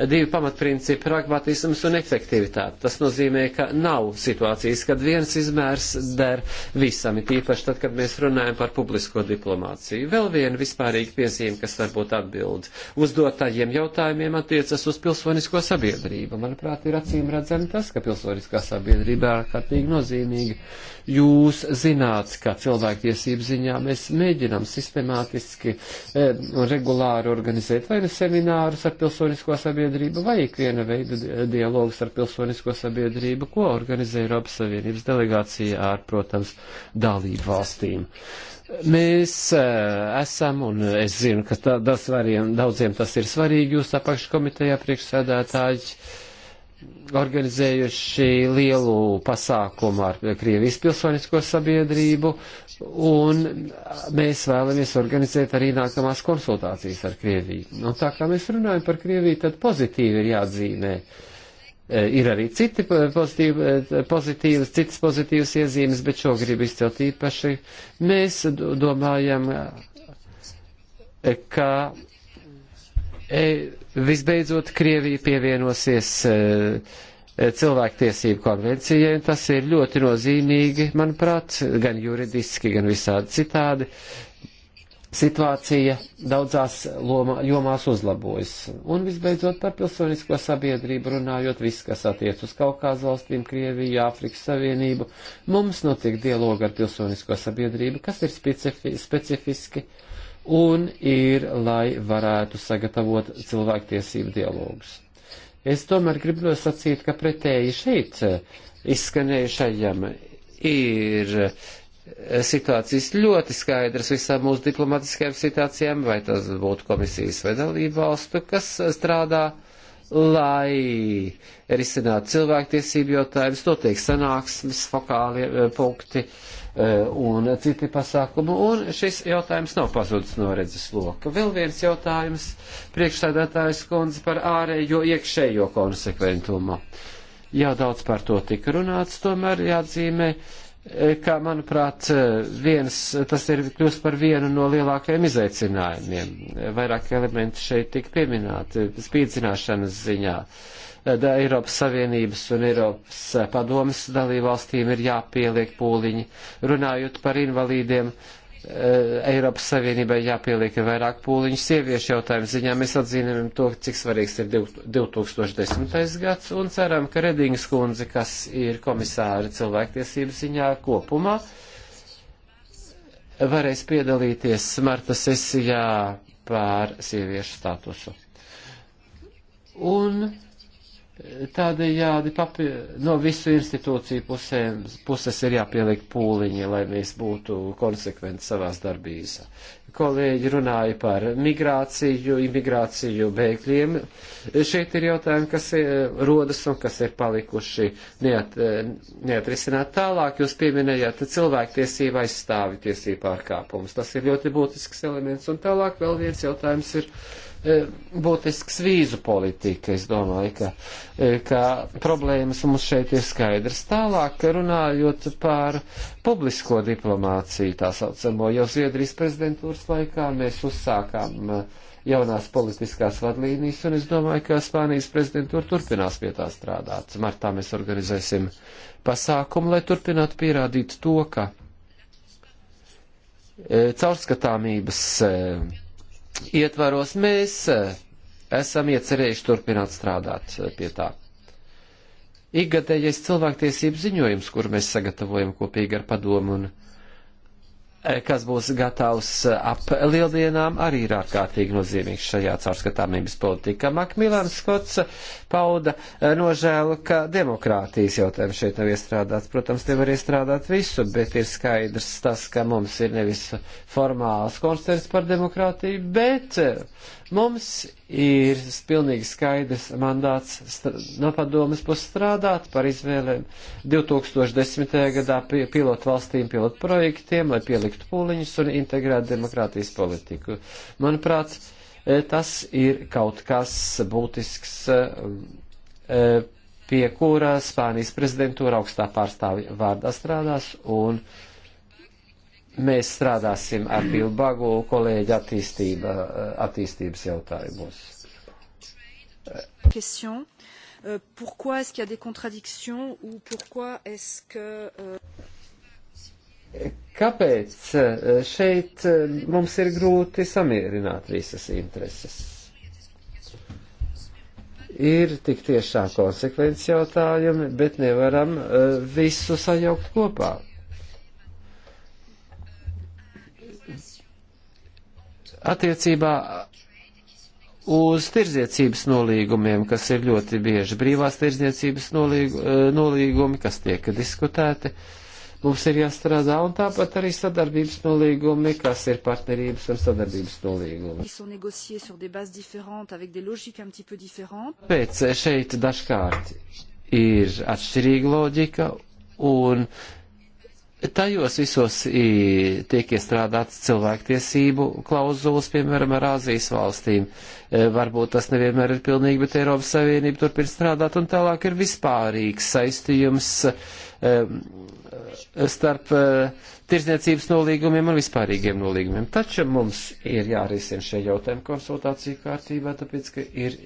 divi pamatprincipi - pragmatisms un efektivitāte. Tas nozīmē, ka nav situācijas, kad viens izmērs der visam, it īpaši tad, kad mēs runājam par publisko diplomāciju. Vēl viena vispārīga piezīme, kas varbūt atbild uzdotajiem jautājumiem attiecas uz pilsonisko sabiedrību. Manuprāt, ir acīm redzami tas, ka pilsoniskā sabiedrība ir ārkārtīgi nozīmīga. Jūs zināt, ka cilvēktiesību ziņā mēs mēģinām sistemātiski eh, un e, regulāri organizēt vai nu seminārus ar pilsonisko sabiedrību, sabiedrību vai ikviena veida dialogs ar pilsonisko sabiedrību, ko organizē Eiropas Savienības delegācija ar, protams, dalību valstīm. Mēs eh, esam, un es zinu, ka tā, tas variem, daudziem tas ir svarīgi, jūs apakškomitejā priekšsēdētāji organizējuši lielu pasākumu ar Krievijas pilsonisko sabiedrību, un mēs vēlamies organizēt arī nākamās konsultācijas ar Krieviju. Un nu, tā kā mēs runājam par Krieviju, tad pozitīvi ir jāatzīmē. E, ir arī citi pozitīvi, e, pozitīvas, citas pozitīvas iezīmes, bet šo gribu izcelt īpaši. Mēs domājam, e, ka E, visbeidzot, Krievija pievienosies e, e, cilvēktiesību konvencijai, un tas ir ļoti nozīmīgi, manuprāt, gan juridiski, gan visādi citādi. Situācija daudzās lomā, jomās uzlabojas. Un visbeidzot par pilsonisko sabiedrību runājot, viss, kas attiec uz Kaukāzu valstīm, Krieviju, Āfrikas Savienību, mums notiek dialoga ar pilsonisko sabiedrību, kas ir specifi, specifiski. Uh, un ir, lai varētu sagatavot cilvēktiesību dialogus. Es tomēr gribu sacīt, ka pretēji šeit izskanējušajam ir situācijas ļoti skaidras visām mūsu diplomatiskajām situācijām, vai tas būtu komisijas vai dalību valstu, kas strādā lai risinātu cilvēktiesību jautājumus, notiek sanāksmes, fokālie eh, punkti, uh, E, un citi pasākumi, un šis jautājums nav pazudis no redzes loka. Vēl viens jautājums priekšsēdētājs kundze par ārējo iekšējo konsekventumu. Jā, daudz par to tika runāts, tomēr jāatzīmē, e, ka, manuprāt, e, viens, tas ir kļūst par vienu no lielākajiem izaicinājumiem. Vairāk elementi šeit tika pieminēti spīdzināšanas ziņā. Uh, Eiropas Savienības un Eiropas eh, padomas dalībvalstīm ir jāpieliek pūliņi. Runājot par invalīdiem, eh, Eiropas Savienībai jāpieliek vairāk pūliņu sieviešu jautājumu ziņā. Mēs atzīmējam to, cik svarīgs ir 2010. gads un ceram, ka Redingas kundze, kas ir komisāra cilvēktiesību ziņā kopumā, varēs piedalīties marta sesijā pār sieviešu statusu. Un Tādējādi papi, no visu institūciju pusēm, puses ir jāpieliek pūliņi, lai mēs būtu konsekventi savās darbīs. Kolēģi runāja par migrāciju, imigrāciju, bēgļiem. Šeit ir jautājumi, kas ir, rodas un kas ir palikuši neat, neatrisināt tālāk. Jūs pieminējāt cilvēktiesību aizstāvi tiesību pārkāpumus. Tas ir ļoti būtisks elements. Un tālāk vēl viens jautājums ir E, būtisks vīzu politika. Es domāju, ka, e, ka problēmas mums šeit ir skaidrs. Tālāk runājot par publisko diplomāciju, tā saucamo, jau Zviedrijas prezidentūras laikā mēs uzsākām e, jaunās politiskās vadlīnijas, un es domāju, ka Spānijas prezidentūra turpinās pie tā strādāt. Martā mēs organizēsim pasākumu, lai turpinātu pierādīt to, ka caurskatāmības ietvaros mēs eh, esam iecerējuši turpināt strādāt eh, pie tā. Ikgadējais cilvēktiesību ziņojums, kur mēs sagatavojam kopīgi ar padomu un kas būs gatavs eh, ap lieldienām, arī ir ārkārtīgi nozīmīgs šajā caurskatāmības politikā. Makmilans Skots pauda eh, nožēlu, ka demokrātijas jautājums šeit nav iestrādāts. Protams, nevar iestrādāt visu, bet ir skaidrs tas, ka mums ir nevis formāls koncerts par demokrātiju, bet eh, Mums ir pilnīgi skaidrs mandāts no padomas puses strādāt par izvēlēm 2010. gadā pilotu valstīm, pilotu projektiem, lai pieliktu pūliņus un integrētu demokrātijas politiku. Manuprāt, e, tas ir kaut kas būtisks, e, e, pie kura Spānijas prezidentūra augstā pārstāvja vārdā strādās un. Uh, Mēs strādāsim ar Bilbagu kolēģi attīstība, attīstības jautājumus. Question. Euh, pourquoi est-ce qu'il y a des contradictions ou pourquoi est-ce que... Euh, Kāpēc euh, šeit mums ir grūti samierināt visas intereses? ir tik tiešā konsekvences jautājumi, bet nevaram uh, visu sajaukt kopā. attiecībā uz tirdzniecības nolīgumiem, kas ir ļoti bieži brīvās tirdzniecības nolīgu, eh, nolīgumi, kas tiek diskutēti. Mums ir jāstrādā un tāpat arī sadarbības nolīgumi, kas ir partnerības un sadarbības nolīgumi. Pēc eh, šeit dažkārt ir atšķirīga loģika un Tajos visos tiek iestrādāts cilvēktiesību klauzulas, piemēram, ar Āzijas valstīm. E, varbūt tas nevienmēr ir pilnīgi, bet Eiropas Savienība turpina strādāt un tālāk ir vispārīgs saistījums e, e, starp tirzniecības nolīgumiem un vispārīgiem nolīgumiem. Taču mums ir jārisina šie jautājumi konsultāciju kārtībā, tāpēc, ka ir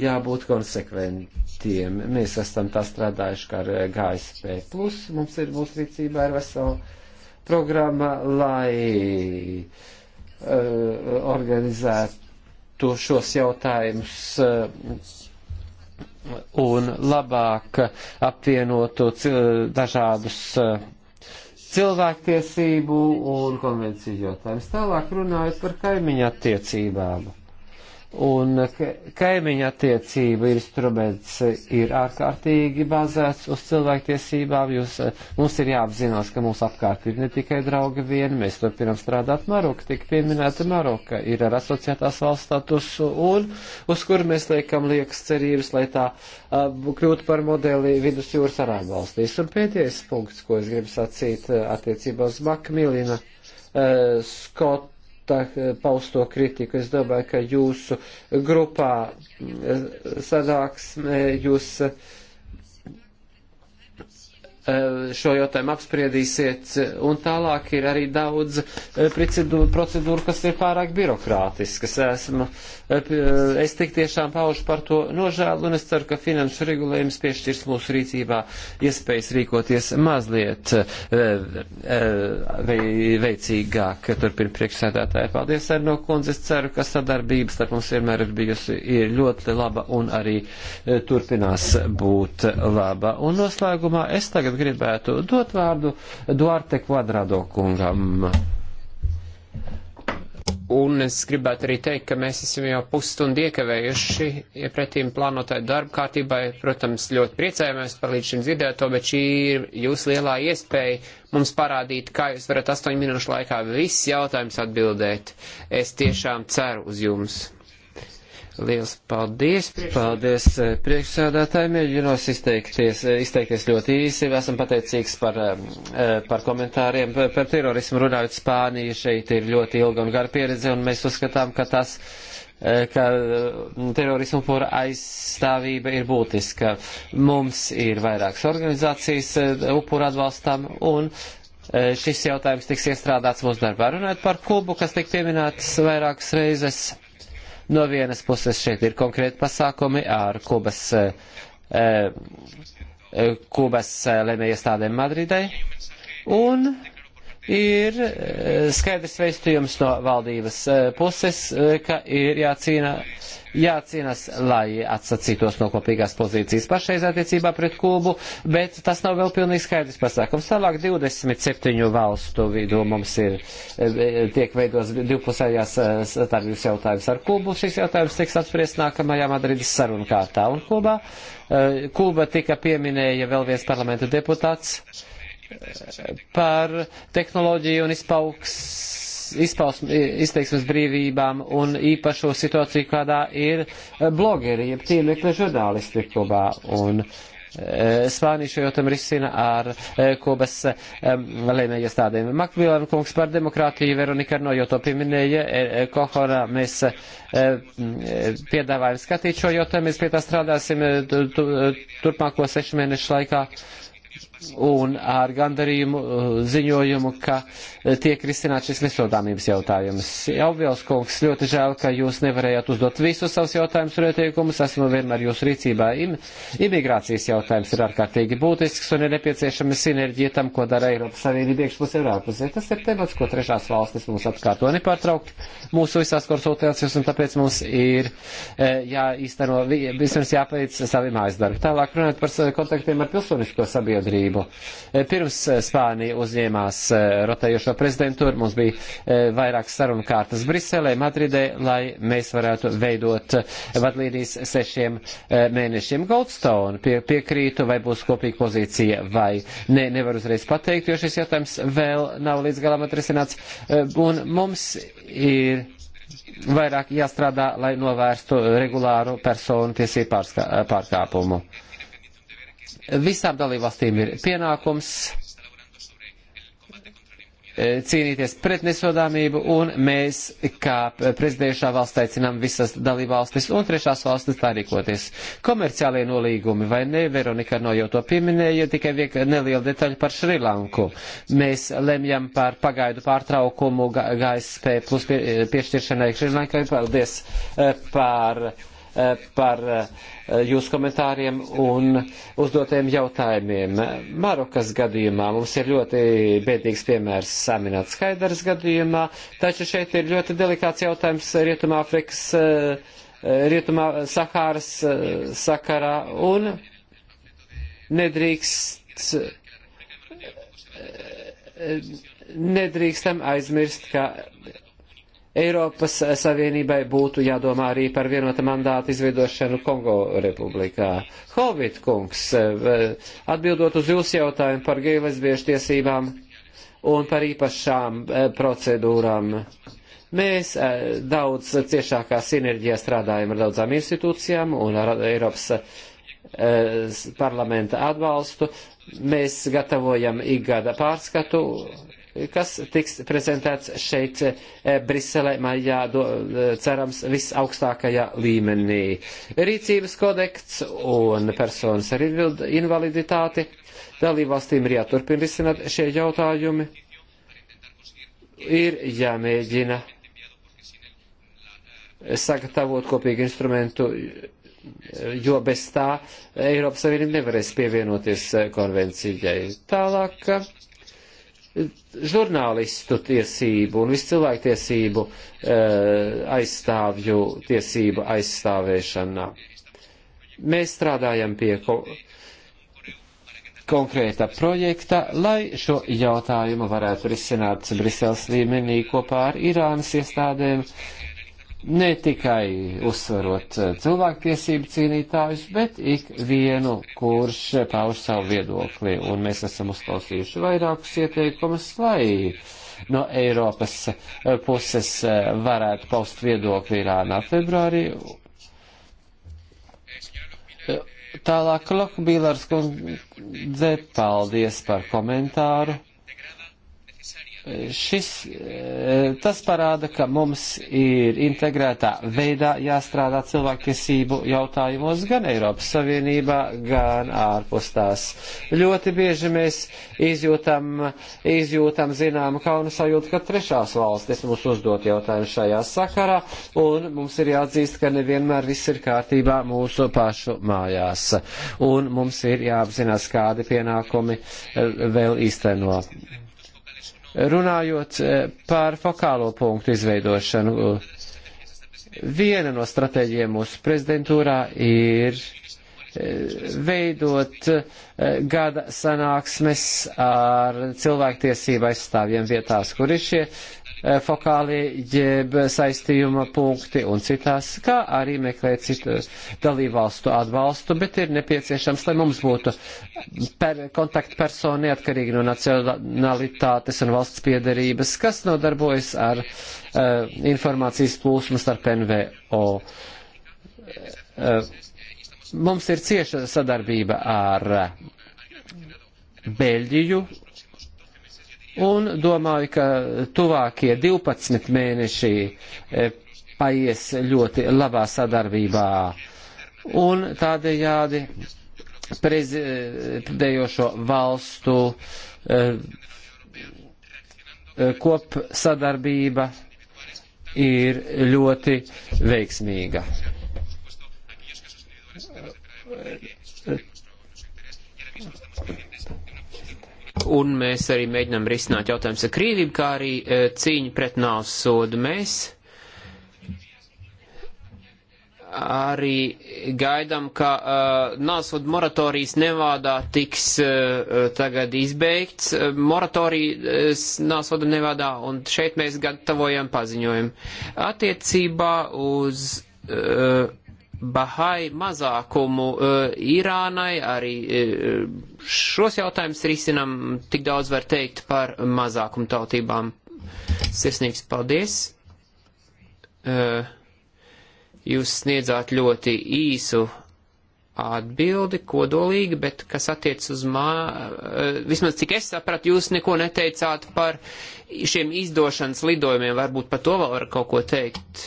jābūt konsekventiem. Mēs esam tā strādājuši kā ar eh, GSP+, mums ir mūsu rīcībā ir vesela programma, lai uh, organizētu šos jautājumus. Uh, un labāk apvienotu dažādus uh, cilvēktiesību un konvenciju jautājums. Tālāk runājot par kaimiņu attiecībām. Un kaimiņa attiecība instruments ir ārkārtīgi bāzēts uz cilvēktiesībām. Jūs, eh, mums ir jāapzinās, ka mūsu apkārt ir ne tikai draugi vieni, mēs turpinām strādāt Maroku, tik pieminēta Maroka ir ar asociētās valsts statusu un uz kuru mēs liekam liekas cerības, lai tā uh, kļūtu par modeli vidus jūras arām valstīs. Un pēdējais punkts, ko es gribu sacīt uh, attiecībā uz Makmilina uh, Skotu tā, eh, pausto kritiku. Es domāju, ka jūsu grupā eh, sanāksmē jūs. Uh, Eh, šo jautājumu apspriedīsiet, eh, un tālāk ir arī daudz eh, procedūru, kas ir pārāk birokrātiskas. Esmu, es tik tiešām paužu par to nožēlu, un es ceru, ka finanšu regulējums piešķirs mūsu rīcībā iespējas rīkoties mazliet veicīgāk. Turpin priekšsēdētāji, paldies, Arno kundze. Es ceru, ka sadarbības starp mums vienmēr ir bijusi ir ļoti laba un arī turpinās būt laba. Un noslēgumā es tagad tagad gribētu dot vārdu Duarte Kvadrado kungam. Un es gribētu arī teikt, ka mēs esam jau pusstundu iekavējuši iepretīm ja plānotāju darbu kārtībai. Protams, ļoti priecājamies par līdz šim dzirdēto, bet šī ir jūsu lielā iespēja mums parādīt, kā jūs varat astoņu minūšu laikā viss jautājums atbildēt. Es tiešām ceru uz jums. Liels paldies! Paldies eh, priekšsēdētājiem, mēģinos izteikties, eh, izteikties ļoti īsi. Esam pateicīgs par, eh, par komentāriem. Par terorismu runājot Spāniju, šeit ir ļoti ilga un gara pieredze, un mēs uzskatām, ka tas ka mm, terorismu pura aizstāvība ir būtiska. Mums ir vairākas organizācijas upura atbalstam, un šis jautājums tiks iestrādāts mūsu darbā. Runājot par Kubu, kas tik pieminēts vairākas reizes No vienas puses šeit ir konkrēti pasākumi ar Kubas, eh, eh, Kubas eh, lemējiestādēm Madridai, un ir eh, skaidrs veistījums no valdības eh, puses, eh, ka ir jācīna, jācīnas, lai atsacītos no kopīgās pozīcijas pašreiz attiecībā pret Kubu, bet tas nav vēl pilnīgi skaidrs pasākums. Tālāk 27 valstu vidū mums ir, tiek veidos divpusējās starpības jautājums ar Kubu. Šis jautājums tiks apspriests nākamajā Madrides sarunu kārtā un Kubā. Kuba tika pieminēja vēl viens parlamenta deputāts par tehnoloģiju un izpauks, izpausm, izteiksmes brīvībām un īpašo situāciju, kādā ir eh, blogeri, jeb tīmekļa žurnālisti Kubā. Un, eh, Spānija šo jautājumu risina ar eh, Kubas lēmēju iestādēm. Makvilan kungs par demokrātiju, Veronika no jau to pieminēja, Kohora mēs piedāvājam skatīt šo jautājumu, mēs pie tā strādāsim turpmāko sešu mēnešu laikā un ar gandarījumu uh, ziņojumu, ka uh, tiek risināts šis nesodāmības jautājums. Jaubils kungs, ļoti žēl, ka jūs nevarējāt uzdot visus savus jautājumus un ieteikumus. Esmu vienmēr jūsu rīcībā. Im imigrācijas jautājums ir ārkārtīgi būtisks un ir nepieciešama sinerģija tam, ko dara Eiropas Savienība iekšpus un ārpusē. Tas ir temats, ko trešās valstis mums atkārto nepārtraukt mūsu visās konsultācijās, un tāpēc mums ir eh, jāīsteno, vismaz jāpaveic saviem aizdarbi. Tālāk runājot par kontaktiem ar pilsonisko sabiedrību atbildību. E, pirms e, Spānija uzņēmās e, rotējošo prezidentūru, mums bija vairākas sarunu kārtas Briselē, Madridē, lai mēs varētu veidot vadlīnijas sešiem mēnešiem. Goldstone pie, piekrītu, vai būs kopīga pozīcija vai ne, nevar uzreiz pateikt, jo šis jautājums vēl nav līdz galam atrisināts. Un mums ir vairāk jāstrādā, lai novērstu regulāru personu tiesību pārkāpumu. Visām dalībvalstīm ir pienākums e, cīnīties pret nesodāmību, un mēs, kā prezidējušā valsts, aicinām visas dalībvalstis un trešās valstis tā rīkoties. Komerciālie nolīgumi vai ne, Veronika no jau to pieminēja, tikai viek, neliela detaļa par Šrilanku. Mēs lemjam par pagaidu pārtraukumu GSP plus pie, e, piešķiršanai Šrilankai. Paldies e, par Eh, par eh, jūsu komentāriem un uzdotiem jautājumiem. Marokas gadījumā mums ir ļoti bēdīgs piemērs Saminats Haidars gadījumā, taču šeit ir ļoti delikāts jautājums Rietumāfrikas, eh, Rietumā Sahāras sakarā un nedrīkst nedrīkstam aizmirst, ka Eiropas Savienībai būtu jādomā arī par vienota mandāta izveidošanu Kongo republikā. Hovit kungs, eh, atbildot uz jūsu jautājumu par geju lesbiešu tiesībām un par īpašām eh, procedūrām. Mēs eh, daudz ciešākā sinerģijā strādājam ar daudzām institūcijām un ar Eiropas parlamenta atbalstu. Mēs gatavojam ikgada pārskatu kas tiks prezentēts šeit eh, Briselē maijā, eh, cerams, visaugstākajā līmenī. Rīcības kodekts un personas ar invaliditāti. Dalībvalstīm ir jāturpina risināt šie jautājumi. Ir jāmēģina sagatavot kopīgu instrumentu, jo bez tā Eiropas Savienība nevarēs pievienoties eh, konvencijai. Tālāk žurnālistu tiesību un visu cilvēktiesību eh, aizstāvju tiesību aizstāvēšanā. Mēs strādājam pie ko konkrēta projekta, lai šo jautājumu varētu risināt Briseles līmenī kopā ar Irānas iestādēm, ne tikai uzsvarot eh, cilvēktiesību cīnītājus, bet ik vienu, kurš pauž savu viedokli. Un mēs esam uzklausījuši vairākus ieteikumus, lai no Eiropas eh, puses eh, varētu paust viedokli Irānā februārī. Tālāk Lokbīlārs kundze, paldies par komentāru šis, eh, tas parāda, ka mums ir integrētā veidā jāstrādā cilvēktiesību jautājumos gan Eiropas Savienībā, gan ārpus tās. Ļoti bieži mēs izjūtam, izjūtam zinām kaunu sajūtu, ka trešās valstis mums uzdot jautājumu šajā sakarā, un mums ir jāatzīst, ka nevienmēr viss ir kārtībā mūsu pašu mājās. Un mums ir jāapzinās, kādi pienākumi eh, vēl īsteno Runājot eh, par fokālo punktu izveidošanu, viena no stratēģiem mūsu prezidentūrā ir eh, veidot eh, gada sanāksmes ar cilvēktiesību aizstāvjiem vietās, kur ir šie Eh, fokālie jeb saistījuma punkti un citās, kā arī meklēt citu eh, dalībvalstu atbalstu, bet ir nepieciešams, lai mums būtu per, kontaktpersoni atkarīgi no nacionalitātes un valsts piedarības, kas nodarbojas ar uh, informācijas plūsmu starp NVO. Uh, mums ir cieša sadarbība ar Beļģiju un domāju, ka tuvākie 12 mēneši e, paies ļoti labā sadarbībā. Un tādējādi prezidējošo valstu e, e, kop sadarbība ir ļoti veiksmīga un mēs arī mēģinām risināt jautājumus ar Krīvību, kā arī e, cīņu pret nāvs sodu. Mēs arī gaidām, ka uh, e, nāsodu moratorijas Nevādā tiks uh, tagad izbeigts, uh, moratorijas nāsodu Nevādā, un šeit mēs gatavojam paziņojumu. Attiecībā uz. Uh, Bahai mazākumu uh, Irānai, arī uh, šos jautājumus risinam, tik daudz var teikt par mazākumu tautībām. Sirsnīgs paldies! Uh, jūs sniedzāt ļoti īsu atbildi, kodolīgi, bet kas attiec uz mā, vismaz cik es sapratu, jūs neko neteicāt par šiem izdošanas lidojumiem, varbūt par to vēl var kaut ko teikt.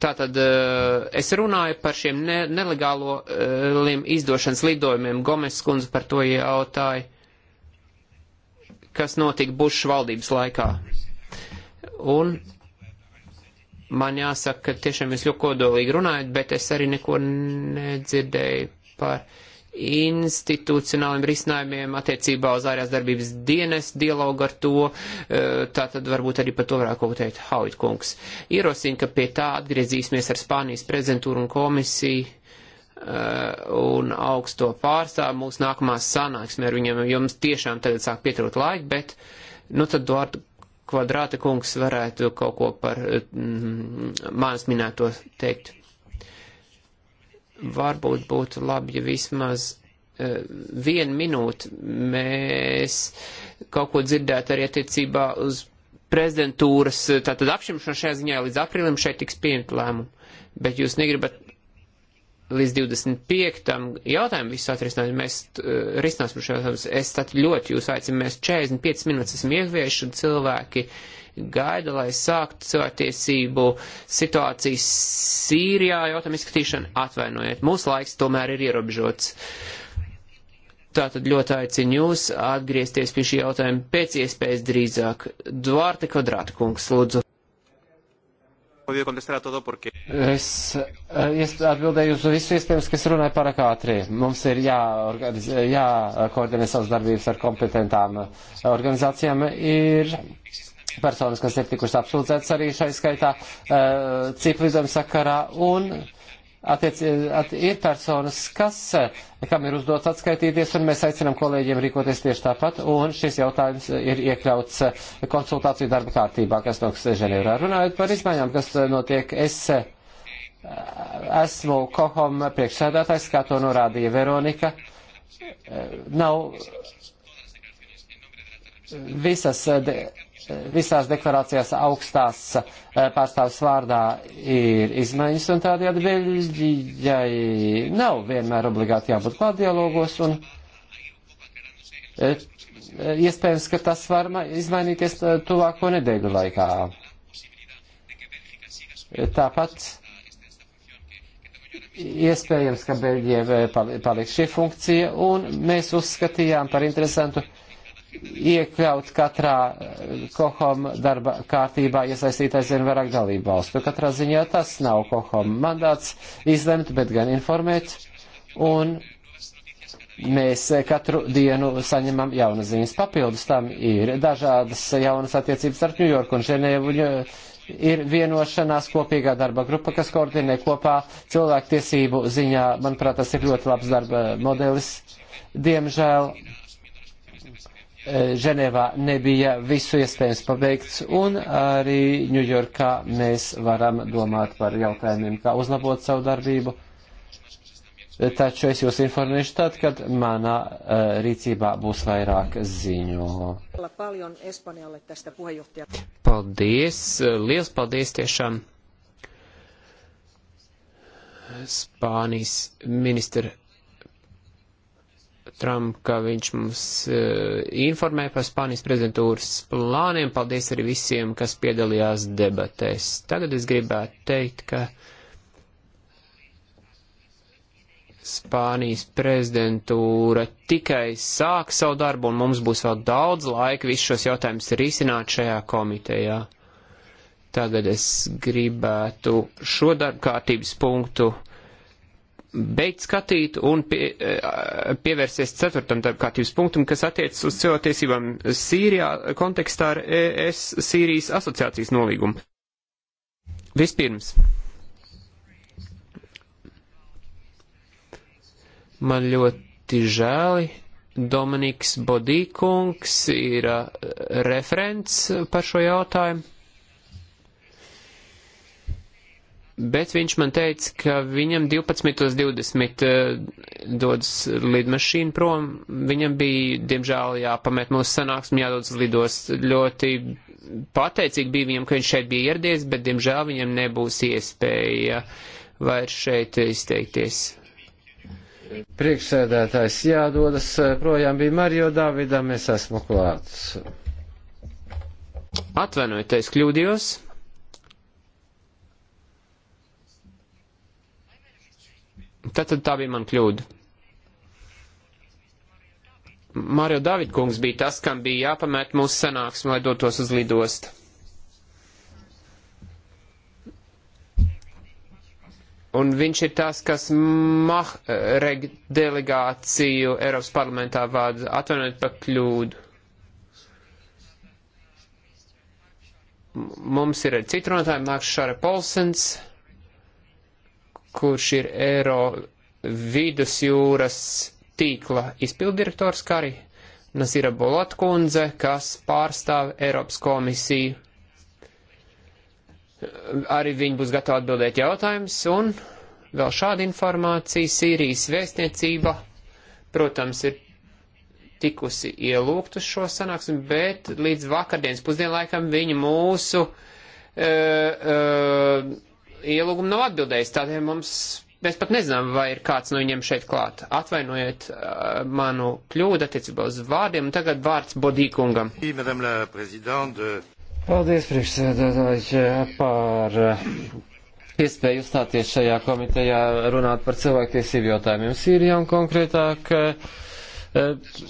Tātad eh, es runāju par šiem ne, nelegāliem eh, izdošanas lidojumiem. Gomes skundze par to jautāja, kas notika Bušs valdības laikā. Un man jāsaka, ka tiešām jūs ļoti kodolīgi runājat, bet es arī neko nedzirdēju par. Uh, institucionāliem risinājumiem attiecībā uz ārējās darbības dienas dialogu ar to, eh, tā tad varbūt arī par to varētu kaut ko teikt Hauit kungs. Ierosina, ka pie tā atgriezīsimies ar Spānijas prezidentūru un komisiju eh, un augsto pārstāvu mūsu nākamās sanāksmē ar viņiem, jums tiešām tagad sāk pietrūkt laika, bet, nu tad Duārdu kvadrāta kungs varētu kaut ko par mm, manis minēto teikt varbūt būtu labi, ja vismaz uh, vienu minūti mēs kaut ko dzirdētu arī attiecībā uz prezidentūras, e, tātad apšimšana šajā ziņā līdz aprīlim šeit tiks pieņemt lēmumu. Bet jūs negribat līdz 25. jautājumu visu atrisināt, mēs uh, risināsim šo jautājumu. Es tad ļoti jūs aicinu, mēs 45 minūtes esam iekvieši un cilvēki uh, gaida, lai sāktu cilvēktiesību situācijas Sīrijā jautājumu izskatīšanu. Atvainojiet, mūsu laiks tomēr ir ierobežots. Tātad ļoti aicinu jūs atgriezties pie šī jautājuma pēc iespējas drīzāk. Dvārte kvadrāta kungs, lūdzu. Es, eh, es atbildēju uz visu iespējams, kas runāja pārāk ātri. Mums ir jākoordinē jā, savas darbības ar kompetentām organizācijām. Ir personas, kas ir tikušas apsūdzētas arī šai skaitā eh, ciprizojuma sakarā, un attiec, at, ir personas, kas, eh, kam ir uzdots atskaitīties, un mēs aicinām kolēģiem rīkoties tieši tāpat, un šis jautājums ir iekļauts eh, konsultāciju darba kārtībā, kas noks Ženevrā. Runājot par izmaiņām, kas notiek, es esmu Kohom priekšsēdētājs, kā to norādīja Veronika. Nav visas de, visās deklarācijās augstās eh, pārstāvs vārdā ir izmaiņas, un tādējādi Beļģijai nav vienmēr obligāti jābūt klātdialogos, un eh, iespējams, ka tas var izmainīties eh, tuvāko nedēļu laikā. Tāpat iespējams, ka Beļģijai paliek šī funkcija, un mēs uzskatījām par interesantu iekļaut katrā eh, kohom darba kārtībā iesaistīt aizvien vairāk dalību valstu. Katrā ziņā tas nav kohom mandāts izlemt, bet gan informēt. Un mēs eh, katru dienu saņemam jaunas ziņas. Papildus tam ir dažādas jaunas attiecības starp Ņujorku un Ženēvu. Eh, ir vienošanās kopīgā darba grupa, kas koordinē kopā cilvēktiesību ziņā. Manuprāt, tas ir ļoti labs darba modelis. Diemžēl Eh, Ženēvā nebija visu iespējams pabeigts, un arī Ņujorkā mēs varam domāt par jautājumiem, kā uzlabot savu darbību. Eh, taču es jūs informēšu tad, kad manā uh, rīcībā būs vairāk ziņu. Paldies, liels paldies tiešām Spānijas ministra Tram, ka viņš mums uh, informē par Spānijas prezidentūras plāniem. Paldies arī visiem, kas piedalījās debatēs. Tagad es gribētu teikt, ka Spānijas prezidentūra tikai sāk savu darbu, un mums būs vēl daudz laika visus šos jautājumus risināt šajā komitejā. Tagad es gribētu šo darbu kārtības punktu beigt skatīt un pie, eh, pievērsties ceturtam darbkārtības punktam, kas attiecas uz cilvēktiesībām Sīrijā kontekstā ar ES Sīrijas asociācijas nolīgumu. Vispirms. Man ļoti žēli, Dominiks Bodīkungs ir eh, referents par šo jautājumu bet viņš man teica, ka viņam 12.20 eh, dodas lidmašīna prom, viņam bija, diemžēl, jāpamet mūsu sanāksmi, jādodas lidos. Ļoti pateicīgi bija viņam, ka viņš šeit bija ieradies, bet, diemžēl, viņam nebūs iespēja vairs šeit izteikties. Priekšsēdētājs jādodas eh, projām bija Mario Davidam, es esmu klāts. Atvainojieties, kļūdījos. Tad, tad tā bija man kļūda. Mario Davidkungs bija tas, kam bija jāpamēt mūsu sanāksmi, lai dotos uz lidostu. Un viņš ir tas, kas Mahreg delegāciju Eiropas parlamentā vada. Atvainojiet par kļūdu. Mums ir arī citrunātāji, nāks Šāra Polsens kurš ir Eiro vidusjūras tīkla izpildirektors, kā arī Nasira Bolot kundze, kas pārstāv Eiropas komisiju. Arī viņi būs gatavi atbildēt jautājumus, un vēl šāda informācija Sīrijas vēstniecība, protams, ir tikusi ielūgt uz šo sanāksmi, bet līdz vakardienas pusdienlaikam viņi mūsu uh, uh, ielūgumu nav atbildējis, tādēļ mums, mēs pat nezinām, vai ir kāds no viņiem šeit klāt. Atvainojiet uh, manu kļūdu attiecībā uz vārdiem, un tagad vārds Bodīkungam. Paldies, priekšsēdētāji, par uh, iespēju uzstāties šajā komitejā, runāt par cilvēktiesību jautājumiem Sīrijā un konkrētāk uh, uh,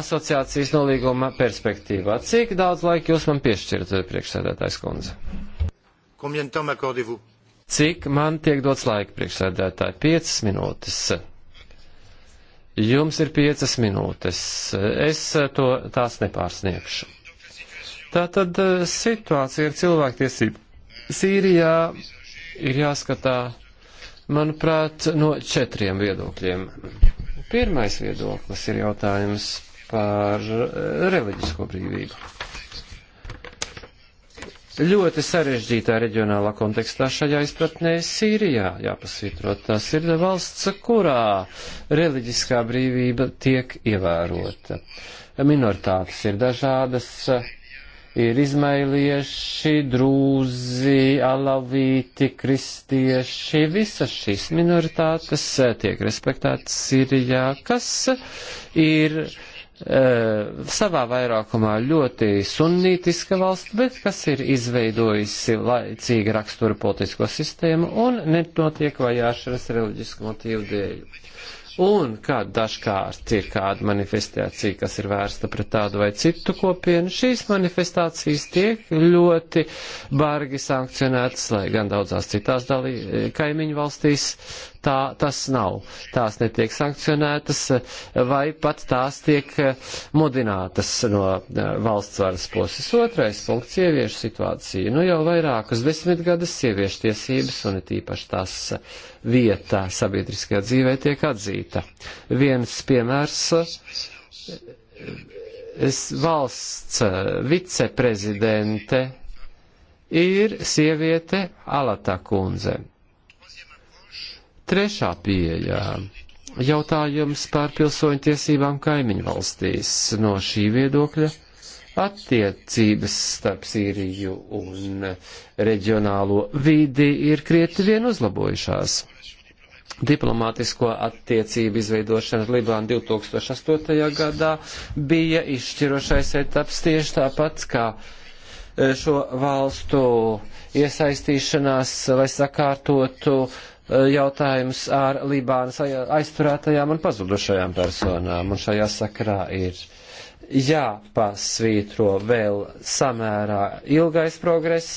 asociācijas nolīguma perspektīvā. Cik daudz laika jūs man piešķirat, priekšsēdētājs kundze? Combien de temps m'accordez-vous Cik man tiek dots laika priekšsēdētāji? 5 minūtes. Jums ir 5 minūtes. Es to tās nepārsniegšu. Tātad eh, situācija ar cilvēktiesību Sīrijā ir jāskatā, manuprāt, no četriem viedokļiem. Pirmais viedoklis ir jautājums par eh, reliģisko brīvību ļoti sarežģītā reģionālā kontekstā šajā izpratnē Sīrijā. Jāpasvītro, tas ir valsts, kurā reliģiskā brīvība tiek ievērota. Minoritātes ir dažādas, ir izmailieši, drūzi, alavīti, kristieši, visas šīs minoritātes tiek respektētas Sīrijā, kas ir Eh, savā vairākumā ļoti sunnītiska valsts, bet kas ir izveidojusi laicīgi raksturu politisko sistēmu un nenotiek vajāšanas reliģisku motīvu dēļ un kad dažkārt ir kāda manifestācija, kas ir vērsta pret tādu vai citu kopienu, šīs manifestācijas tiek ļoti bargi sankcionētas, lai gan daudzās citās dalī, kaimiņu valstīs tā tas nav. Tās netiek sankcionētas vai pat tās tiek mudinātas no eh, valsts varas puses. Otrais punkts - sieviešu situācija. Nu jau vairākus desmitgadus sieviešu tiesības un it īpaši tās vieta sabiedriskajā dzīvē tiek atzīta sarežģīta. Viens piemērs es valsts eh, viceprezidente ir sieviete Alata kundze. Trešā pieejā jautājums par pilsoņu tiesībām kaimiņu valstīs no šī viedokļa attiecības starp Sīriju un reģionālo vidi ir krietni vien uzlabojušās diplomātisko attiecību izveidošana ar Libānu 2008. gadā bija izšķirošais etaps tieši tāpat kā e, šo valstu iesaistīšanās vai sakārtotu e, jautājums ar Libānas aizturētajām un pazudušajām personām. Un šajā sakrā ir jāpasvītro vēl samērā ilgais progress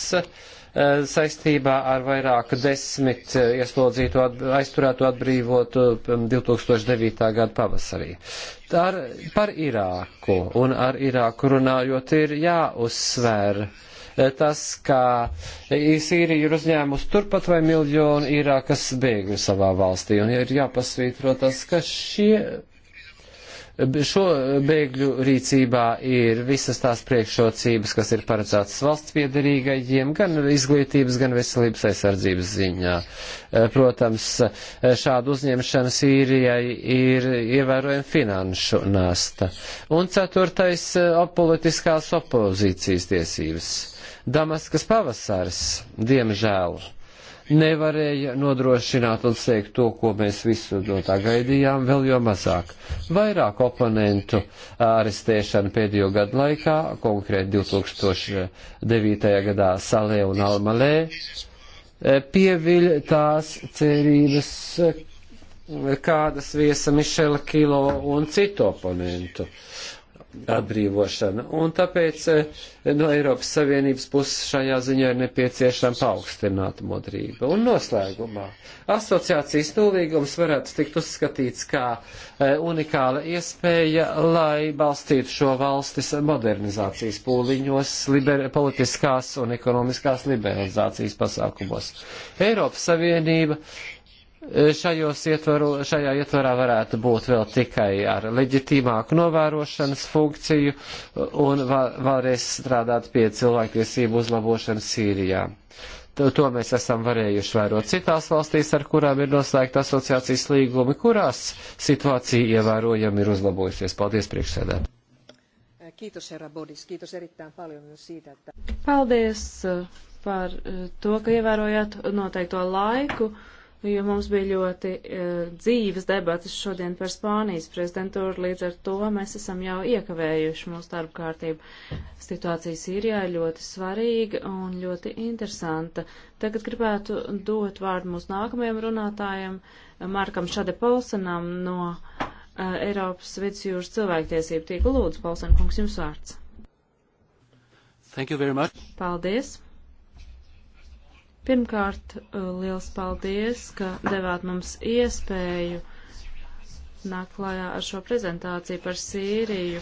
Eh, saistībā ar vairāku desmit eh, ieslodzītu aizturētu atbrīvotu 2009. Um, gada pavasarī. Ar, par Irāku un ar Irāku runājot ir jāuzsver eh, tas, ka Sīrija ir uzņēmusi turpat vai miljonu Irākas bēgļu savā valstī, un ir jāpasvītro tas, ka šie Šo bēgļu rīcībā ir visas tās priekšrocības, kas ir paredzētas valsts piedarīgajiem, gan izglītības, gan veselības aizsardzības ziņā. E, protams, e, šādu uzņemšanu Sīrijai ir ievērojama finanšu nasta. Un ceturtais e, - politiskās opozīcijas tiesības. Damaskas pavasaris, diemžēl nevarēja nodrošināt un sēkt to, ko mēs visu no tā gaidījām, vēl jo mazāk. Vairāk oponentu arestēšana pēdējo gadu laikā, konkrēti 2009. gadā Salē un Almalē, pieviļ tās cerības, kādas viesa Mišela Kilo un citu oponentu. Uh, atbrīvošana. Un tāpēc eh, no Eiropas Savienības puses šajā ziņā ir nepieciešama paaugstināta modrība. Un noslēgumā asociācijas nolīgums varētu tikt uzskatīts kā eh, unikāla iespēja, lai balstītu šo valstis modernizācijas pūliņos, liber, politiskās un ekonomiskās liberalizācijas pasākumos. Eiropas Savienība Šajos ietvaru, šajā ietvarā varētu būt vēl tikai ar leģitīmāku novērošanas funkciju un varēs strādāt pie cilvēktiesību uzlabošanas Sīrijā. To, to mēs esam varējuši vērot citās valstīs, ar kurām ir noslēgta asociācijas līgumi, kurās situācija ievērojami ir uzlabojusies. Paldies, priekšsēdē! Paldies eh, par eh, to, ka ievērojāt noteikto laiku jo mums bija ļoti uh, e, dzīves debatas šodien par Spānijas prezidentūru, līdz ar to mēs esam jau iekavējuši mūsu darba kārtību. Situācija Sīrijā ir ļoti svarīga un ļoti interesanta. Tagad gribētu dot vārdu mūsu nākamajam runātājam, Markam Šade Polsenam no uh, Eiropas vidusjūras cilvēktiesību tīkla. Lūdzu, Polsen, kungs, jums vārds. Thank you very much. Paldies. Pirmkārt, uh, liels paldies, ka devāt mums iespēju nākt klājā ar šo prezentāciju par Sīriju.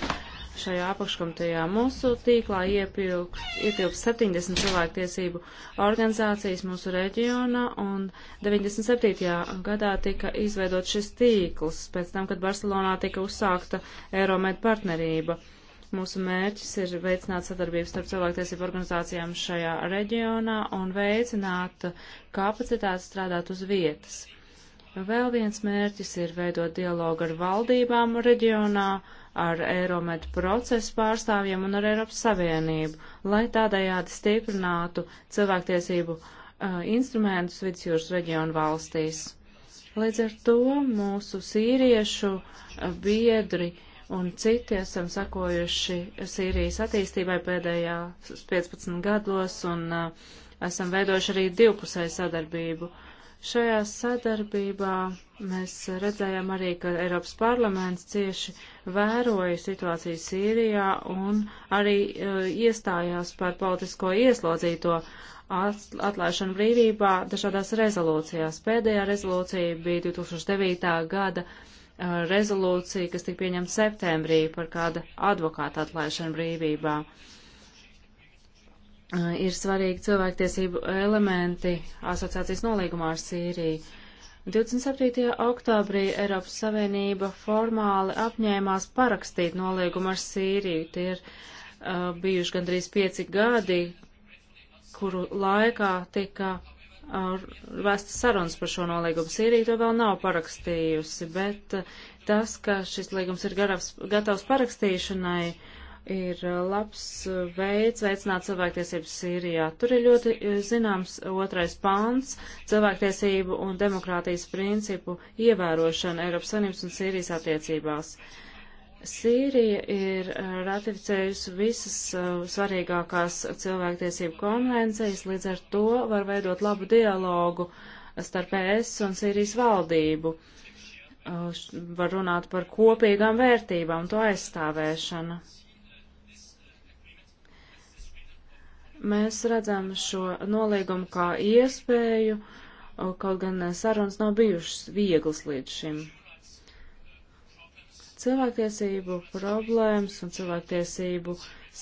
Šajā apakškomitejā mūsu tīklā ietilps 70 cilvēktiesību organizācijas mūsu reģionā, un 97. gadā tika izveidot šis tīkls, pēc tam, kad Barcelonā tika uzsākta Eiromed partnerība. Uh, Mūsu mērķis ir veicināt sadarbību starp cilvēktiesību organizācijām šajā reģionā un veicināt kapacitāti strādāt uz vietas. Vēl viens mērķis ir veidot dialogu ar valdībām reģionā, ar Eiromed procesu pārstāvjiem un ar Eiropas Savienību, lai tādējādi stiprinātu cilvēktiesību uh, instrumentus vidusjūras reģionu valstīs. Līdz ar to mūsu sīriešu uh, biedri uh, un citi esam sakojuši Sīrijas attīstībai pēdējā 15 gados un uh, esam veidojuši arī divpusēju sadarbību. Šajā sadarbībā mēs redzējām arī, ka Eiropas parlaments cieši vēroja situāciju Sīrijā un arī uh, iestājās par politisko ieslodzīto atlaišanu brīvībā dažādās rezolūcijās. Pēdējā rezolūcija bija 2009. gada Uh, rezolūcija, kas tika pieņemta septembrī par kāda advokāta atlaišanu brīvībā. Uh, ir svarīgi cilvēktiesību elementi asociācijas nolīgumā ar Sīriju. 27. oktobrī Eiropas Savienība formāli apņēmās parakstīt nolīgumu ar Sīriju. Tie ir uh, bijuši gandrīz pieci gadi, kuru laikā tika vēstas sarunas par šo nolīgumu. Sīrija to vēl nav parakstījusi, bet uh, tas, ka šis līgums ir garavs, gatavs parakstīšanai, ir uh, labs uh, veids veicināt cilvēktiesības Sīrijā. Tur ir ļoti zināms otrais pāns - cilvēktiesību un demokrātijas principu ievērošana Eiropas Savienības un Sīrijas attiecībās. Uh, Sīrija ir eh, ratificējusi visas uh, svarīgākās cilvēktiesību konvencijas, līdz ar to var veidot labu dialogu eh, starp ES un Sīrijas valdību. Uh, var runāt par kopīgām vērtībām, to aizstāvēšanu. Mēs redzam šo nolīgumu kā iespēju, uh, kaut gan sarunas nav bijušas vieglas līdz šim. Cilvēktiesību problēmas un cilvēktiesību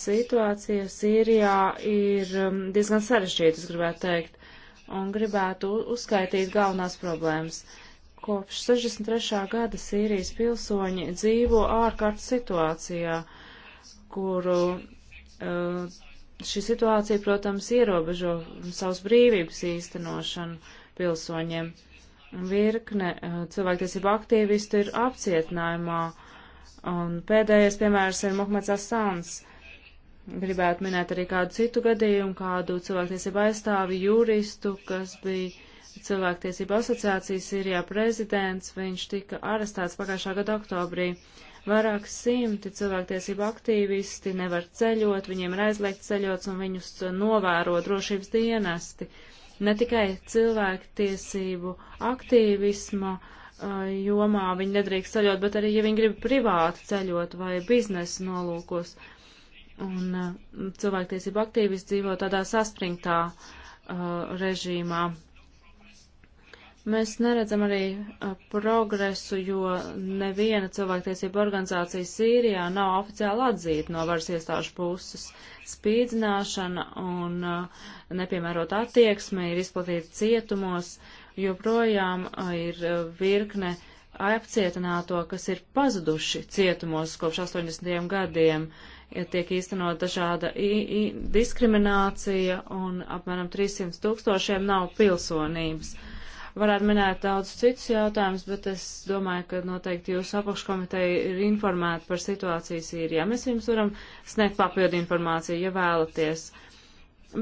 situācija Sīrijā ir um, diezgan sarežģīta, es gribētu teikt, un gribētu uzskaitīt galvenās problēmas. Kopš 63. gada Sīrijas pilsoņi dzīvo ārkārtas situācijā, kuru uh, šī situācija, protams, ierobežo savas brīvības īstenošanu pilsoņiem. Virkne uh, cilvēktiesību aktīvistu ir apcietinājumā, Un pēdējais piemērs ir Mohmeds Asāns. Gribētu minēt arī kādu citu gadījumu, kādu cilvēktiesību aizstāvi juristu, kas bija cilvēktiesību asociācijas Sīrijā prezidents. Viņš tika arestēts pagājušā gada oktobrī. Vairāk simti cilvēktiesību aktīvisti nevar ceļot, viņiem ir aizliegts ceļot un viņus novēro drošības dienesti. Ne tikai cilvēktiesību aktīvisma uh, jomā viņi nedrīkst ceļot, bet arī, ja viņi grib privāti ceļot vai biznesa nolūkos. Un cilvēktiesība aktīvis dzīvo tādā saspringtā uh, režīmā. Mēs neredzam arī uh, progresu, jo neviena cilvēktiesība organizācija Sīrijā nav oficiāli atzīta no varas iestāžu puses. Spīdzināšana un uh, nepiemērota attieksme ir izplatīta cietumos. Uh, joprojām ir virkne apcietināto, kas ir pazuduši cietumos kopš 80. gadiem, ja tiek īstenot dažāda diskriminācija un apmēram 300 tūkstošiem nav pilsonības. Varētu minēt daudz citus jautājumus, bet es domāju, ka noteikti jūsu apakškomiteja ir informēta par situāciju Sīrijā. Mēs jums varam sniegt papildu informāciju, ja vēlaties. Uh,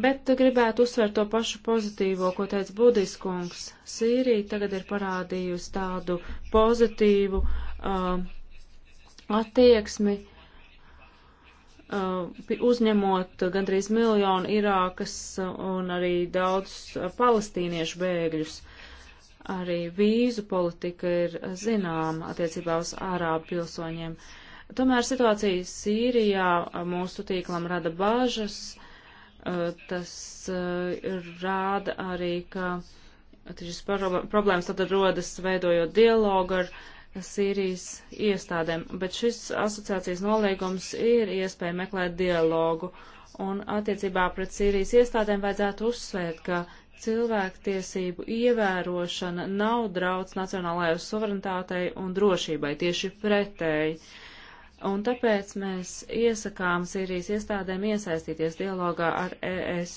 Bet gribētu uzsvērt to pašu pozitīvo, ko teica Budiskungs. Sīrija tagad ir parādījusi tādu pozitīvu uh, attieksmi, uh, uzņemot gandrīz miljonu Irākas uh, un arī daudz uh, palestīniešu bēgļus. Arī vīzu politika ir zināma attiecībā uz ārābu pilsoņiem. Tomēr situācija Sīrijā uh, mūsu tīklam rada bažas. Uh, Eh, tas eh, rāda arī, ka šis problēmas tad rodas veidojot dialogu ar Sīrijas iestādēm, bet šis asociācijas nolīgums ir iespēja meklēt dialogu, un attiecībā pret Sīrijas iestādēm vajadzētu uzsvērt, ka cilvēktiesību ievērošana nav drauds nacionālajai suverenitātei un drošībai, tieši pretēji. Uh, Un tāpēc mēs iesakām Sīrijas iestādēm iesaistīties dialogā ar ES,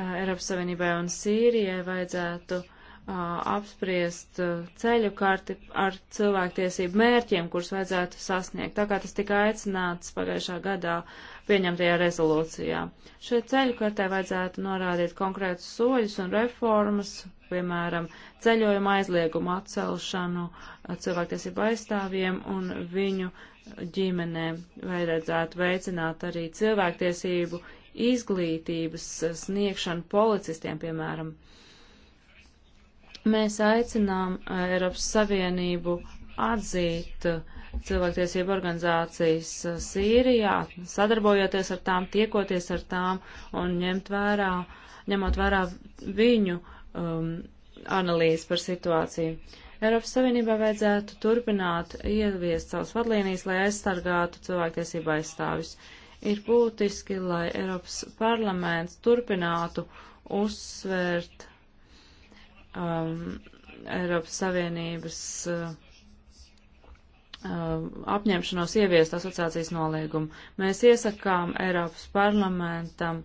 Eiropas Savienībai un Sīrijai vajadzētu uh, apspriest uh, ceļu karti ar cilvēktiesību mērķiem, kurus vajadzētu sasniegt, tā kā tas tika aicināts pagājušā gadā pieņemtajā rezolūcijā. Šai ceļu kartē vajadzētu norādīt konkrētus soļus un reformas, piemēram, ceļojuma aizliegumu atcelšanu cilvēktiesību aizstāvjiem un viņu uh, ģimenēm. Vajadzētu veicināt arī cilvēktiesību izglītības sniegšanu policistiem, piemēram. Mēs aicinām Eiropas Savienību atzīt cilvēktiesību organizācijas Sīrijā, sadarbojoties ar tām, tiekoties ar tām un ņemt vērā, ņemot vērā viņu um, analīzi par situāciju. Uh, Eiropas Savienībā vajadzētu turpināt ieviest savus vadlīnijas, lai aizsargātu cilvēktiesību aizstāvis. Ir būtiski, lai Eiropas parlaments turpinātu uzsvērt um, Eiropas Savienības uh, um, apņemšanos ieviest asociācijas noliegumu. Mēs iesakām Eiropas parlamentam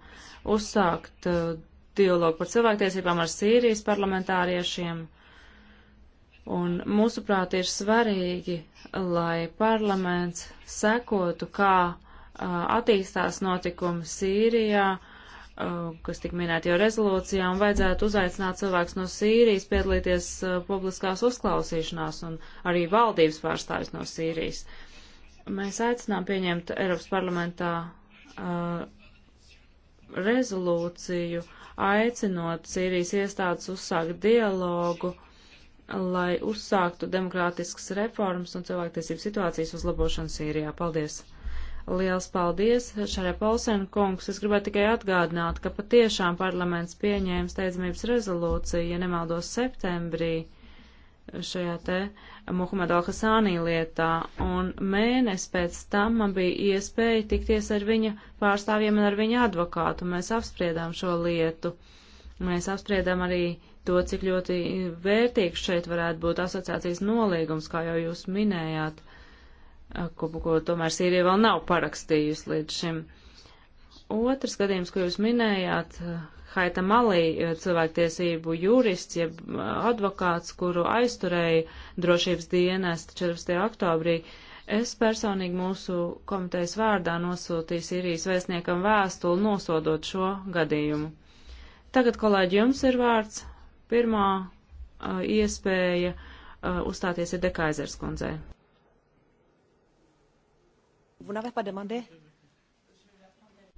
uzsākt uh, dialogu par cilvēktiesībām ar Sīrijas parlamentāriešiem Un mūsuprāt ir svarīgi, lai parlaments sekotu, kā attīstās notikumi Sīrijā, kas tik minēti jau rezolūcijā, un vajadzētu uzaicināt cilvēks no Sīrijas piedalīties publiskās uzklausīšanās un arī valdības pārstāvis no Sīrijas. Mēs aicinām pieņemt Eiropas parlamentā rezolūciju, aicinot Sīrijas iestādes uzsākt dialogu lai uzsāktu demokrātiskas reformas un cilvēktiesību situācijas uzlabošanu Sīrijā. Paldies! Liels paldies, Šarē Polsēna kungs! Es gribētu tikai atgādināt, ka patiešām parlaments pieņēma steidzamības rezolūciju, ja nemaldos septembrī, šajā te Muhammed Al-Hasānī lietā, un mēnesi pēc tam man bija iespēja tikties ar viņa pārstāvjiem un ar viņa advokātu. Mēs apspriedām šo lietu. Mēs apspriedām arī to, cik ļoti vērtīgs šeit varētu būt asociācijas nolīgums, kā jau jūs minējāt, ko, ko tomēr Sīrija vēl nav parakstījusi līdz šim. Otrs gadījums, ko jūs minējāt, Haita Malī, cilvēktiesību jurists, jeb advokāts, kuru aizturēja drošības dienesta 14. oktobrī, es personīgi mūsu komitejas vārdā nosūtīju Sīrijas vēstniekam vēstuli nosodot šo gadījumu. Tagad, kolēģi, jums ir vārds, Pirmā uh, iespēja uh, uzstāties ir Dekaizers kundzei.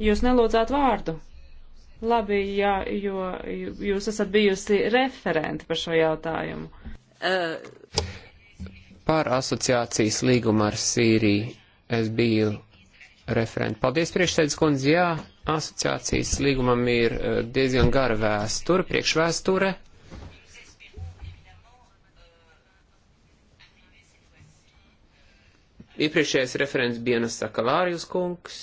Jūs nelūdzāt vārdu? Labi, jā, jo jūs esat bijusi referenti par šo jautājumu. Uh. Par asociācijas līgumu ar Sīriju es biju referenti. Paldies, priekšsēdus kundze, jā, asociācijas līgumam ir uh, diezgan gara vēsture, priekšvēsture. Iepriekšējais referents Bienas Sakalārijas kungs,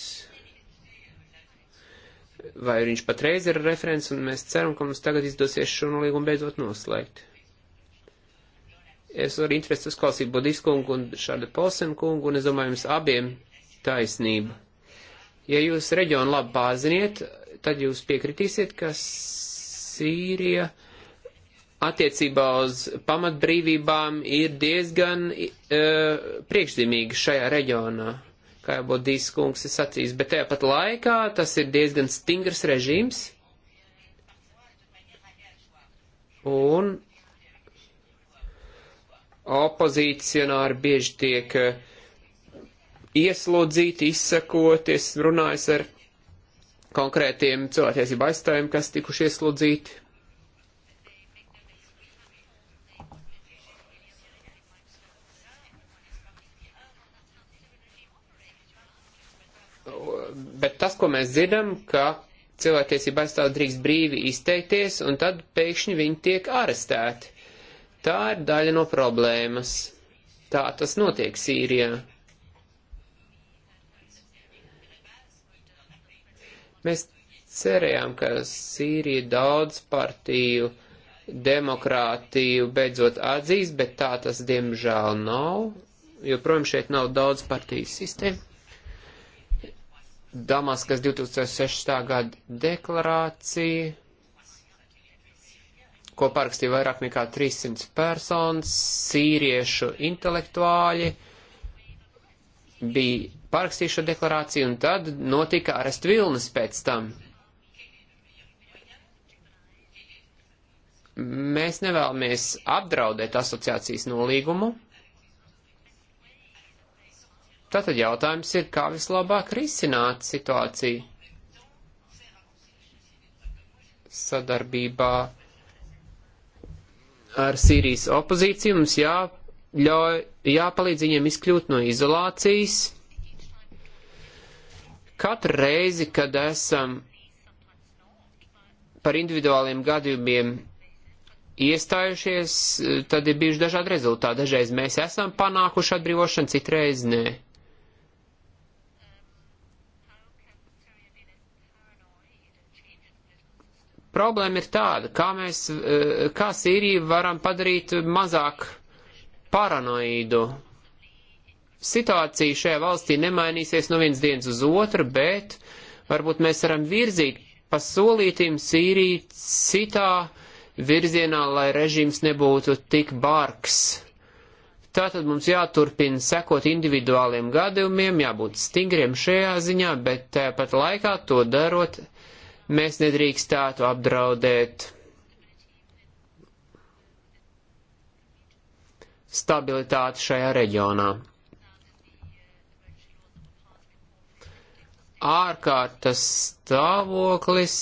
vai viņš patreiz ir referents, un mēs ceram, ka mums tagad izdosies šo nolīgumu beidzot noslēgt. Es varu interesi uzklausīt Bodīs kungu un Šāda Polsen kungu, un es domāju, jums abiem taisnība. Ja jūs reģionu labi pārziniet, tad jūs piekritīsiet, ka Sīrija. Uh, attiecībā uz pamatbrīvībām ir diezgan uh, priekšzīmīgi šajā reģionā, kā jau Bodīs kungs ir sacījis, bet tajā pat laikā tas ir diezgan stingrs režīms. Un opozicionāri bieži tiek uh, ieslodzīti, izsakoties, runājas ar konkrētiem cilvēktiesību aizstāvjiem, kas tikuši ieslodzīti bet tas, ko mēs dzirdam, ka cilvēktiesība aizstāv drīkst brīvi izteikties, un tad pēkšņi viņi tiek arestēti. Tā ir daļa no problēmas. Tā tas notiek Sīrijā. Mēs cerējām, ka Sīrija daudz partiju demokrātiju beidzot atzīs, bet tā tas diemžēl nav, jo prom šeit nav daudz partiju sistēma. Damaskas 2006. gada deklarācija, ko parakstīja vairāk nekā 300 personas, sīriešu intelektuāļi bija parakstījuši šo deklarāciju, un tad notika arest vilnis pēc tam. Mēs nevēlamies apdraudēt asociācijas nolīgumu. Tātad jautājums ir, kā vislabāk risināt situāciju sadarbībā ar Sīrijas opozīciju. Mums jāļauj, jāpalīdz viņiem izkļūt no izolācijas. Katru reizi, kad esam par individuāliem gadījumiem iestājušies, tad ir bijuši dažādi rezultāti. Dažreiz mēs esam panākuši atbrīvošanu, citreiz nē. Problēma ir tāda, kā mēs, eh, kā Sīriju varam padarīt mazāk paranoīdu. Situācija šajā valstī nemainīsies no vienas dienas uz otru, bet varbūt mēs varam virzīt pa solītīm Sīriju citā virzienā, lai režīms nebūtu tik bargs. Tātad mums jāturpina sekot individuāliem gadījumiem, jābūt stingriem šajā ziņā, bet tāpat laikā to darot Mēs nedrīkstātu apdraudēt stabilitāti šajā reģionā. Ārkārtas stāvoklis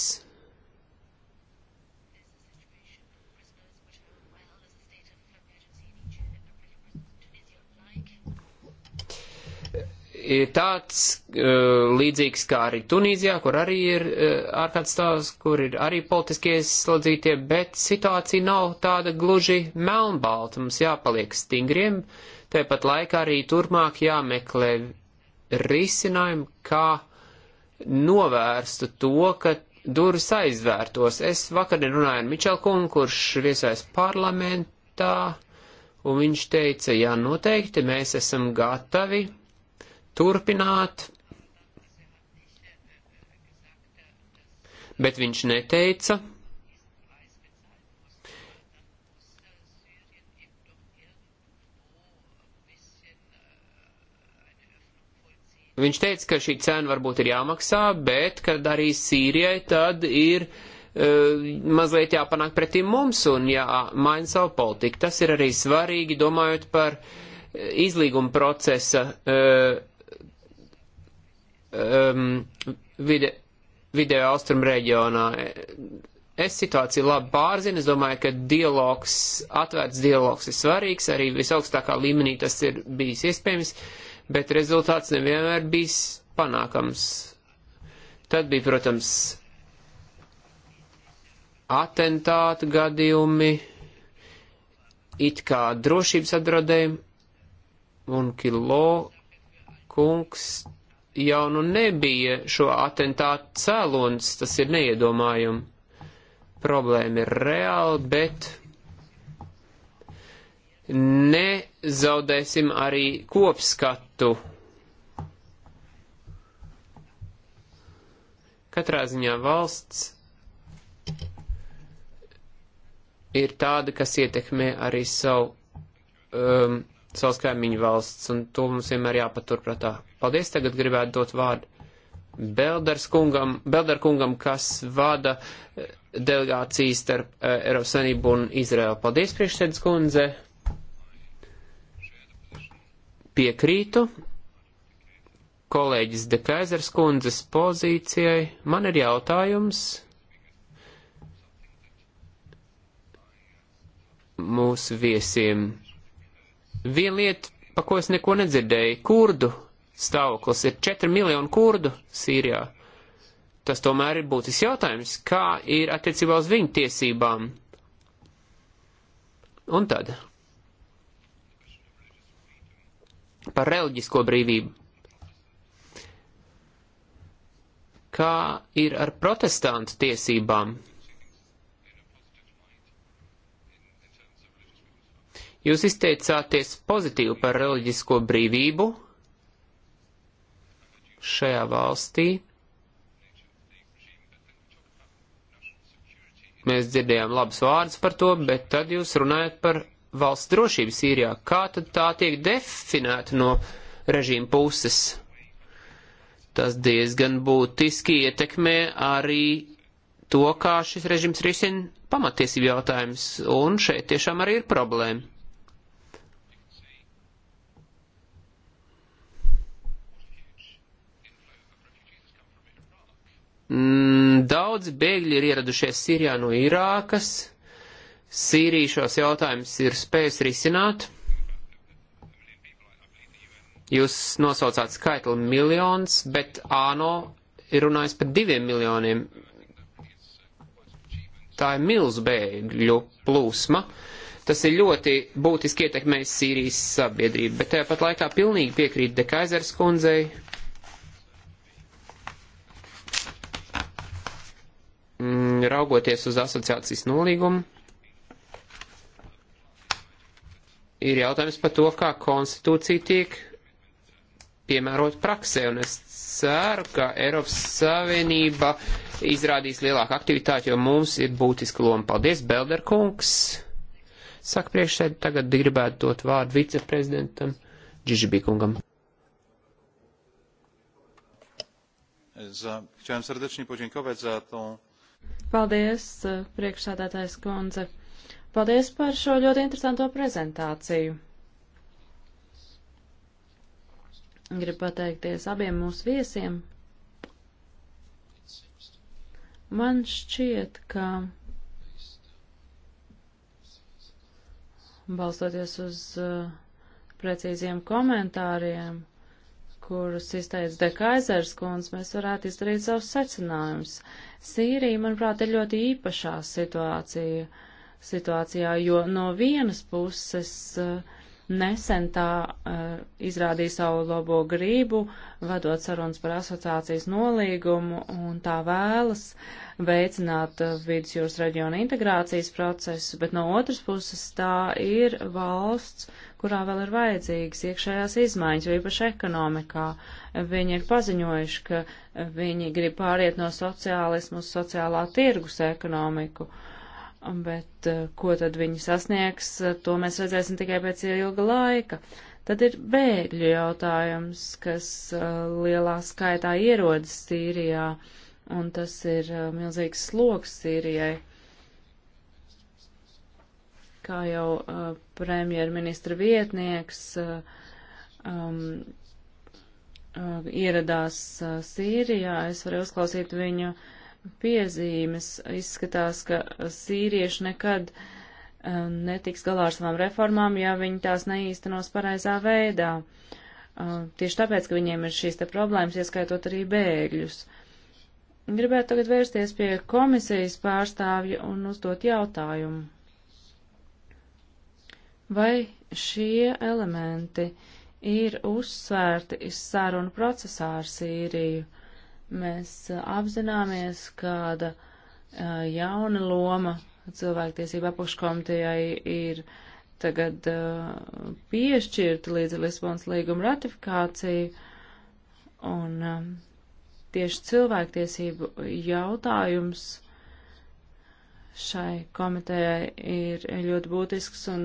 ir tāds eh, līdzīgs kā arī Tunīzijā, kur arī ir eh, ārkārtas stāvs, kur ir arī politiskie ieslodzītie, bet situācija nav tāda gluži melnbalta. Mums jāpaliek stingriem, tāpat laikā arī turpmāk jāmeklē risinājumi, kā novērstu to, ka durvis aizvērtos. Es vakar runāju ar Mičelkunu, kurš viesājas parlamentā, un viņš teica, jā, noteikti mēs esam gatavi turpināt, bet viņš neteica, Viņš teica, ka šī cena varbūt ir jāmaksā, bet, kad arī Sīrijai, tad ir uh, mazliet jāpanāk pretī mums un jāmaina savu politiku. Tas ir arī svarīgi, domājot par e, izlīguma procesa uh, um, vide, video austrumu reģionā. Es situāciju labi pārzinu, es domāju, ka dialogs, atvērts dialogs ir svarīgs, arī visaugstākā līmenī tas ir bijis iespējams, bet rezultāts nevienmēr bijis panākams. Tad bija, protams, atentātu gadījumi, it kā drošības apdraudējumi, un Kilo kungs jau nu nebija šo atentātu cēlons, tas ir neiedomājumi. Problēma ir reāla, bet nezaudēsim arī kopskatu. Katrā ziņā valsts ir tāda, kas ietekmē arī savu, um, savus kaimiņu valsts, un to mums vienmēr jāpaturprātā. Paldies, tagad gribētu dot vārdu Belders kungam, Belder kungam, kas vada eh, delegācijas starp eh, Eiropas Savienību un Izraēlu. Paldies, priekšsēdus kundze. Piekrītu kolēģis De Kaisers kundzes pozīcijai. Man ir jautājums. Mūsu viesiem. Viena lieta, pa ko es neko nedzirdēju, kurdu stāvoklis. Ir 4 miljoni kurdu Sīrijā. Tas tomēr ir būtisks jautājums, kā ir attiecībā uz viņu tiesībām. Un tad par reliģisko brīvību. Kā ir ar protestantu tiesībām? Jūs izteicāties pozitīvi par reliģisko brīvību šajā valstī. Mēs dzirdējām labus vārdus par to, bet tad jūs runājat par valsts drošību Sīrijā. Kā tad tā tiek definēta no režīma puses? Tas diezgan būtiski ietekmē arī to, kā šis režims risina pamatiesību jautājums, un šeit tiešām arī ir problēma. Mm, daudzi bēgļi ir ieradušies Sīrijā no Irākas. Sīrija šos jautājumus ir spējusi risināt. Jūs nosaucāt skaitli miljons, bet ANO ir runājis par diviem miljoniem. Tā ir milz bēgļu plūsma. Tas ir ļoti būtiski ietekmējis Sīrijas sabiedrību, bet tāpat laikā pilnīgi piekrīt Dekaizers kundzei, raugoties uz asociācijas nolīgumu, ir jautājums par to, kā konstitūcija tiek piemērot praksē, un es ceru, ka Eiropas Savienība izrādīs lielāku aktivitāti, jo mums ir būtiska loma. Paldies, Belderkungs! Saka priekšsēdi, tagad gribētu dot vārdu viceprezidentam Džižibikungam. Chciałem serdecznie podziękować za tą to Paldies, eh, priekšsādātājs kundze. Paldies par šo ļoti interesanto prezentāciju. Gribu pateikties abiem mūsu viesiem. Man šķiet, ka balstoties uz eh, precīziem komentāriem, kurus izteica Dekaizers kundze, mēs varētu izdarīt savus secinājumus. Sīrija, manuprāt, ir ļoti īpašā situācija, situācijā, jo no vienas puses uh, Nesen tā uh, izrādīja savu labo grību, vadot sarunas par asociācijas nolīgumu, un tā vēlas veicināt uh, vidusjūras reģiona integrācijas procesu, bet no otras puses tā ir valsts, kurā vēl ir vajadzīgas iekšējās izmaiņas, jo īpaši ekonomikā. Viņi ir paziņojuši, ka eh, viņi grib pāriet no sociālismu uz sociālā tirgus ekonomiku. Uh, bet eh, ko tad viņi sasniegs, eh, to mēs redzēsim tikai pēc ilga laika. Tad ir bēgļu jautājums, kas eh, lielā skaitā ierodas Sīrijā, un tas ir milzīgs sloks Sīrijai. Kā jau premjerministra vietnieks um, ieradās Sīrijā, es varu uzklausīt viņu uh, piezīmes. Izskatās, ka sīrieši nekad um, netiks galā ar savām reformām, ja viņi tās neīstenos pareizā veidā. Um, tieši tāpēc, ka viņiem ir šīs te problēmas, ieskaitot arī bēgļus. Gribētu tagad vērsties pie komisijas pārstāvja un uzdot jautājumu. Vai šie elementi ir uzsvērti sarunu procesā ar Sīriju? Uh, Mēs uh, apzināmies, kāda uh, jauna loma cilvēktiesība apakškomitejai ir tagad uh, piešķirta līdz Lisbonas līguma ratifikāciju. Un um, tieši cilvēktiesību jautājums šai komitejai ir ļoti būtisks un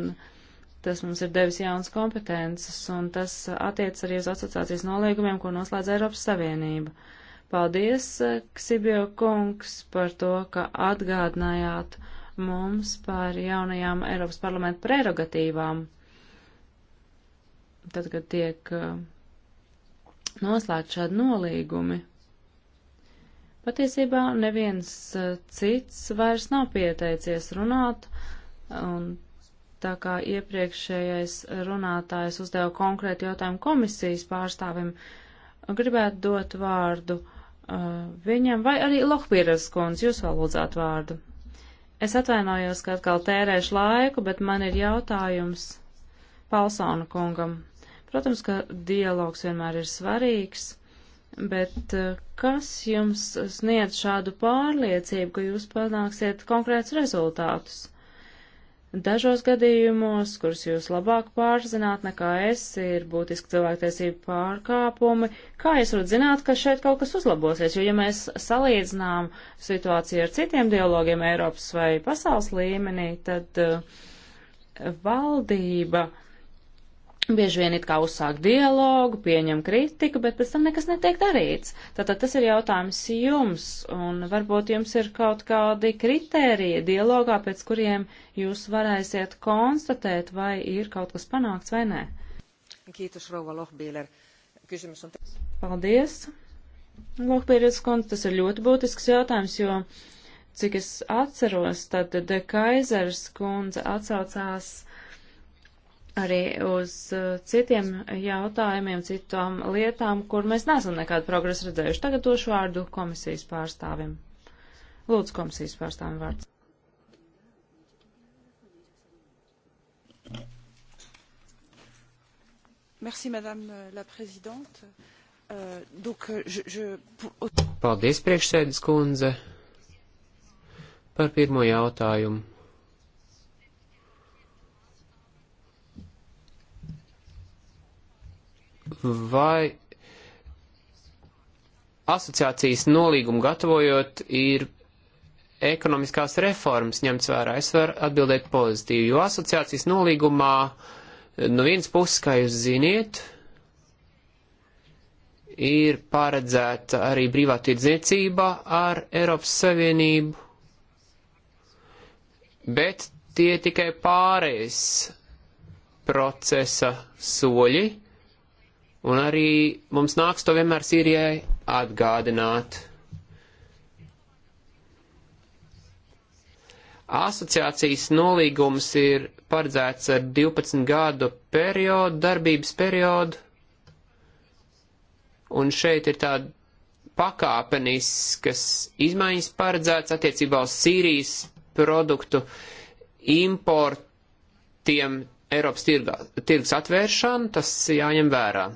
tas mums ir devis jaunas kompetences un tas attiec arī uz asociācijas nolīgumiem, ko noslēdz Eiropas Savienība. Paldies, eh, Ksibio kungs, par to, ka atgādinājāt mums par jaunajām Eiropas parlamenta prerogatīvām. Tad, kad tiek eh, noslēgt šādi nolīgumi, patiesībā neviens eh, cits vairs nav pieteicies runāt, un tā kā iepriekšējais runātājs uzdeva konkrētu jautājumu komisijas pārstāvim, gribētu dot vārdu uh, Uh, viņam, vai arī Lohpīras kundze, jūs vēl lūdzāt vārdu. Es atvainojos, ka atkal tērēšu laiku, bet man ir jautājums Palsona kungam. Protams, ka dialogs vienmēr ir svarīgs, bet uh, kas jums sniedz šādu pārliecību, ka jūs panāksiet konkrēts rezultātus? Dažos gadījumos, kurus jūs labāk pārzināt nekā es, ir būtiski cilvēktiesību pārkāpumi. Kā jūs varat zināt, ka šeit kaut kas uzlabosies? Jo, ja mēs salīdzinām situāciju ar citiem dialogiem Eiropas vai pasaules līmenī, tad uh, valdība uh, Bieži vien it kā uzsāk dialogu, pieņem kritiku, bet pēc tam nekas netiek darīts. Tātad tas ir jautājums jums, un varbūt jums ir kaut kādi kritērija dialogā, pēc kuriem jūs varēsiet konstatēt, vai ir kaut kas panākts vai nē. Kītus, Rova Lohbīler. Kysymys on... Paldies. Lohbīleris kundze, tas ir ļoti būtisks jautājums, jo, cik es atceros, tad Dekaizers kundze atsaucās arī uz uh, citiem jautājumiem, citām lietām, kur mēs nesam nekādu progresu redzējuši. Tagad došu vārdu komisijas pārstāvim. Lūdzu, komisijas pārstāvim vārds. Merci, madame la présidente. Uh, donc, euh, je, je... Paldies, priekšsēdus kundze, par pirmo jautājumu vai asociācijas nolīgumu gatavojot ir ekonomiskās reformas ņemts vērā? Es varu atbildēt pozitīvi, jo asociācijas nolīgumā no vienas puses, kā jūs ziniet, ir paredzēta arī brīvā tirdzniecība ar Eiropas Savienību, bet tie tikai pārējais procesa soļi Un arī mums nāks to vienmēr Sīrijai atgādināt. Asociācijas nolīgums ir paredzēts ar 12 gadu periodu, darbības periodu, un šeit ir tāda pakāpeniskas izmaiņas paredzēts attiecībā uz Sīrijas produktu importiem Eiropas tirga, tirgus atvēršanu, tas jāņem vērā.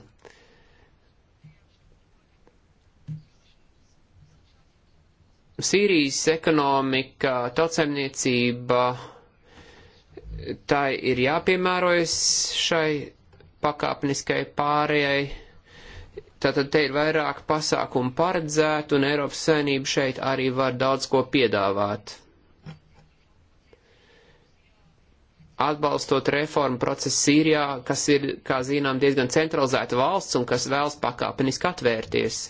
Sīrijas ekonomika, tautsemniecība, tai ir jāpiemērojas šai pakāpniskai pārējai. Tātad te ir vairāk pasākumu paredzēt, un Eiropas saimnība šeit arī var daudz ko piedāvāt. Atbalstot reformu procesu Sīrijā, kas ir, kā zinām, diezgan centralizēta valsts un kas vēlas pakāpeniski atvērties.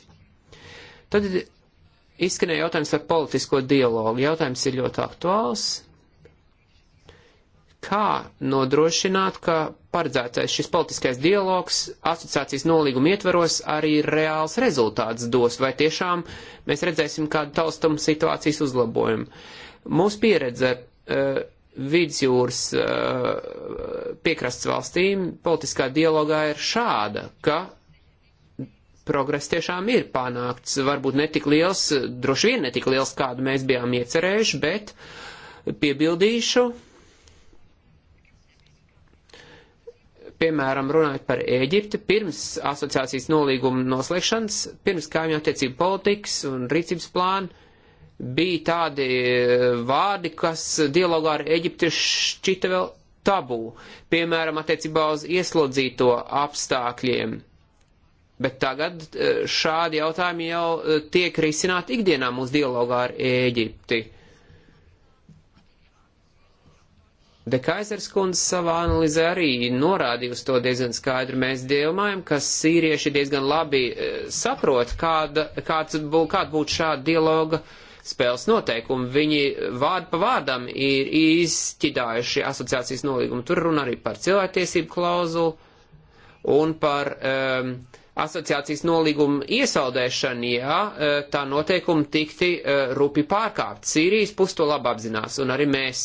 Tad Izskanēja jautājums par politisko dialogu. Jautājums ir ļoti aktuāls. Kā nodrošināt, ka paredzētais šis politiskais dialogs asociācijas nolīguma ietveros arī reāls rezultāts dos, vai tiešām mēs redzēsim kādu taustumu situācijas uzlabojumu. Mūsu pieredze uh, vidusjūras uh, piekrasts valstīm politiskā dialogā ir šāda, ka progress tiešām ir panākts. Varbūt netik liels, droši vien netik liels, kādu mēs bijām iecerējuši, bet piebildīšu. Piemēram, runājot par Ēģipti, pirms asociācijas nolīguma noslēgšanas, pirms kaimiņu attiecību politikas un rīcības plāna bija tādi eh, vārdi, kas dialogā ar Ēģipti šķita vēl tabū. Piemēram, attiecībā uz ieslodzīto apstākļiem Bet tagad e, šādi jautājumi jau e, tiek risināti ikdienā mūsu dialogā ar Ēģipti. De Kaisers kundze savā analizē arī norādīja uz to diezgan skaidru. Mēs domājam, ka sīrieši diezgan labi e, saprot, kāda, kāds, bū, kāda būtu šāda dialoga spēles noteikumi. Viņi vārdu pa vārdam ir izķidājuši asociācijas nolīgumu. Tur runa arī par cilvēktiesību klauzulu un par. Um, asociācijas nolīguma iesaldēšana, ja e, tā noteikumi tikti e, rupi pārkāpt. Sīrijas pus to labi apzinās, un arī mēs.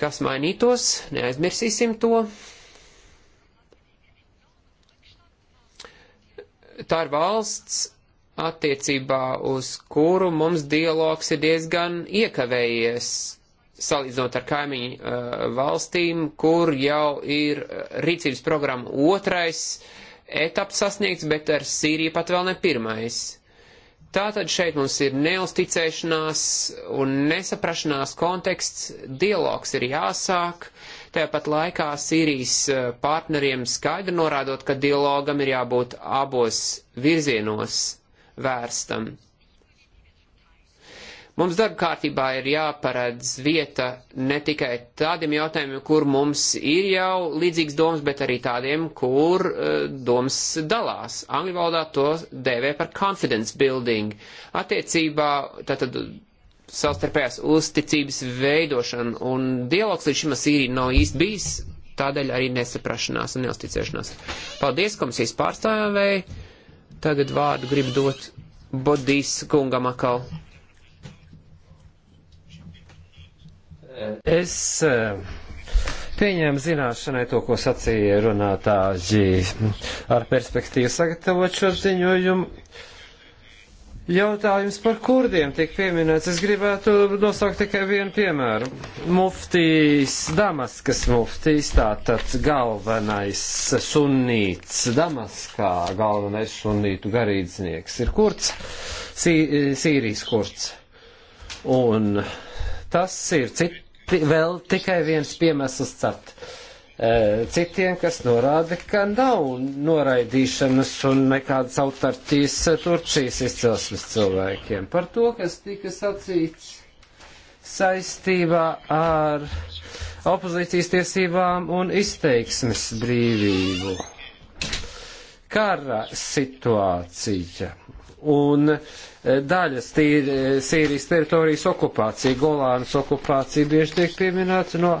Kas mainītos, neaizmirsīsim to. Tā ir valsts, attiecībā uz kuru mums dialogs ir diezgan iekavējies, salīdzinot ar kaimiņu uh, valstīm, kur jau ir rīcības programma otrais uh, etaps sasniegts, bet ar Sīriju pat vēl ne pirmais. Tātad šeit mums ir neusticēšanās un nesaprašanās konteksts, dialogs ir jāsāk, tāpat laikā Sīrijas e, partneriem skaidri norādot, ka dialogam ir jābūt abos virzienos vērstam. Mums darba kārtībā ir jāparedz vieta ne tikai tādiem jautājumiem, kur mums ir jau līdzīgs domas, bet arī tādiem, kur uh, domas dalās. Angļu valodā to dēvē par confidence building. Attiecībā tātad savstarpējās uzticības veidošana un dialogs līdz šim Sīrija nav īsti bijis, tādēļ arī nesaprašanās un neusticēšanās. Paldies komisijas pārstāvēji. Tagad vārdu gribu dot Bodīs kungam akal. Es eh, pieņēmu zināšanai to, ko sacīja runātāji ar perspektīvu sagatavot šo ziņojumu. Jautājums par kurdiem tik pieminēts. Es gribētu nosaukt tikai vienu piemēru. Muftīs, Damaskas muftīs, tātad galvenais sunīts Damaskā, galvenais sunītu garīdznieks ir kurds, sī, Sīrijas kurds. Un tas ir cits vēl tikai viens piemesls cert e, citiem, kas norāda, ka nav noraidīšanas un nekādas autarķijas Turčijas izcelsmes cilvēkiem. Par to, kas tika sacīts saistībā ar opozīcijas tiesībām un izteiksmes brīvību. Kara situācija un e, daļas tīri, e, Sīrijas teritorijas okupācija, Golānas okupācija bieži tiek pieminēta no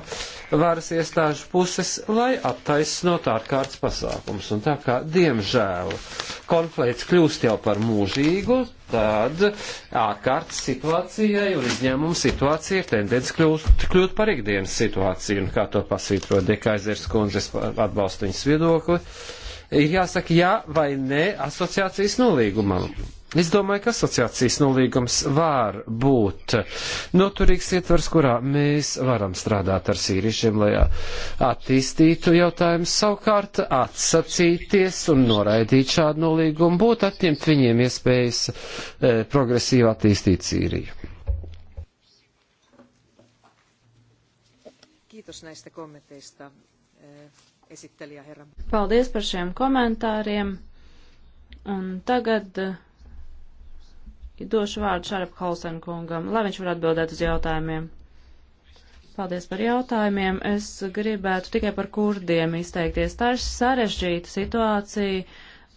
varas iestāžu puses, lai attaisnot ārkārtas pasākums. Un tā kā, diemžēl, konflikts kļūst jau par mūžīgu, tad ārkārtas situācijai un izņēmumu situācija ir tendence kļūst, kļūt par ikdienas situāciju. Un kā to pasvītro Dekaizers kundze, es atbalstu viņas viedokli ir jāsaka jā vai nē asociācijas nolīgumam. Es domāju, ka asociācijas nolīgums var būt noturīgs ietvers, kurā mēs varam strādāt ar sīriešiem, lai attīstītu jautājumu savukārt, atsacīties un noraidīt šādu nolīgumu, būtu atņemt viņiem iespējas e, progresīvi attīstīt Sīriju. Kiitos näistä kommenteista esittelijä herra. Paldies par šiem komentāriem. Un tagad eh, došu vārdu Šarap Halsen kungam, lai viņš var atbildēt uz jautājumiem. Paldies par jautājumiem. Es gribētu tikai par kurdiem izteikties. Tā ir sarežģīta situācija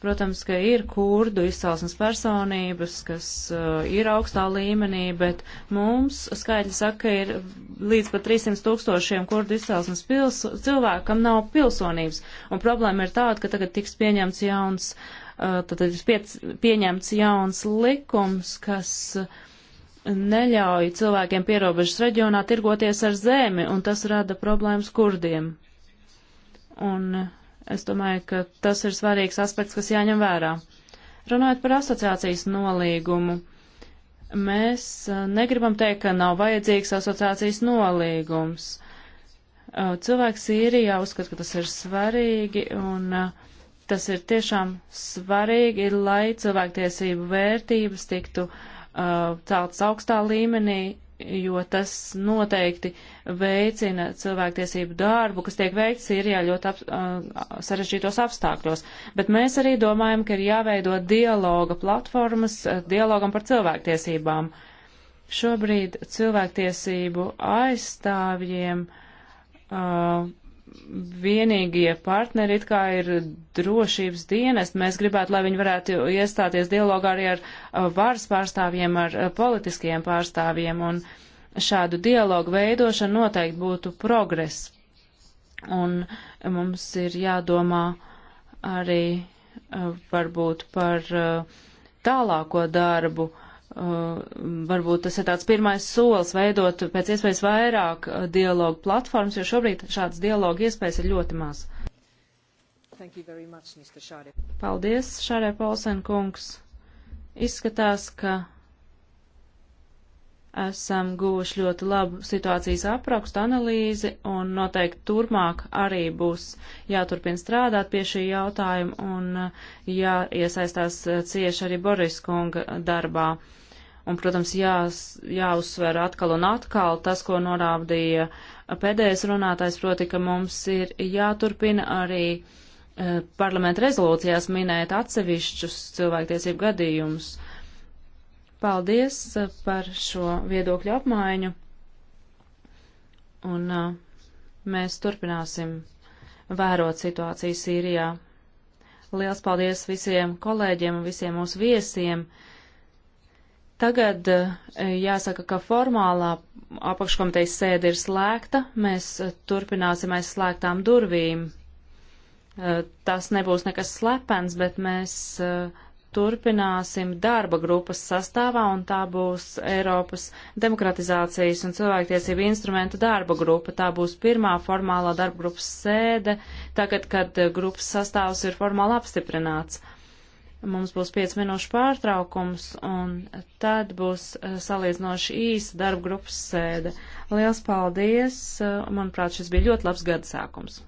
Protams, ka ir kurdu izcelsmes personības, kas uh, ir augstā līmenī, bet mums skaidri saka, ir līdz pat 300 tūkstošiem kurdu izcelsmes cilvēku, kam nav pilsonības. Un problēma ir tāda, ka tagad tiks pieņemts jauns, uh, tad ir pie, pieņemts jauns likums, kas. Uh, neļauj cilvēkiem pierobežas reģionā tirgoties ar zemi, un tas rada problēmas kurdiem. Un uh, Es domāju, ka tas ir svarīgs aspekts, kas jāņem vērā. Runājot par asociācijas nolīgumu, mēs uh, negribam teikt, ka nav vajadzīgs asociācijas nolīgums. Uh, cilvēks Sīrijā uzskata, ka tas ir svarīgi un uh, tas ir tiešām svarīgi, lai cilvēktiesību vērtības tiktu uh, celtas augstā līmenī jo tas noteikti veicina cilvēktiesību darbu, kas tiek veikts Sīrijā ļoti ap, uh, sarežģītos apstākļos. Bet mēs arī domājam, ka ir jāveido dialoga platformas dialogam par cilvēktiesībām. Šobrīd cilvēktiesību aizstāvjiem uh, vienīgie partneri it kā ir drošības dienest. Mēs gribētu, lai viņi varētu iestāties dialogā arī ar uh, varas pārstāvjiem, ar uh, politiskajiem pārstāvjiem, un šādu dialogu veidošana noteikti būtu progress. Un mums ir jādomā arī uh, varbūt par tālāko darbu Uh, varbūt tas ir tāds pirmais solis veidot pēc iespējas vairāk uh, dialogu platformas, jo šobrīd šāds dialogu iespējas ir ļoti maz. Much, Šāri. Paldies, Šārē Polsen kungs. Izskatās, ka esam guvuši ļoti labu situācijas aprakstu analīzi un noteikti turpmāk arī būs jāturpina strādāt pie šī jautājuma un uh, jāiesaistās uh, cieši arī Boris Kunga darbā. Un, protams, jā, jāuzsver atkal un atkal tas, ko norādīja pēdējais runātājs, proti, ka mums ir jāturpina arī eh, parlamenta rezolūcijās minēt atsevišķus cilvēktiesību gadījumus. Paldies eh, par šo viedokļu apmaiņu. Un eh, mēs turpināsim vērot situāciju Sīrijā. Liels paldies visiem kolēģiem un visiem mūsu viesiem! Tagad eh, jāsaka, ka formālā apakškomitejas sēde ir slēgta. Mēs eh, turpināsim aiz slēgtām durvīm. Eh, tas nebūs nekas slepens, bet mēs turpināsim darba grupas sastāvā, un tā būs Eiropas demokratizācijas un cilvēktiesību instrumentu darba grupa. Tā būs pirmā formālā darba grupas sēde, tagad, kad grupas sastāvs ir formāli apstiprināts. Mums būs 5 minūšu pārtraukums, un tad būs eh, salīdzinoši īsa darba grupas sēde. Liels paldies! Eh, manuprāt, šis bija ļoti labs gada sākums.